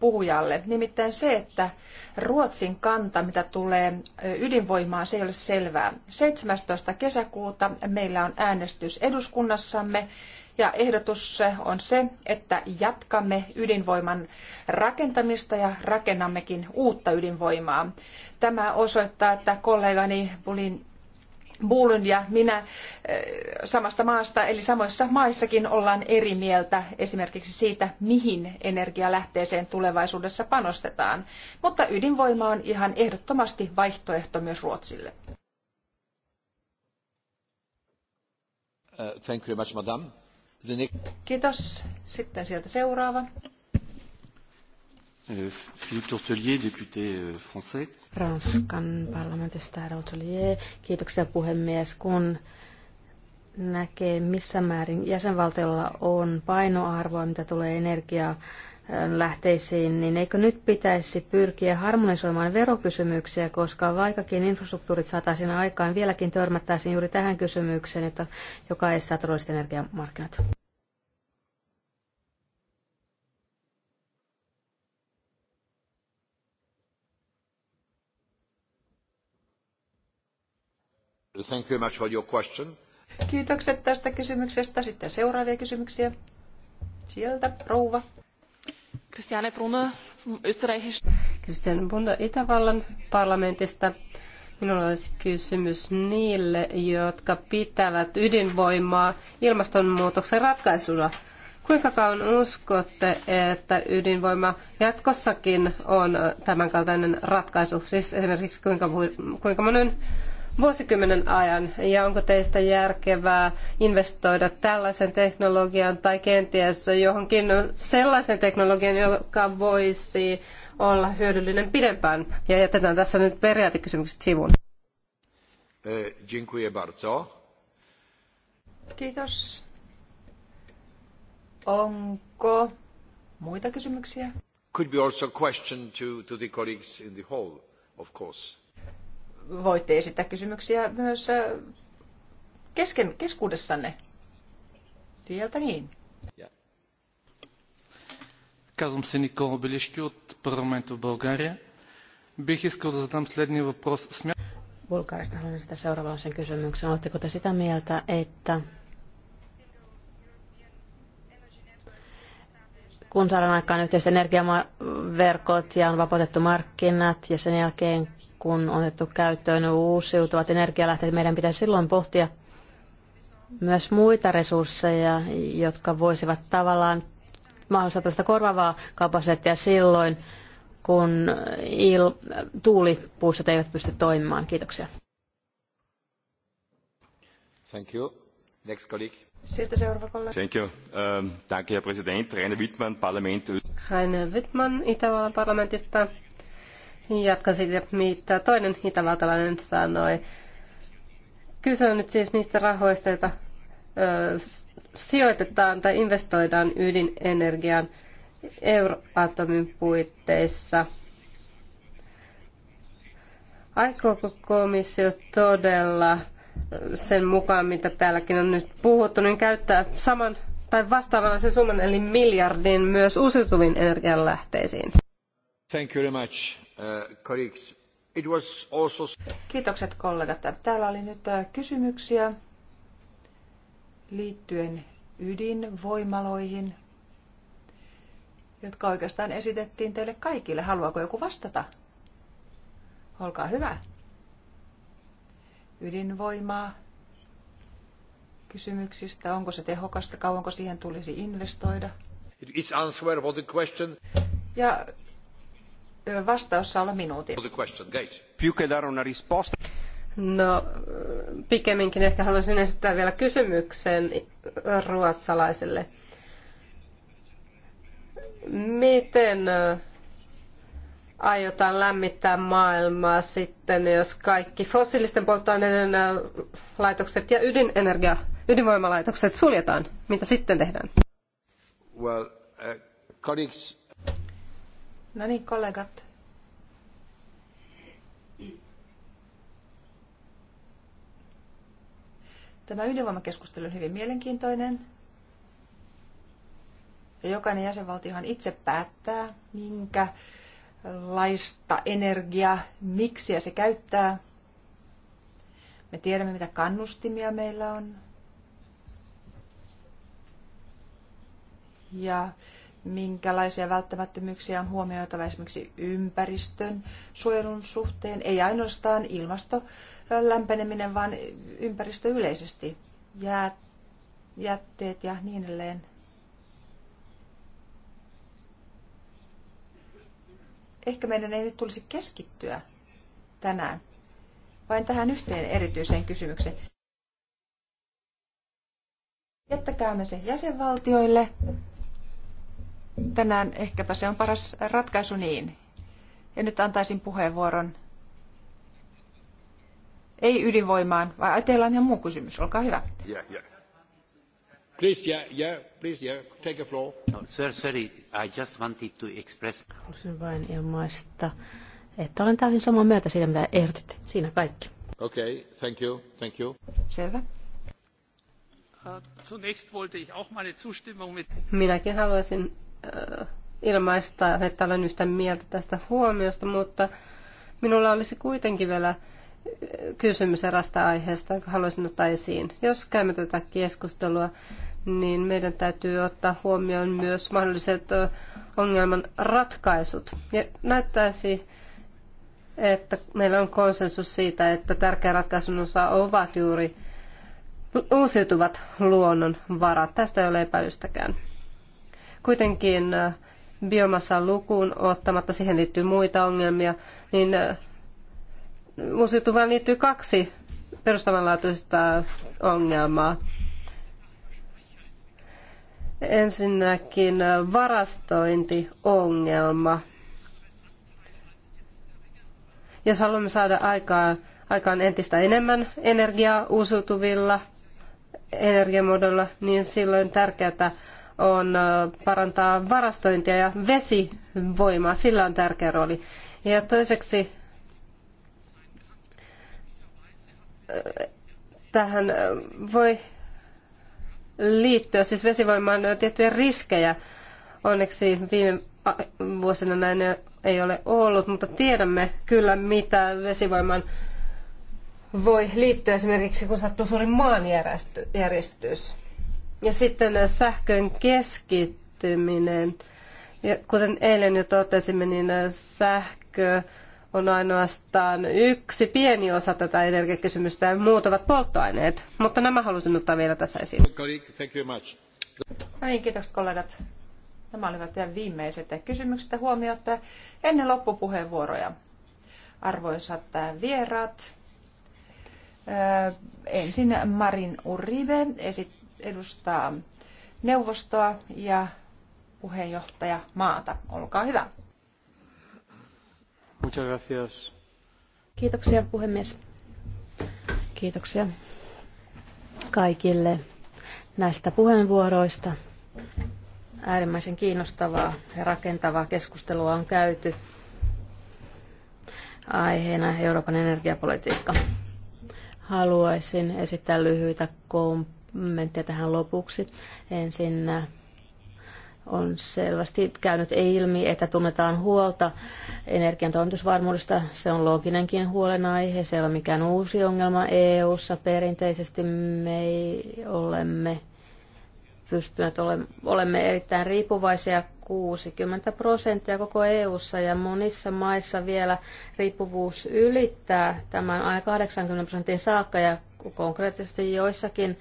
puhujalle. Nimittäin se, että Ruotsin kanta, mitä tulee ydinvoimaan, se ei ole selvää. 17. kesäkuuta meillä on äänestys eduskunnassamme ja ehdotus on se, että jatkamme ydinvoiman rakentamista ja rakennammekin uutta ydinvoimaa. Tämä osoittaa, että kollegani Bulin Bullun ja minä eh, samasta maasta, eli samoissa maissakin ollaan eri mieltä esimerkiksi siitä, mihin energialähteeseen tulevaisuudessa panostetaan. Mutta ydinvoima on ihan ehdottomasti vaihtoehto myös Ruotsille. Uh, thank you very much, madam. Kiitos. Sitten sieltä seuraava. Euh, Philippe Tourtelier, député euh, français. Ranskan parlamentista herra Tourtelier. Kiitoksia puhemies. Kun näkee, missä määrin jäsenvaltiolla on painoarvoa, mitä tulee energiaa äh, lähteisiin, niin eikö nyt pitäisi pyrkiä harmonisoimaan verokysymyksiä, koska vaikkakin infrastruktuurit saataisiin aikaan, vieläkin törmättäisiin juuri tähän kysymykseen, että, joka estää todelliset energiamarkkinat. Thank you much for your question. Kiitokset tästä kysymyksestä. Sitten seuraavia kysymyksiä. Sieltä, rouva. Christiane Brunner, Österreichisch. Christiane Brunner Itävallan parlamentista. Minulla olisi kysymys niille, jotka pitävät ydinvoimaa ilmastonmuutoksen ratkaisuna. Kuinka kauan uskotte, että ydinvoima jatkossakin on tämänkaltainen ratkaisu? Siis esimerkiksi kuinka, kuinka monen vuosikymmenen ajan ja onko teistä järkevää investoida tällaisen teknologian tai kenties johonkin sellaisen teknologian, joka voisi olla hyödyllinen pidempään. Ja jätetään tässä nyt periaatekysymykset sivuun. E, dziękuję bardzo. Kiitos. Onko muita kysymyksiä? Could be also question to, to the colleagues in the hall, of course voitte esittää kysymyksiä myös äh, kesken, keskuudessanne. Sieltä niin. Казвам се Никола Белишки от парламента в България. Бих искал да задам следния въпрос. Смя... Bulgarista haluan sitä seuraavanlaisen kysymyksen. Oletteko te sitä mieltä, että kun saadaan aikaan yhteiset energiaverkot ja on vapautettu markkinat ja sen jälkeen kun on otettu käyttöön uusiutuvat energialähteet, meidän pitäisi silloin pohtia myös muita resursseja, jotka voisivat tavallaan mahdollistaa tästä korvaavaa kapasiteettia silloin, kun il- tuulipuistot eivät pysty toimimaan. Kiitoksia. Thank you. Next colleague. Sitten seuraava kollega. Thank you. Um, danke, Herr Präsident. Rainer Wittmann, Parlament. Rainer Wittmann, Itävallan parlamentista. Jatkan siitä, mitä toinen itävaltalainen sanoi. Kyse on nyt siis niistä rahoista, joita ö, sijoitetaan tai investoidaan ydinenergiaan euroatomin puitteissa. Aikooko komissio todella sen mukaan, mitä täälläkin on nyt puhuttu, niin käyttää saman tai vastaavan se summan eli miljardin myös uusiutuviin energianlähteisiin? Thank you very much. Uh, Kiitokset kollegat. Täällä oli nyt uh, kysymyksiä liittyen ydinvoimaloihin, jotka oikeastaan esitettiin teille kaikille. Haluaako joku vastata? Olkaa hyvä. Ydinvoimaa kysymyksistä, onko se tehokasta, kauanko siihen tulisi investoida. Ja vastaus saa olla minuutin. No, pikemminkin ehkä haluaisin esittää vielä kysymyksen ruotsalaiselle. Miten aiotaan lämmittää maailmaa sitten, jos kaikki fossiilisten polttoaineiden laitokset ja ydinenergia, ydinvoimalaitokset suljetaan? Mitä sitten tehdään? Well, uh, colleagues, No niin, kollegat. Tämä ydinvoimakeskustelu on hyvin mielenkiintoinen. Ja jokainen jäsenvaltiohan itse päättää, minkä laista energiaa, miksiä se käyttää. Me tiedämme, mitä kannustimia meillä on. Ja minkälaisia välttämättömyyksiä on huomioitava esimerkiksi ympäristön suojelun suhteen, ei ainoastaan ilmasto lämpeneminen, vaan ympäristö yleisesti, jäät, jätteet ja niin edelleen. Ehkä meidän ei nyt tulisi keskittyä tänään vain tähän yhteen erityiseen kysymykseen. Jättäkäämme se jäsenvaltioille tänään ehkäpä se on paras ratkaisu niin. Ja nyt antaisin puheenvuoron. Ei ydinvoimaan, vai teillä on ihan muu kysymys, olkaa hyvä. Yeah, yeah. Please, yeah, yeah, please, yeah, take a floor. No, sir, sorry, I just wanted to express... Halusin vain ilmaista, että olen täysin samaa mieltä siitä, mitä ehdotitte. Siinä kaikki. Okay, thank you, thank you. Selvä. Äh, Minäkin haluaisin ilmaista, että olen yhtä mieltä tästä huomiosta, mutta minulla olisi kuitenkin vielä kysymys erästä aiheesta, jonka haluaisin ottaa esiin. Jos käymme tätä keskustelua, niin meidän täytyy ottaa huomioon myös mahdolliset ongelman ratkaisut. Ja näyttäisi, että meillä on konsensus siitä, että tärkeä ratkaisun osa ovat juuri uusiutuvat luonnonvarat. Tästä ei ole epäilystäkään. Kuitenkin äh, biomassan lukuun ottamatta, siihen liittyy muita ongelmia, niin äh, uusiutuvaan liittyy kaksi perustavanlaatuista ongelmaa. Ensinnäkin äh, varastointiongelma. Jos haluamme saada aikaan, aikaan entistä enemmän energiaa uusiutuvilla energiamuodoilla, niin silloin tärkeää on parantaa varastointia ja vesivoimaa, sillä on tärkeä rooli. Ja toiseksi tähän voi liittyä, siis vesivoimaan tiettyjä riskejä. Onneksi viime vuosina näin ei ole ollut, mutta tiedämme kyllä, mitä vesivoiman voi liittyä esimerkiksi, kun sattuu suuri maanjäristys. Ja sitten äh, sähkön keskittyminen. Ja kuten eilen jo totesimme, niin äh, sähkö on ainoastaan yksi pieni osa tätä energiakysymystä ja muut ovat polttoaineet. Mutta nämä halusin ottaa vielä tässä esiin. No niin, kiitokset kiitos kollegat. Nämä olivat vielä viimeiset kysymykset ja huomiot ennen loppupuheenvuoroja. Arvoisat äh, vieraat, ensin Marin Uribe, esittää edustaa neuvostoa ja puheenjohtaja maata. Olkaa hyvä. Muchas gracias. Kiitoksia puhemies. Kiitoksia kaikille näistä puheenvuoroista. Äärimmäisen kiinnostavaa ja rakentavaa keskustelua on käyty aiheena Euroopan energiapolitiikka. Haluaisin esittää lyhyitä kommentteja kommenttia tähän lopuksi. Ensin äh, on selvästi käynyt ilmi, että tunnetaan huolta energian toimitusvarmuudesta. Se on looginenkin huolenaihe. Se ei ole mikään uusi ongelma EU-ssa. Perinteisesti me olemme pystyneet olemme erittäin riippuvaisia 60 prosenttia koko EU:ssa ja monissa maissa vielä riippuvuus ylittää tämän aina 80 prosentin saakka ja konkreettisesti joissakin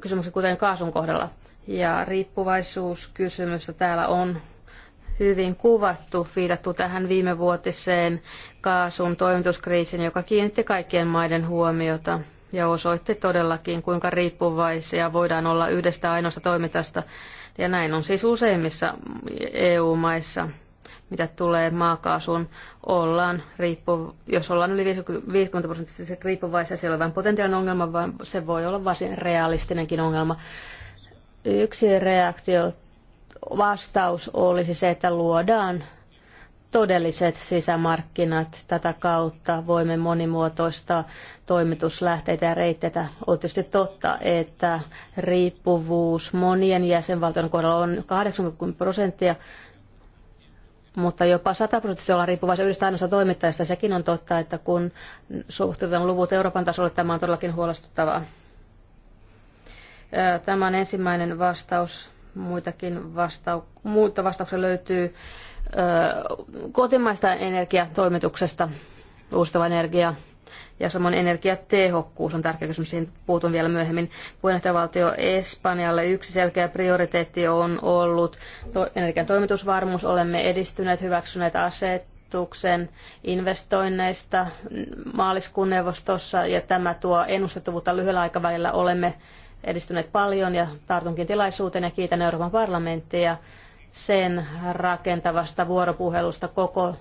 kysymyksiä, kuten kaasun kohdalla. Ja riippuvaisuuskysymystä täällä on hyvin kuvattu, viitattu tähän vuotiseen kaasun toimituskriisin, joka kiinnitti kaikkien maiden huomiota ja osoitti todellakin, kuinka riippuvaisia voidaan olla yhdestä ainoasta toimitasta. Ja näin on siis useimmissa EU-maissa mitä tulee maakaasuun, ollaan riippu, jos ollaan yli 50 prosenttisesti riippuvaisia, se on ole vain potentiaalinen ongelma, vaan se voi olla varsin realistinenkin ongelma. Yksi reaktio, vastaus olisi se, että luodaan todelliset sisämarkkinat. Tätä kautta voimme monimuotoistaa toimituslähteitä ja reitteitä. On tietysti totta, että riippuvuus monien jäsenvaltion kohdalla on 80 prosenttia mutta jopa 100 prosenttia ollaan riippuvaisia yhdestä ainoasta toimittajasta. Sekin on totta, että kun suhteutetaan luvut Euroopan tasolle, tämä on todellakin huolestuttavaa. Tämä on ensimmäinen vastaus. Muitakin vastau- muita vastauksia löytyy kotimaista energiatoimituksesta, uusiutuva energia ja samoin energiatehokkuus on tärkeä kysymys, siihen puutun vielä myöhemmin. Puheenjohtajavaltio Espanjalle yksi selkeä prioriteetti on ollut to- toimitusvarmuus. Olemme edistyneet, hyväksyneet asetuksen investoinneista maaliskuun neuvostossa ja tämä tuo ennustettavuutta lyhyellä aikavälillä. Olemme edistyneet paljon ja tartunkin tilaisuuteen ja kiitän Euroopan parlamenttia sen rakentavasta vuoropuhelusta koko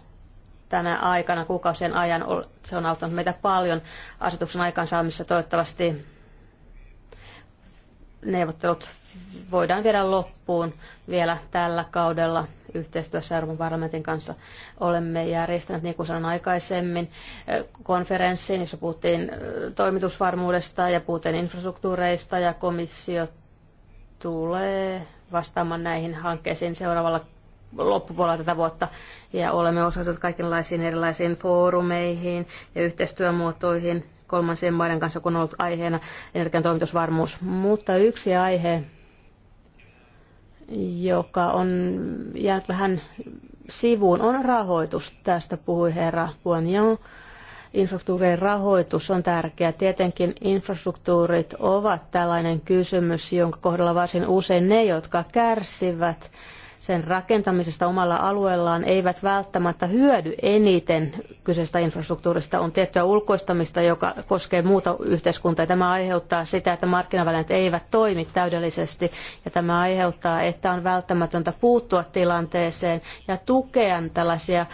tänä aikana, kuukausien ajan. Se on auttanut meitä paljon asetuksen aikaansaamissa. Toivottavasti neuvottelut voidaan viedä loppuun vielä tällä kaudella yhteistyössä Euroopan parlamentin kanssa. Olemme järjestäneet, niin kuin sanoin aikaisemmin, eh, konferenssiin, jossa puhuttiin eh, toimitusvarmuudesta ja puhuttiin infrastruktuureista ja komissio tulee vastaamaan näihin hankkeisiin seuraavalla loppupuolella tätä vuotta ja olemme osallistuneet kaikenlaisiin erilaisiin foorumeihin ja yhteistyömuotoihin kolmansien maiden kanssa, kun on ollut aiheena energian toimitusvarmuus. Mutta yksi aihe, joka on jäänyt vähän sivuun, on rahoitus. Tästä puhui herra Buonjon. Infrastruktuurien rahoitus on tärkeä. Tietenkin infrastruktuurit ovat tällainen kysymys, jonka kohdalla varsin usein ne, jotka kärsivät sen rakentamisesta omalla alueellaan eivät välttämättä hyödy eniten kyseisestä infrastruktuurista. On tiettyä ulkoistamista, joka koskee muuta yhteiskuntaa. Tämä aiheuttaa sitä, että markkinavälineet eivät toimi täydellisesti ja tämä aiheuttaa, että on välttämätöntä puuttua tilanteeseen ja tukea tällaisia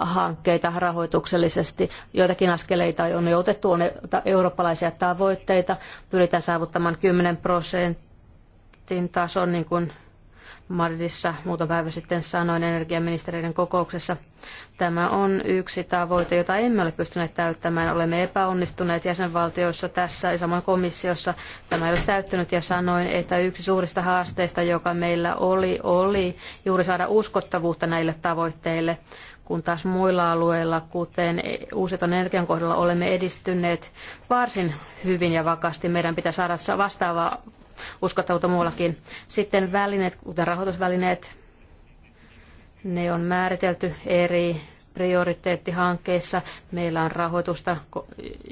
hankkeita rahoituksellisesti. Joitakin askeleita on jo otettu, on eurooppalaisia tavoitteita, pyritään saavuttamaan 10 prosentin tason niin kuin Madridissa muutama päivä sitten sanoin energiaministeriöiden kokouksessa. Tämä on yksi tavoite, jota emme ole pystyneet täyttämään. Olemme epäonnistuneet jäsenvaltioissa tässä ja samoin komissiossa. Tämä ei ole täyttynyt ja sanoin, että yksi suurista haasteista, joka meillä oli, oli juuri saada uskottavuutta näille tavoitteille kun taas muilla alueilla, kuten uusiton energian kohdalla, olemme edistyneet varsin hyvin ja vakaasti. Meidän pitää saada vastaavaa uskottavuutta muuallakin. Sitten välineet, kuten rahoitusvälineet, ne on määritelty eri prioriteettihankkeissa. Meillä on rahoitusta,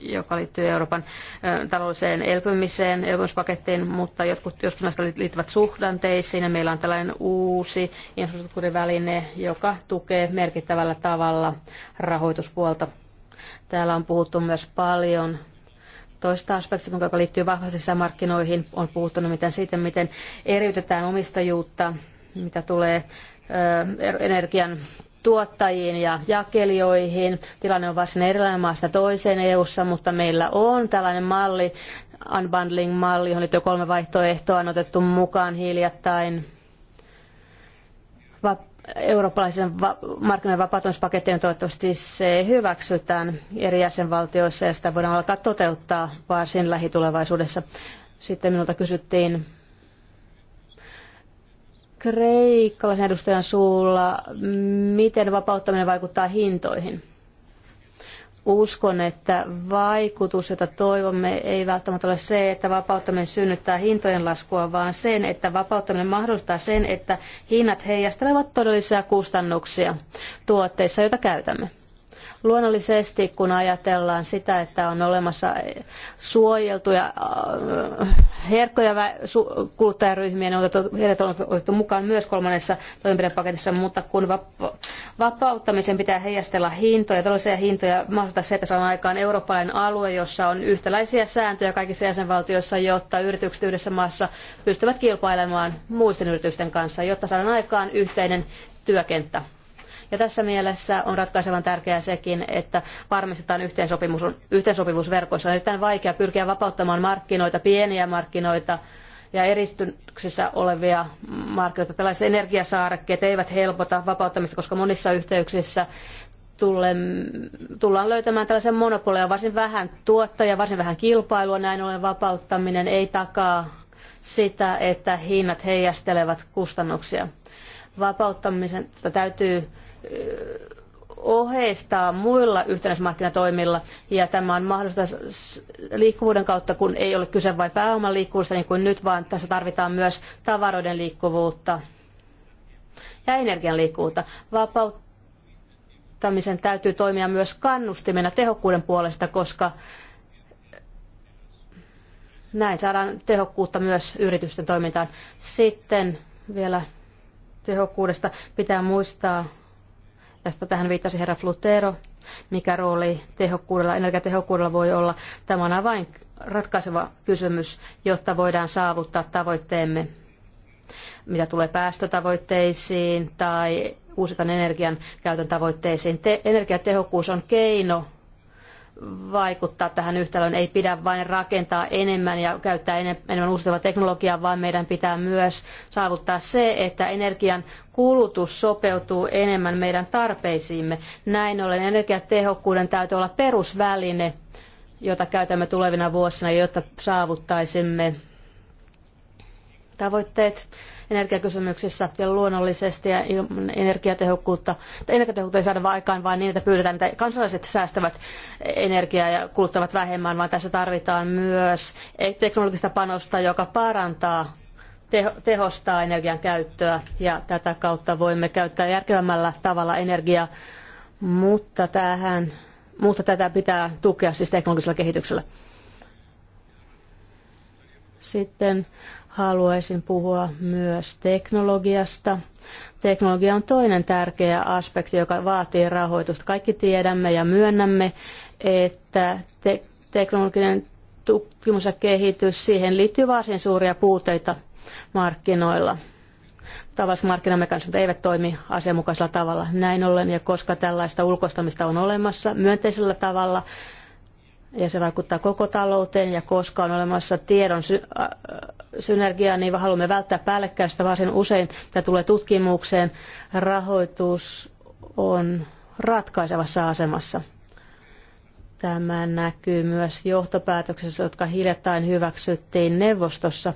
joka liittyy Euroopan taloudelliseen elpymiseen, elpymispakettiin, mutta jotkut, joskus näistä liittyvät suhdanteisiin. Ja meillä on tällainen uusi infrastruktuuriväline, joka tukee merkittävällä tavalla rahoituspuolta. Täällä on puhuttu myös paljon toista aspektista, joka liittyy vahvasti sisämarkkinoihin, on puhuttanut miten siitä, miten eriytetään omistajuutta, mitä tulee er-, energian tuottajiin ja jakelijoihin. Tilanne on varsin erilainen maasta toiseen EU-ssa, mutta meillä on tällainen malli, unbundling-malli, johon nyt jo kolme vaihtoehtoa on otettu mukaan hiljattain eurooppalaisen va- markkinoiden vapautumispaketin toivottavasti se hyväksytään eri jäsenvaltioissa ja sitä voidaan alkaa toteuttaa varsin lähitulevaisuudessa. Sitten minulta kysyttiin kreikkalaisen edustajan suulla, miten vapauttaminen vaikuttaa hintoihin uskon, että vaikutus, jota toivomme, ei välttämättä ole se, että vapauttaminen synnyttää hintojen laskua, vaan sen, että vapauttaminen mahdollistaa sen, että hinnat heijastelevat todellisia kustannuksia tuotteissa, joita käytämme. Luonnollisesti, kun ajatellaan sitä, että on olemassa suojeltuja äh, herkkoja kuluttajaryhmiä, ne on otettu, heidät on otettu mukaan myös kolmannessa toimenpidepaketissa, mutta kun vapauttamisen pitää heijastella hintoja, tällaisia hintoja, mahdollista se, että saadaan aikaan eurooppalainen alue, jossa on yhtäläisiä sääntöjä kaikissa jäsenvaltioissa, jotta yritykset yhdessä maassa pystyvät kilpailemaan muisten yritysten kanssa, jotta saadaan aikaan yhteinen työkenttä. Ja tässä mielessä on ratkaisevan tärkeää sekin, että varmistetaan yhteensopimus, yhteensopivuus verkoissa. On erittäin vaikea pyrkiä vapauttamaan markkinoita, pieniä markkinoita ja eristyksissä olevia markkinoita. Tällaiset energiasaarekkeet eivät helpota vapauttamista, koska monissa yhteyksissä tullaan löytämään tällaisen monopoleja, varsin vähän tuottajia, varsin vähän kilpailua, näin ollen vapauttaminen ei takaa sitä, että hinnat heijastelevat kustannuksia. Vapauttamisen täytyy oheistaa muilla yhtenäismarkkinatoimilla, ja tämä on mahdollista liikkuvuuden kautta, kun ei ole kyse vain pääoman liikkuvuudesta niin kuin nyt, vaan tässä tarvitaan myös tavaroiden liikkuvuutta ja energian liikkuvuutta. Vapauttamisen täytyy toimia myös kannustimena tehokkuuden puolesta, koska näin saadaan tehokkuutta myös yritysten toimintaan. Sitten vielä tehokkuudesta pitää muistaa, Tästä tähän viittasi herra Flutero, mikä rooli tehokkuudella, energiatehokkuudella voi olla. Tämä on vain ratkaiseva kysymys, jotta voidaan saavuttaa tavoitteemme, mitä tulee päästötavoitteisiin tai uusitan energian käytön tavoitteisiin. Te- energiatehokkuus on keino vaikuttaa tähän yhtälöön. Ei pidä vain rakentaa enemmän ja käyttää enemmän uusiutuvaa teknologiaa, vaan meidän pitää myös saavuttaa se, että energian kulutus sopeutuu enemmän meidän tarpeisiimme. Näin ollen energiatehokkuuden täytyy olla perusväline, jota käytämme tulevina vuosina, jotta saavuttaisimme tavoitteet energiakysymyksissä ja luonnollisesti ja energiatehokkuutta. Energiatehokkuutta ei saada aikaan vain niin, että pyydetään, että kansalaiset säästävät energiaa ja kuluttavat vähemmän, vaan tässä tarvitaan myös teknologista panosta, joka parantaa tehostaa energian käyttöä ja tätä kautta voimme käyttää järkevämmällä tavalla energiaa, mutta, tähän, mutta tätä pitää tukea siis teknologisella kehityksellä. Sitten haluaisin puhua myös teknologiasta. Teknologia on toinen tärkeä aspekti, joka vaatii rahoitusta. Kaikki tiedämme ja myönnämme, että te- teknologinen tutkimus ja kehitys, siihen liittyy varsin suuria puutteita markkinoilla. Tavalliset markkinamekanismit eivät toimi asianmukaisella tavalla näin ollen, ja koska tällaista ulkoistamista on olemassa myönteisellä tavalla, ja se vaikuttaa koko talouteen ja koska on olemassa tiedon sy- synergiaa, niin haluamme välttää päällekkäistä varsin usein, mitä tulee tutkimukseen. Rahoitus on ratkaisevassa asemassa. Tämä näkyy myös johtopäätöksessä, jotka hiljattain hyväksyttiin neuvostossa,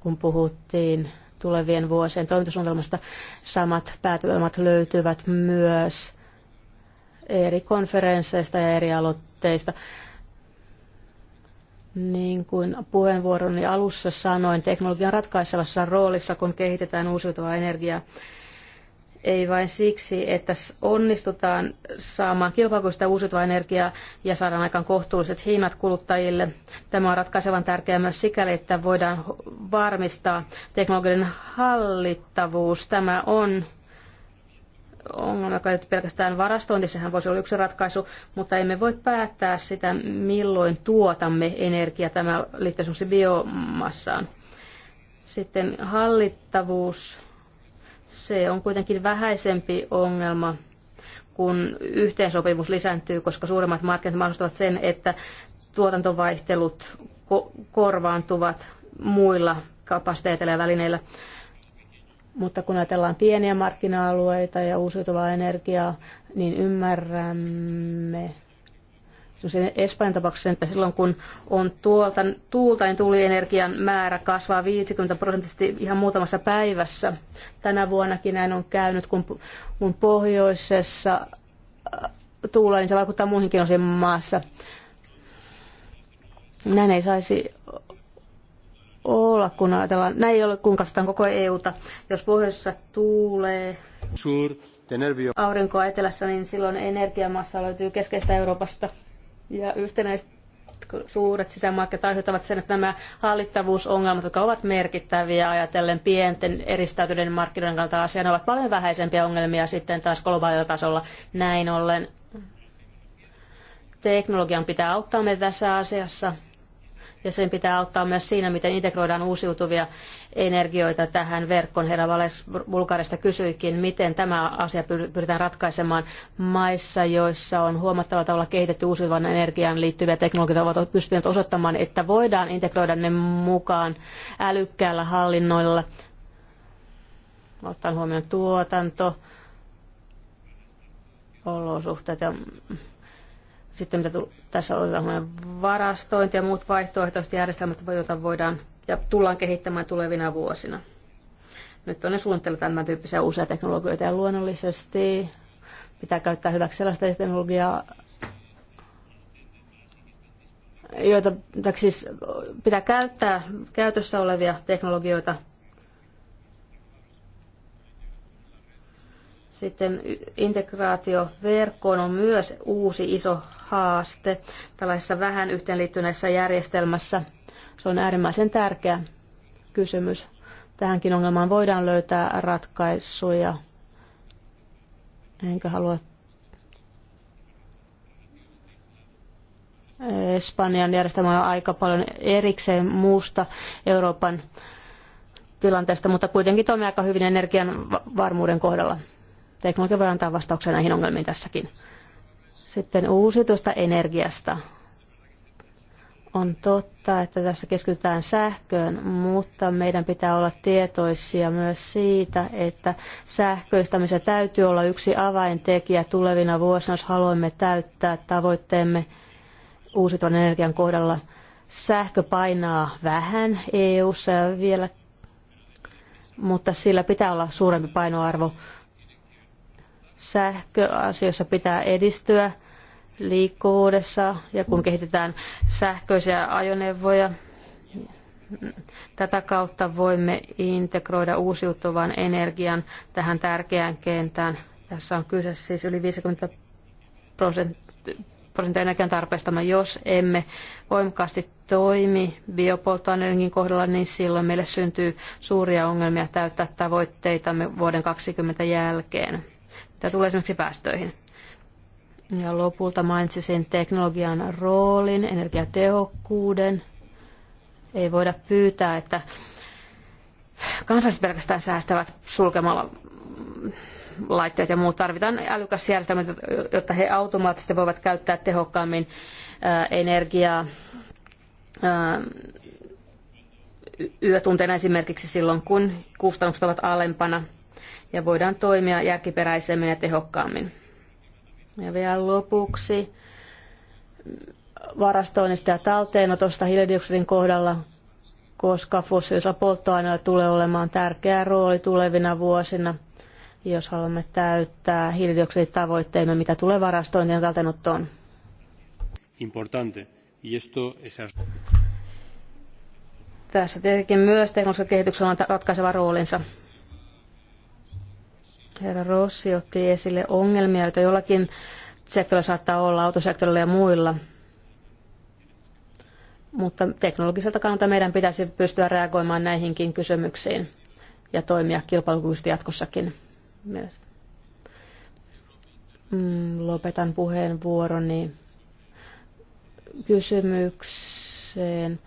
kun puhuttiin tulevien vuosien toimintasuunnitelmasta. Samat päätelmät löytyvät myös eri konferensseista ja eri aloitteista. Niin kuin puheenvuoroni alussa sanoin, teknologian ratkaisevassa roolissa, kun kehitetään uusiutuvaa energiaa, ei vain siksi, että onnistutaan saamaan kilpailukykyistä uusiutuvaa energiaa ja saadaan aikaan kohtuulliset hinnat kuluttajille. Tämä on ratkaisevan tärkeää myös sikäli, että voidaan varmistaa teknologian hallittavuus. Tämä on ongelma, joka nyt pelkästään varastointi, sehän voisi olla yksi ratkaisu, mutta emme voi päättää sitä, milloin tuotamme energiaa. Tämä liittyy biomassaan. Sitten hallittavuus, se on kuitenkin vähäisempi ongelma, kun yhteensopivuus lisääntyy, koska suuremmat markkinat mahdollistavat sen, että tuotantovaihtelut ko- korvaantuvat muilla kapasiteeteilla ja välineillä mutta kun ajatellaan pieniä markkina-alueita ja uusiutuvaa energiaa, niin ymmärrämme Espanjan tapauksessa, että silloin kun on tuolta, tuulta, niin tuulienergian määrä kasvaa 50 prosenttisesti ihan muutamassa päivässä. Tänä vuonnakin näin on käynyt, kun, kun pohjoisessa äh, tuulla, niin se vaikuttaa muihinkin osiin maassa. Näin ei saisi olla, kun ajatellaan, näin ei ole, kun katsotaan koko EUta. Jos pohjoisessa tuulee aurinkoa etelässä, niin silloin energiamassa löytyy keskeistä Euroopasta. Ja yhtenäiset suuret sisämaat aiheuttavat sen, että nämä hallittavuusongelmat, jotka ovat merkittäviä ajatellen pienten eristäytyneiden markkinoiden kannalta ne ovat paljon vähäisempiä ongelmia sitten taas globaalilla tasolla. Näin ollen teknologian pitää auttaa meitä tässä asiassa ja sen pitää auttaa myös siinä, miten integroidaan uusiutuvia energioita tähän verkkoon. Herra Vales Bulgarista kysyikin, miten tämä asia pyritään ratkaisemaan maissa, joissa on huomattavalla tavalla kehitetty uusiutuvan energiaan liittyviä teknologioita, ovat pystyneet osoittamaan, että voidaan integroida ne mukaan älykkäällä hallinnoilla, ottaen huomioon tuotanto, olosuhteet ja sitten mitä tässä otetaan varastointi ja muut vaihtoehtoiset järjestelmät, joita voidaan ja tullaan kehittämään tulevina vuosina. Nyt on ne suunnitteilla tämän tyyppisiä uusia teknologioita ja luonnollisesti pitää käyttää hyväksi sellaista teknologiaa, joita siis pitää käyttää käytössä olevia teknologioita Sitten integraatio verkkoon on myös uusi iso haaste tällaisessa vähän yhteenliittyneessä järjestelmässä. Se on äärimmäisen tärkeä kysymys. Tähänkin ongelmaan voidaan löytää ratkaisuja. Enkä halua Espanjan järjestelmä on aika paljon erikseen muusta Euroopan tilanteesta, mutta kuitenkin toimii aika hyvin energian varmuuden kohdalla teknologia voi antaa vastauksia näihin ongelmiin tässäkin. Sitten uusiutuvasta energiasta. On totta, että tässä keskitytään sähköön, mutta meidän pitää olla tietoisia myös siitä, että sähköistämisen täytyy olla yksi avaintekijä tulevina vuosina, jos haluamme täyttää tavoitteemme uusiutuvan energian kohdalla. Sähkö painaa vähän EU-ssa vielä, mutta sillä pitää olla suurempi painoarvo Sähköasioissa pitää edistyä liikkuvuudessa ja kun kehitetään sähköisiä ajoneuvoja, tätä kautta voimme integroida uusiutuvan energian tähän tärkeään kentään. Tässä on kyse siis yli 50 prosenttia energian tarpeestamme. Jos emme voimakkaasti toimi biopolttoaineenkin kohdalla, niin silloin meille syntyy suuria ongelmia täyttää tavoitteitamme vuoden 2020 jälkeen mitä tulee esimerkiksi päästöihin. Ja lopulta mainitsisin teknologian roolin, energiatehokkuuden. Ei voida pyytää, että kansalaiset pelkästään säästävät sulkemalla laitteet ja muut. Tarvitaan älykäs järjestelmä, jotta he automaattisesti voivat käyttää tehokkaammin energiaa yötunteina esimerkiksi silloin, kun kustannukset ovat alempana – ja voidaan toimia järkiperäisemmin ja tehokkaammin. Ja vielä lopuksi varastoinnista ja talteenotosta hiilidioksidin kohdalla, koska fossiilisilla polttoaineilla tulee olemaan tärkeä rooli tulevina vuosina, jos haluamme täyttää hiilidioksiditavoitteemme, mitä tulee varastointiin ja talteenottoon. Importante. Y esto es... Tässä tietenkin myös teknologisen kehityksellä on ratkaiseva roolinsa. Herra Rossi otti esille ongelmia, joita jollakin sektorilla saattaa olla, autosektorilla ja muilla. Mutta teknologiselta kannalta meidän pitäisi pystyä reagoimaan näihinkin kysymyksiin ja toimia kilpailukyvystä jatkossakin. Mielestäni. Mm, lopetan puheenvuoroni kysymykseen.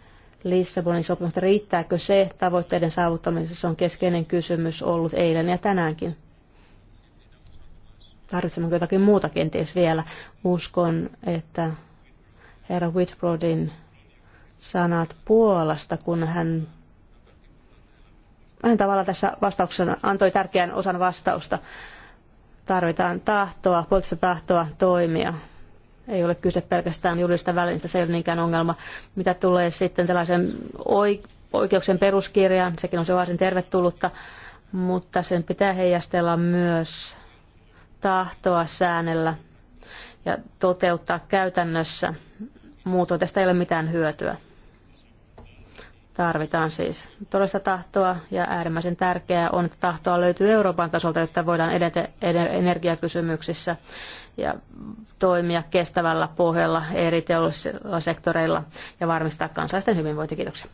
Lissabonin sopimusta. Riittääkö se tavoitteiden saavuttamisessa on keskeinen kysymys ollut eilen ja tänäänkin tarvitsemmeko jotakin muuta kenties vielä. Uskon, että herra Whitbroadin sanat Puolasta, kun hän, hän tavallaan tässä vastauksessa antoi tärkeän osan vastausta. Tarvitaan tahtoa, poliittista tahtoa toimia. Ei ole kyse pelkästään julista välistä, se ei ole niinkään ongelma. Mitä tulee sitten tällaisen oikeuksien peruskirjaan, sekin on se varsin tervetullutta, mutta sen pitää heijastella myös tahtoa säännellä ja toteuttaa käytännössä. Muutoin tästä ei ole mitään hyötyä. Tarvitaan siis todellista tahtoa ja äärimmäisen tärkeää on, että tahtoa löytyy Euroopan tasolta, jotta voidaan edetä energiakysymyksissä ja toimia kestävällä pohjalla eri teollisilla sektoreilla ja varmistaa kansalaisten hyvinvointi. Kiitoksia.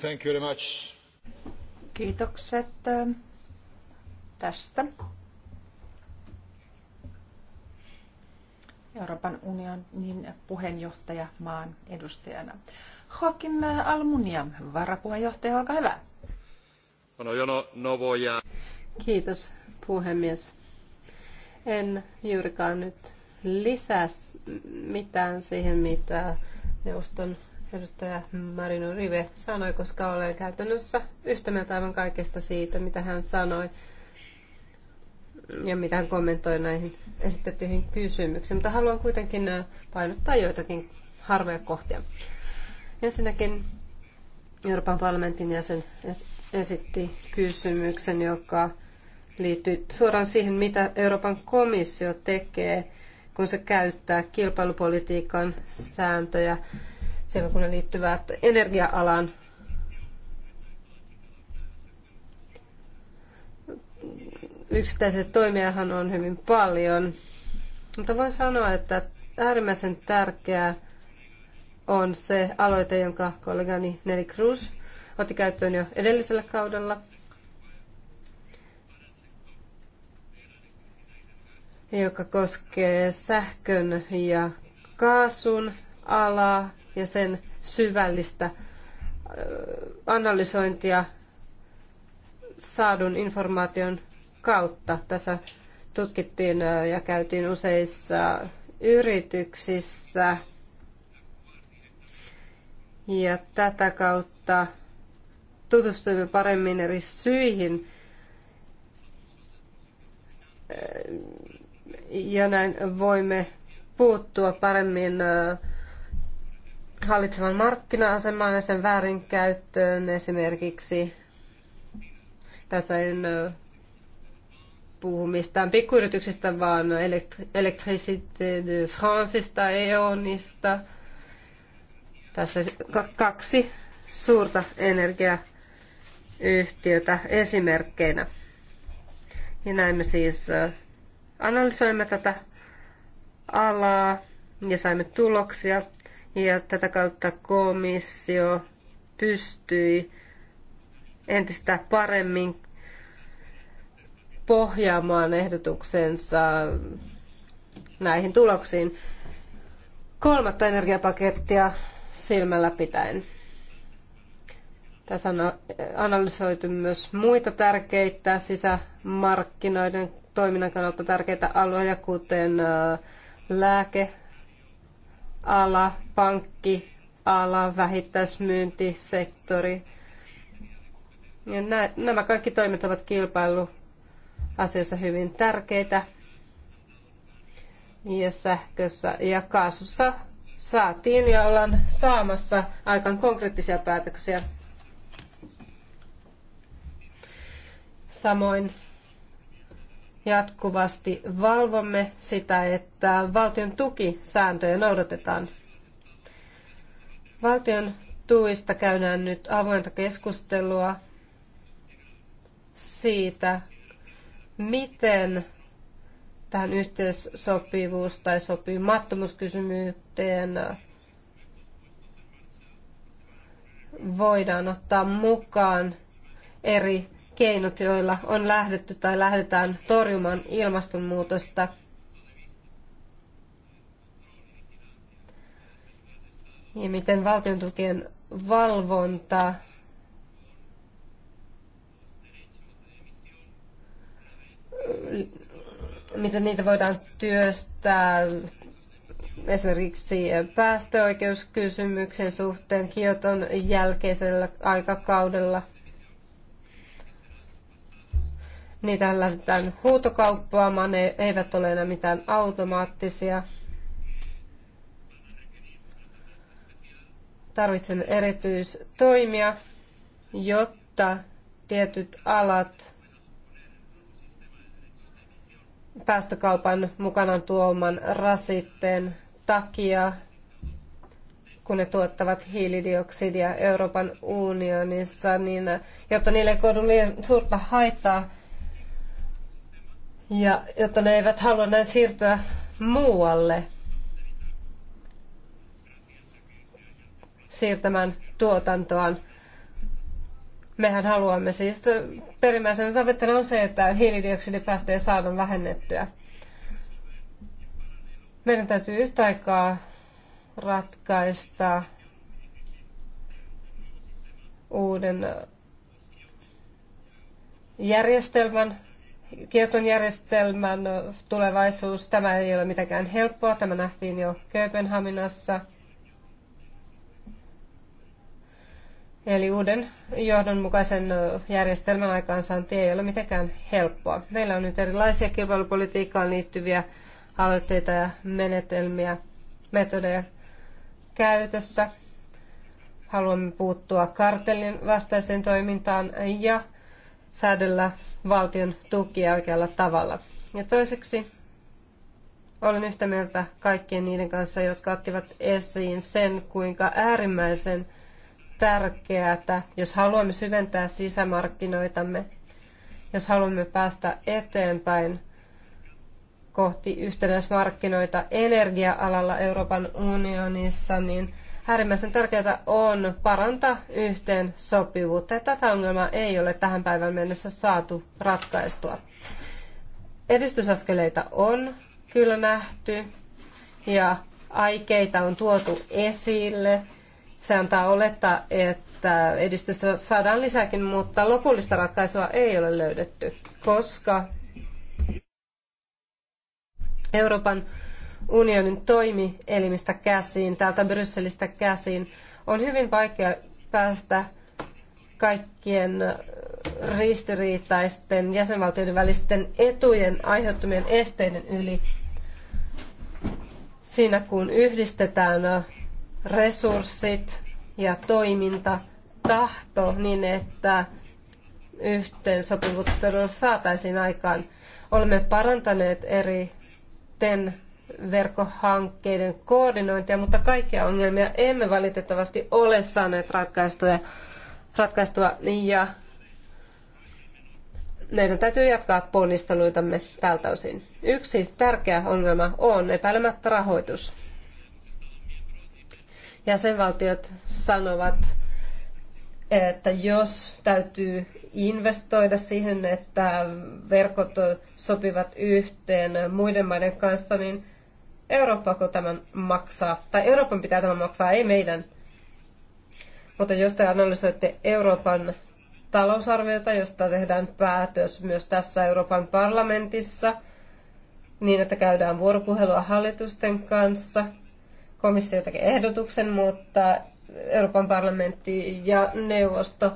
Thank you very much. Kiitokset tästä. Euroopan unionin puheenjohtaja maan edustajana. Joakim Almunia, varapuheenjohtaja, olkaa hyvä. No, no Kiitos puhemies. En juurikaan nyt lisää mitään siihen, mitä neuvoston edustaja Marino Rive sanoi, koska olen käytännössä yhtä mieltä aivan kaikesta siitä, mitä hän sanoi ja mitä hän kommentoi näihin esitettyihin kysymyksiin, mutta haluan kuitenkin äh, painottaa joitakin harvoja kohtia. Ensinnäkin Euroopan parlamentin jäsen esitti kysymyksen, joka liittyy suoraan siihen, mitä Euroopan komissio tekee, kun se käyttää kilpailupolitiikan sääntöjä silloin, kun ne liittyvät energia-alan Yksittäisiä toimijahan on hyvin paljon, mutta voin sanoa, että äärimmäisen tärkeää on se aloite, jonka kollegani Neri Cruz otti käyttöön jo edellisellä kaudella. joka koskee sähkön ja kaasun alaa ja sen syvällistä analysointia saadun informaation kautta. Tässä tutkittiin ja käytiin useissa yrityksissä. Ja tätä kautta tutustuimme paremmin eri syihin. Ja näin voimme puuttua paremmin hallitsevan markkina-asemaan ja sen väärinkäyttöön esimerkiksi. Tässä en puhu mistään pikkuyrityksistä, vaan Electricité de Franceista, EONista. Tässä kaksi suurta energiayhtiötä esimerkkeinä. Ja näin me siis äh, analysoimme tätä alaa ja saimme tuloksia. Ja tätä kautta komissio pystyi entistä paremmin pohjaamaan ehdotuksensa näihin tuloksiin kolmatta energiapakettia silmällä pitäen. Tässä on analysoitu myös muita tärkeitä sisämarkkinoiden toiminnan kannalta tärkeitä alueita, kuten lääkeala, pankkiala, vähittäismyyntisektori. Ja nämä kaikki toimet ovat kilpailu asioissa hyvin tärkeitä. Ja sähkössä ja kaasussa saatiin ja ollaan saamassa aikaan konkreettisia päätöksiä. Samoin jatkuvasti valvomme sitä, että valtion tukisääntöjä noudatetaan. Valtion tuista käydään nyt avointa keskustelua siitä, miten tähän yhteissopivuus- tai sopimattomuuskysymykseen voidaan ottaa mukaan eri keinot, joilla on lähdetty tai lähdetään torjumaan ilmastonmuutosta. Ja miten valtion tukien valvonta miten niitä voidaan työstää esimerkiksi päästöoikeuskysymyksen suhteen Kioton jälkeisellä aikakaudella. Niitä lähdetään huutokauppaamaan, ne eivät ole enää mitään automaattisia. Tarvitsemme erityistoimia, jotta tietyt alat päästökaupan mukanaan tuoman rasitteen takia, kun ne tuottavat hiilidioksidia Euroopan unionissa, niin jotta niille ei koidu liian suurta haittaa ja jotta ne eivät halua näin siirtyä muualle siirtämään tuotantoaan Mehän haluamme siis, perimmäisenä tavoitteena on se, että hiilidioksidipäästöjä saadaan vähennettyä. Meidän täytyy yhtä aikaa ratkaista uuden järjestelmän, kieton järjestelmän tulevaisuus. Tämä ei ole mitenkään helppoa. Tämä nähtiin jo Kööpenhaminassa – Eli uuden johdonmukaisen järjestelmän aikaansaanti ei ole mitenkään helppoa. Meillä on nyt erilaisia kilpailupolitiikkaan liittyviä aloitteita ja menetelmiä, metodeja käytössä. Haluamme puuttua kartellin vastaiseen toimintaan ja säädellä valtion tukia oikealla tavalla. Ja toiseksi olen yhtä mieltä kaikkien niiden kanssa, jotka ottivat esiin sen, kuinka äärimmäisen tärkeää, jos haluamme syventää sisämarkkinoitamme, jos haluamme päästä eteenpäin kohti yhtenäismarkkinoita energia-alalla Euroopan unionissa, niin äärimmäisen tärkeää on parantaa yhteen sopivuutta. Ja tätä ongelmaa ei ole tähän päivään mennessä saatu ratkaistua. Edistysaskeleita on kyllä nähty ja aikeita on tuotu esille se antaa olettaa, että edistystä saadaan lisääkin, mutta lopullista ratkaisua ei ole löydetty, koska Euroopan unionin toimielimistä käsiin, täältä Brysselistä käsiin, on hyvin vaikea päästä kaikkien ristiriitaisten jäsenvaltioiden välisten etujen aiheuttamien esteiden yli siinä, kun yhdistetään resurssit ja toiminta, tahto niin, että yhteensopivuutta todella saataisiin aikaan. Olemme parantaneet eri TEN verkkohankkeiden koordinointia, mutta kaikkia ongelmia emme valitettavasti ole saaneet ratkaistua, ratkaistua ja meidän täytyy jatkaa ponnisteluitamme tältä osin. Yksi tärkeä ongelma on epäilemättä rahoitus jäsenvaltiot sanovat, että jos täytyy investoida siihen, että verkot sopivat yhteen muiden maiden kanssa, niin Eurooppa tämän maksaa, tai Euroopan pitää tämän maksaa, ei meidän. Mutta jos te analysoitte Euroopan talousarviota, josta tehdään päätös myös tässä Euroopan parlamentissa, niin että käydään vuoropuhelua hallitusten kanssa – komissio teki ehdotuksen, mutta Euroopan parlamentti ja neuvosto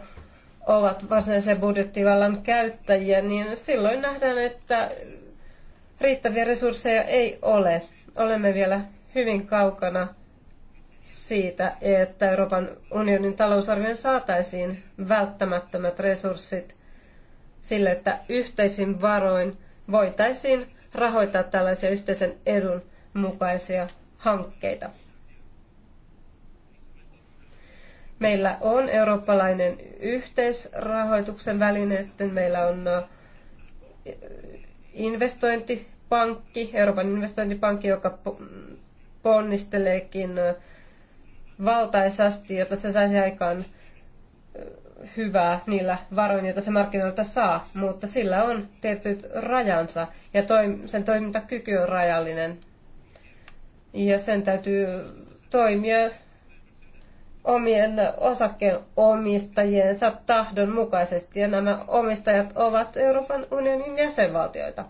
ovat varsinaisen budjettivallan käyttäjiä, niin silloin nähdään, että riittäviä resursseja ei ole. Olemme vielä hyvin kaukana siitä, että Euroopan unionin talousarvion saataisiin välttämättömät resurssit sille, että yhteisin varoin voitaisiin rahoittaa tällaisia yhteisen edun mukaisia hankkeita. Meillä on eurooppalainen yhteisrahoituksen väline, sitten meillä on investointipankki, Euroopan investointipankki, joka ponnisteleekin valtaisasti, jotta se saisi aikaan hyvää niillä varoin, joita se markkinoilta saa, mutta sillä on tietyt rajansa ja sen toimintakyky on rajallinen ja sen täytyy toimia omien osakkeenomistajiensa tahdon mukaisesti, ja nämä omistajat ovat Euroopan unionin jäsenvaltioita.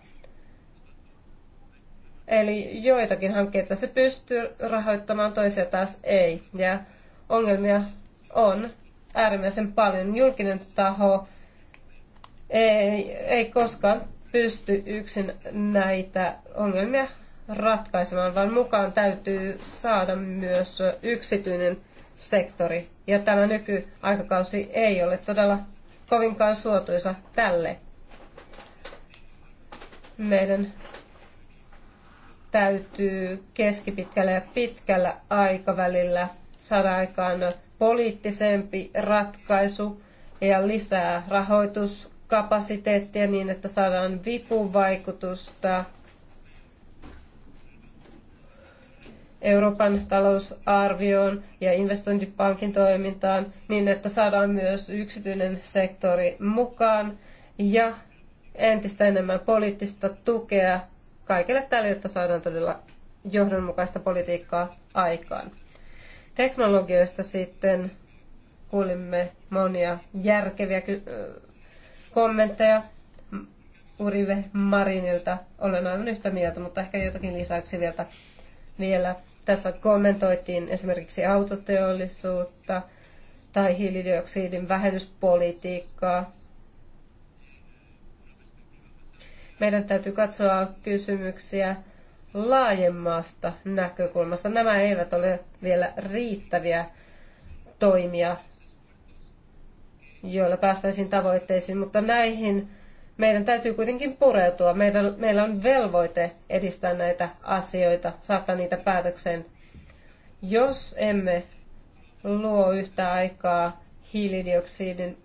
Eli joitakin hankkeita se pystyy rahoittamaan, toisia taas ei. Ja ongelmia on äärimmäisen paljon. Julkinen taho ei, ei koskaan pysty yksin näitä ongelmia ratkaisemaan, vaan mukaan täytyy saada myös yksityinen sektori. Ja tämä nykyaikakausi ei ole todella kovinkaan suotuisa tälle. Meidän täytyy keskipitkällä ja pitkällä aikavälillä saada aikaan poliittisempi ratkaisu ja lisää rahoituskapasiteettia niin, että saadaan vipuvaikutusta Euroopan talousarvioon ja investointipankin toimintaan niin, että saadaan myös yksityinen sektori mukaan ja entistä enemmän poliittista tukea kaikille tälle, jotta saadaan todella johdonmukaista politiikkaa aikaan. Teknologioista sitten kuulimme monia järkeviä kommentteja Urive Marinilta. Olen aivan yhtä mieltä, mutta ehkä jotakin lisäyksiä vielä vielä. Tässä kommentoitiin esimerkiksi autoteollisuutta tai hiilidioksidin vähennyspolitiikkaa. Meidän täytyy katsoa kysymyksiä laajemmasta näkökulmasta. Nämä eivät ole vielä riittäviä toimia, joilla päästäisiin tavoitteisiin, mutta näihin meidän täytyy kuitenkin pureutua. Meidän, meillä on velvoite edistää näitä asioita, saattaa niitä päätökseen. Jos emme luo yhtä aikaa hiilidioksidin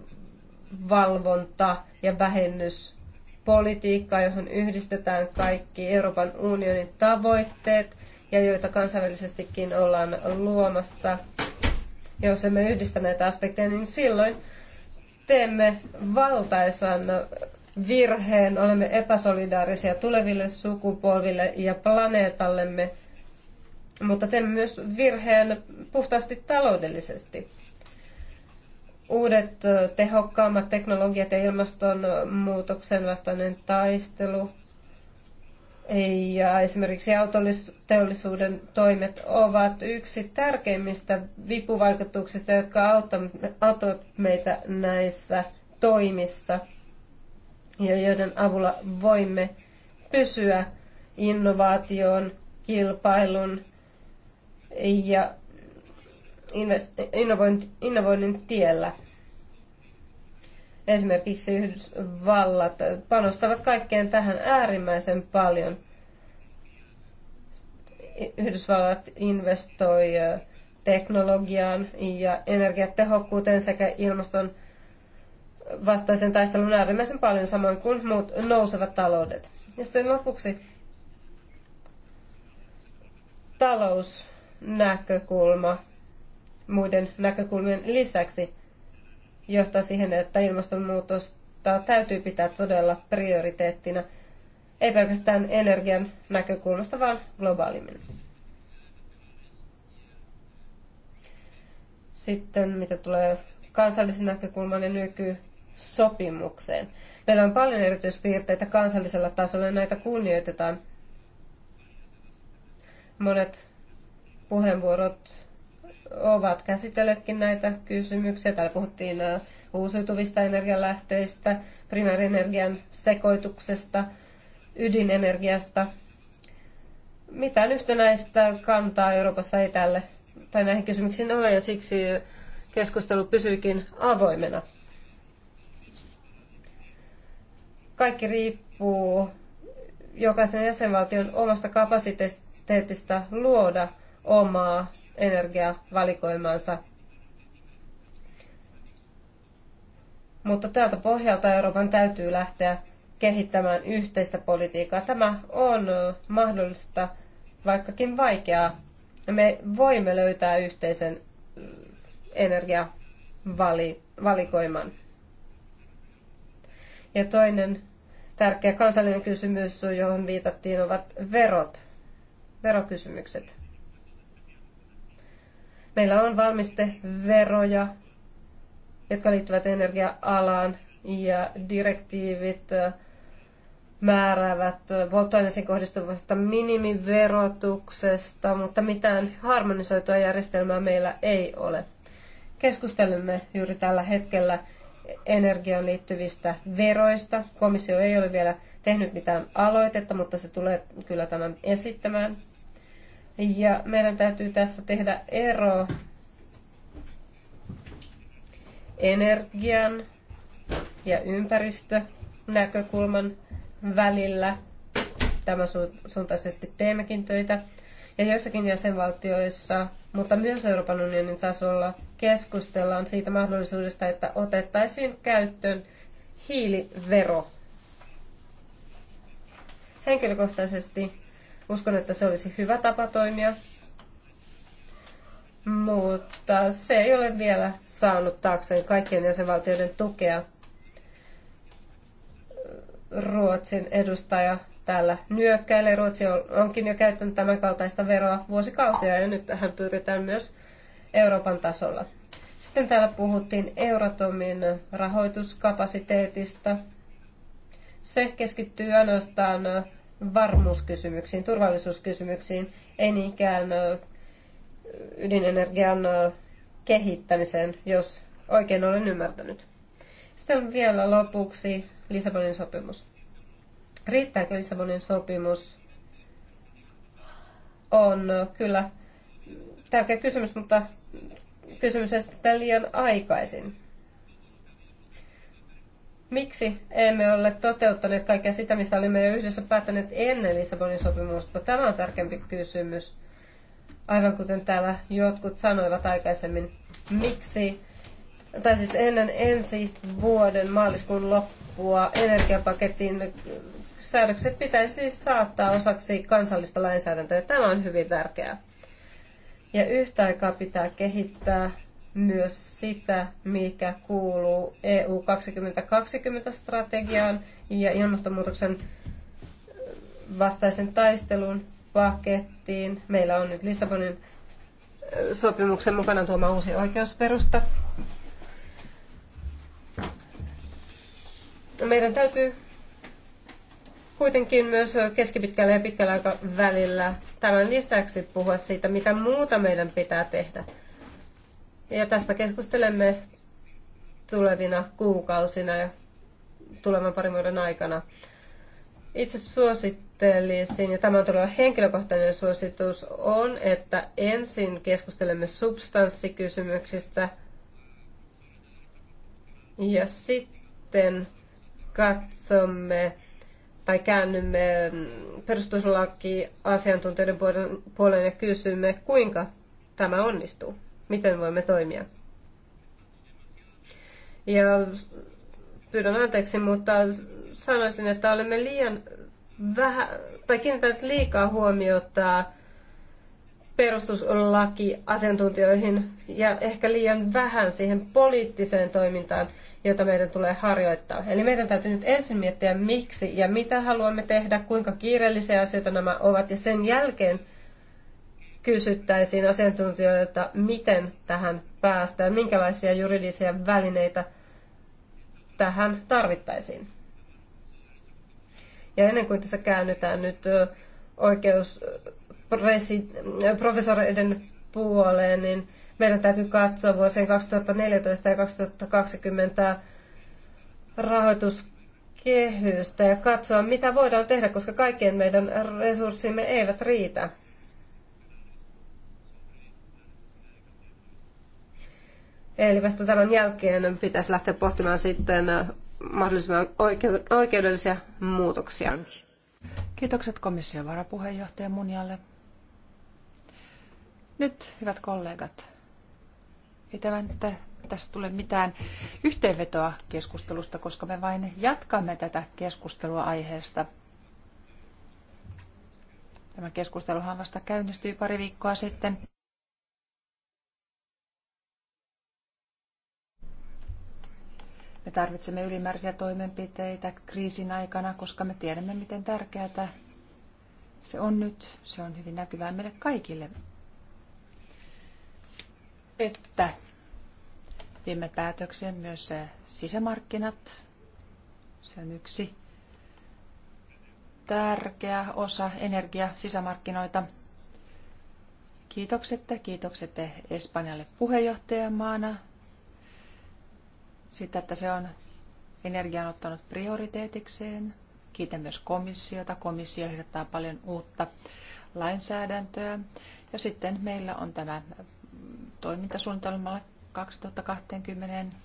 valvonta ja vähennyspolitiikkaa, johon yhdistetään kaikki Euroopan unionin tavoitteet ja joita kansainvälisestikin ollaan luomassa. Jos emme yhdistä näitä aspekteja, niin silloin teemme valtaisan virheen, olemme epäsolidaarisia tuleville sukupolville ja planeetallemme, mutta teemme myös virheen puhtaasti taloudellisesti. Uudet tehokkaammat teknologiat ja ilmastonmuutoksen vastainen taistelu ja esimerkiksi autoteollisuuden toimet ovat yksi tärkeimmistä vipuvaikutuksista, jotka auttavat meitä näissä toimissa – ja joiden avulla voimme pysyä innovaation, kilpailun ja innovoinnin tiellä. Esimerkiksi Yhdysvallat panostavat kaikkeen tähän äärimmäisen paljon. Yhdysvallat investoi teknologiaan ja energiatehokkuuteen sekä ilmaston vastaisen taistelun äärimmäisen paljon samoin kuin muut nousevat taloudet. Ja sitten lopuksi talousnäkökulma muiden näkökulmien lisäksi johtaa siihen, että ilmastonmuutosta täytyy pitää todella prioriteettina, ei pelkästään energian näkökulmasta, vaan globaalimmin. Sitten mitä tulee kansallisen näkökulman ja niin nyky sopimukseen. Meillä on paljon erityispiirteitä kansallisella tasolla ja näitä kunnioitetaan. Monet puheenvuorot ovat käsitelleetkin näitä kysymyksiä. Täällä puhuttiin äh, uusiutuvista energialähteistä, primäärienergian sekoituksesta, ydinenergiasta. Mitään yhtenäistä kantaa Euroopassa ei tälle tai näihin kysymyksiin ole ja siksi keskustelu pysyykin avoimena. Kaikki riippuu jokaisen jäsenvaltion omasta kapasiteetista luoda omaa energiavalikoimaansa. Mutta tältä pohjalta Euroopan täytyy lähteä kehittämään yhteistä politiikkaa. Tämä on mahdollista, vaikkakin vaikeaa. Me voimme löytää yhteisen energiavalikoiman. Ja toinen Tärkeä kansallinen kysymys, johon viitattiin, ovat verot, verokysymykset. Meillä on valmisteveroja, jotka liittyvät energia-alaan, ja direktiivit määräävät polttoaineisiin kohdistuvasta minimiverotuksesta, mutta mitään harmonisoitua järjestelmää meillä ei ole. Keskustelemme juuri tällä hetkellä energiaan liittyvistä veroista. Komissio ei ole vielä tehnyt mitään aloitetta, mutta se tulee kyllä tämän esittämään. Ja meidän täytyy tässä tehdä ero energian ja ympäristönäkökulman välillä. Tämän suuntaisesti teemmekin töitä. Ja joissakin jäsenvaltioissa, mutta myös Euroopan unionin tasolla, keskustellaan siitä mahdollisuudesta, että otettaisiin käyttöön hiilivero. Henkilökohtaisesti uskon, että se olisi hyvä tapa toimia, mutta se ei ole vielä saanut taakseen kaikkien jäsenvaltioiden tukea. Ruotsin edustaja täällä nyökkäilee. Ruotsi onkin jo käyttänyt tämän kaltaista veroa vuosikausia ja nyt tähän pyritään myös Euroopan tasolla. Sitten täällä puhuttiin Euratomin rahoituskapasiteetista. Se keskittyy ainoastaan varmuuskysymyksiin, turvallisuuskysymyksiin, ei niinkään ydinenergian kehittämiseen, jos oikein olen ymmärtänyt. Sitten vielä lopuksi Lissabonin sopimus. Riittääkö Lissabonin sopimus? On kyllä tärkeä kysymys, mutta kysymys esitetään liian aikaisin. Miksi emme ole toteuttaneet kaikkea sitä, mistä olimme jo yhdessä päättäneet ennen Lissabonin sopimusta? Tämä on tärkeämpi kysymys. Aivan kuten täällä jotkut sanoivat aikaisemmin, miksi, tai siis ennen ensi vuoden maaliskuun loppua energiapaketin säädökset pitäisi siis saattaa osaksi kansallista lainsäädäntöä. Tämä on hyvin tärkeää. Ja yhtä aikaa pitää kehittää myös sitä, mikä kuuluu EU 2020-strategiaan ja ilmastonmuutoksen vastaisen taistelun pakettiin. Meillä on nyt Lissabonin sopimuksen mukana tuoma uusi oikeusperusta. Meidän täytyy kuitenkin myös keskipitkällä ja pitkällä aikavälillä tämän lisäksi puhua siitä, mitä muuta meidän pitää tehdä. Ja tästä keskustelemme tulevina kuukausina ja tulevan parin vuoden aikana. Itse suosittelisin, ja tämä on todella henkilökohtainen suositus, on, että ensin keskustelemme substanssikysymyksistä ja sitten katsomme tai käännymme perustuslaki asiantuntijoiden puoleen ja kysymme, kuinka tämä onnistuu, miten voimme toimia. Ja pyydän anteeksi, mutta sanoisin, että olemme liian vähän, tai kiinnitän liikaa huomiota perustuslaki asiantuntijoihin ja ehkä liian vähän siihen poliittiseen toimintaan, jota meidän tulee harjoittaa. Eli meidän täytyy nyt ensin miettiä miksi ja mitä haluamme tehdä, kuinka kiireellisiä asioita nämä ovat ja sen jälkeen kysyttäisiin asiantuntijoilta, miten tähän päästään, minkälaisia juridisia välineitä tähän tarvittaisiin. Ja ennen kuin tässä käännytään nyt oikeus professoreiden puoleen, niin meidän täytyy katsoa vuosien 2014 ja 2020 rahoituskehystä ja katsoa, mitä voidaan tehdä, koska kaikkien meidän resurssimme eivät riitä. Eli vasta tämän jälkeen pitäisi lähteä pohtimaan sitten mahdollisimman oikeudellisia muutoksia. Kiitokset komission varapuheenjohtaja Munjalle. Nyt, hyvät kollegat, ei tämä nyt tässä tule mitään yhteenvetoa keskustelusta, koska me vain jatkamme tätä keskustelua aiheesta. Tämä keskusteluhan vasta käynnistyi pari viikkoa sitten. Me tarvitsemme ylimääräisiä toimenpiteitä kriisin aikana, koska me tiedämme, miten tärkeää se on nyt. Se on hyvin näkyvää meille kaikille että viemme päätökseen myös sisämarkkinat. Se on yksi tärkeä osa energia-sisämarkkinoita. Kiitokset, kiitokset Espanjalle puheenjohtajamaana sitä, että se on energian ottanut prioriteetikseen. Kiitän myös komissiota. Komissio ehdottaa paljon uutta lainsäädäntöä. Ja sitten meillä on tämä toimintasuunnitelmalle 2020.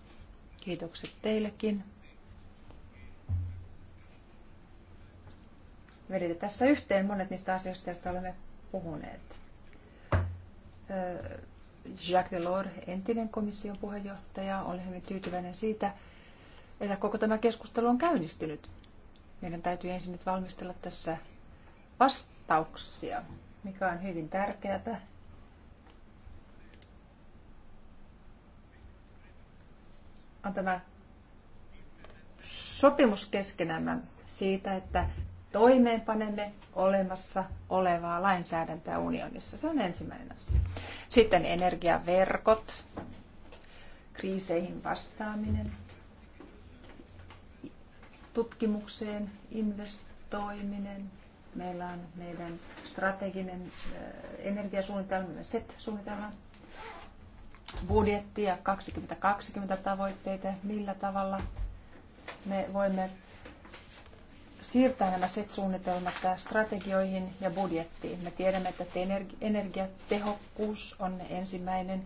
Kiitokset teillekin. Veditte tässä yhteen monet niistä asioista, joista olemme puhuneet. Jacques Delors, entinen komission puheenjohtaja, olen hyvin tyytyväinen siitä, että koko tämä keskustelu on käynnistynyt. Meidän täytyy ensin nyt valmistella tässä vastauksia, mikä on hyvin tärkeää on tämä sopimus keskenämme siitä, että toimeenpanemme olemassa olevaa lainsäädäntöä unionissa. Se on ensimmäinen asia. Sitten energiaverkot, kriiseihin vastaaminen, tutkimukseen investoiminen. Meillä on meidän strateginen energiasuunnitelma, SET-suunnitelma, budjettia, 2020 tavoitteita, millä tavalla me voimme siirtää nämä SET-suunnitelmat strategioihin ja budjettiin. Me tiedämme, että energiatehokkuus on ensimmäinen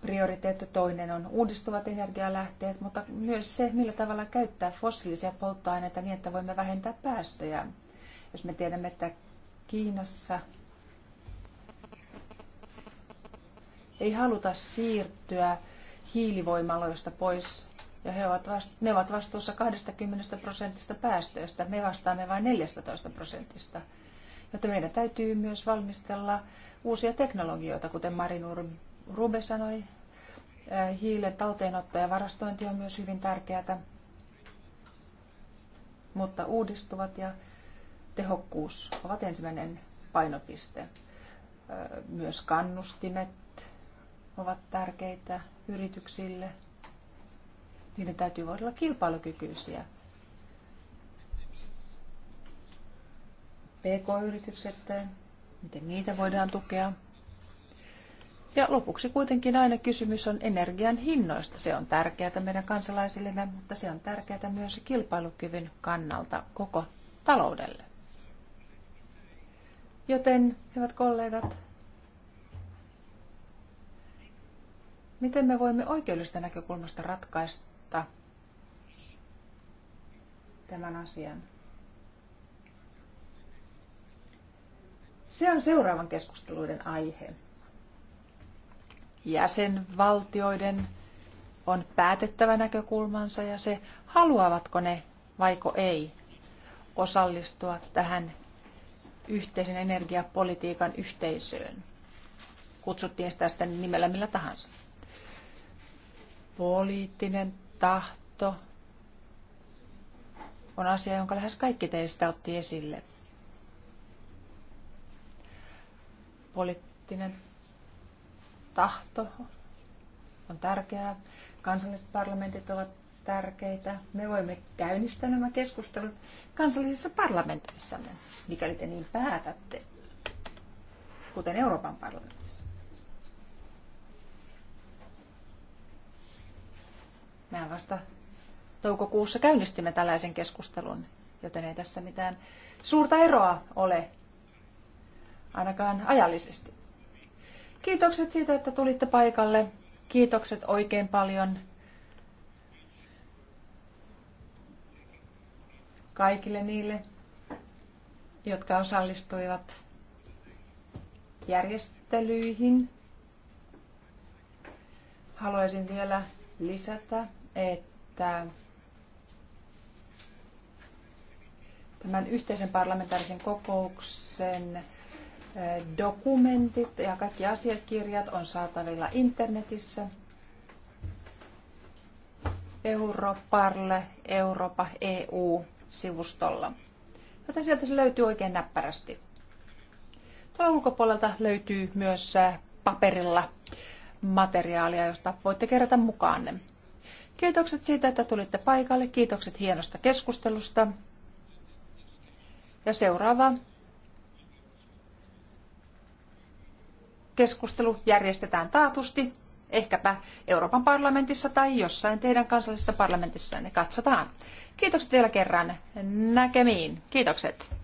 prioriteetti, toinen on uudistuvat energialähteet, mutta myös se, millä tavalla käyttää fossiilisia polttoaineita niin, että voimme vähentää päästöjä. Jos me tiedämme, että Kiinassa ei haluta siirtyä hiilivoimaloista pois ja he ovat vastu- ne ovat vastuussa 20 prosentista päästöistä. Me vastaamme vain 14 prosentista. Joten meidän täytyy myös valmistella uusia teknologioita, kuten Marin Rube sanoi. Äh, hiilen talteenotto ja varastointi on myös hyvin tärkeää, mutta uudistuvat ja tehokkuus ovat ensimmäinen painopiste. Äh, myös kannustimet ovat tärkeitä yrityksille. Niiden täytyy voida olla kilpailukykyisiä. PK-yritykset, miten niitä voidaan tukea. Ja lopuksi kuitenkin aina kysymys on energian hinnoista. Se on tärkeää meidän kansalaisillemme, mutta se on tärkeää myös kilpailukyvyn kannalta koko taloudelle. Joten, hyvät kollegat, Miten me voimme oikeudellisesta näkökulmasta ratkaista tämän asian? Se on seuraavan keskusteluiden aihe. Jäsenvaltioiden on päätettävä näkökulmansa ja se, haluavatko ne vaiko ei osallistua tähän yhteisen energiapolitiikan yhteisöön. Kutsuttiin sitä sitten nimellä millä tahansa poliittinen tahto on asia, jonka lähes kaikki teistä otti esille. Poliittinen tahto on tärkeää. Kansalliset parlamentit ovat tärkeitä. Me voimme käynnistää nämä keskustelut kansallisissa parlamenteissamme, mikäli te niin päätätte, kuten Euroopan parlamentissa. Mehän vasta toukokuussa käynnistimme tällaisen keskustelun, joten ei tässä mitään suurta eroa ole, ainakaan ajallisesti. Kiitokset siitä, että tulitte paikalle. Kiitokset oikein paljon kaikille niille, jotka osallistuivat järjestelyihin. Haluaisin vielä lisätä että tämän yhteisen parlamentaarisen kokouksen äh, dokumentit ja kaikki asiakirjat on saatavilla internetissä. Europarle, Europa, EU-sivustolla. Joten sieltä se löytyy oikein näppärästi. Tuolla ulkopuolelta löytyy myös äh, paperilla materiaalia, josta voitte kerätä mukaanne. Kiitokset siitä, että tulitte paikalle. Kiitokset hienosta keskustelusta. Ja seuraava keskustelu järjestetään taatusti, ehkäpä Euroopan parlamentissa tai jossain teidän kansallisessa parlamentissanne katsotaan. Kiitokset vielä kerran. Näkemiin. Kiitokset.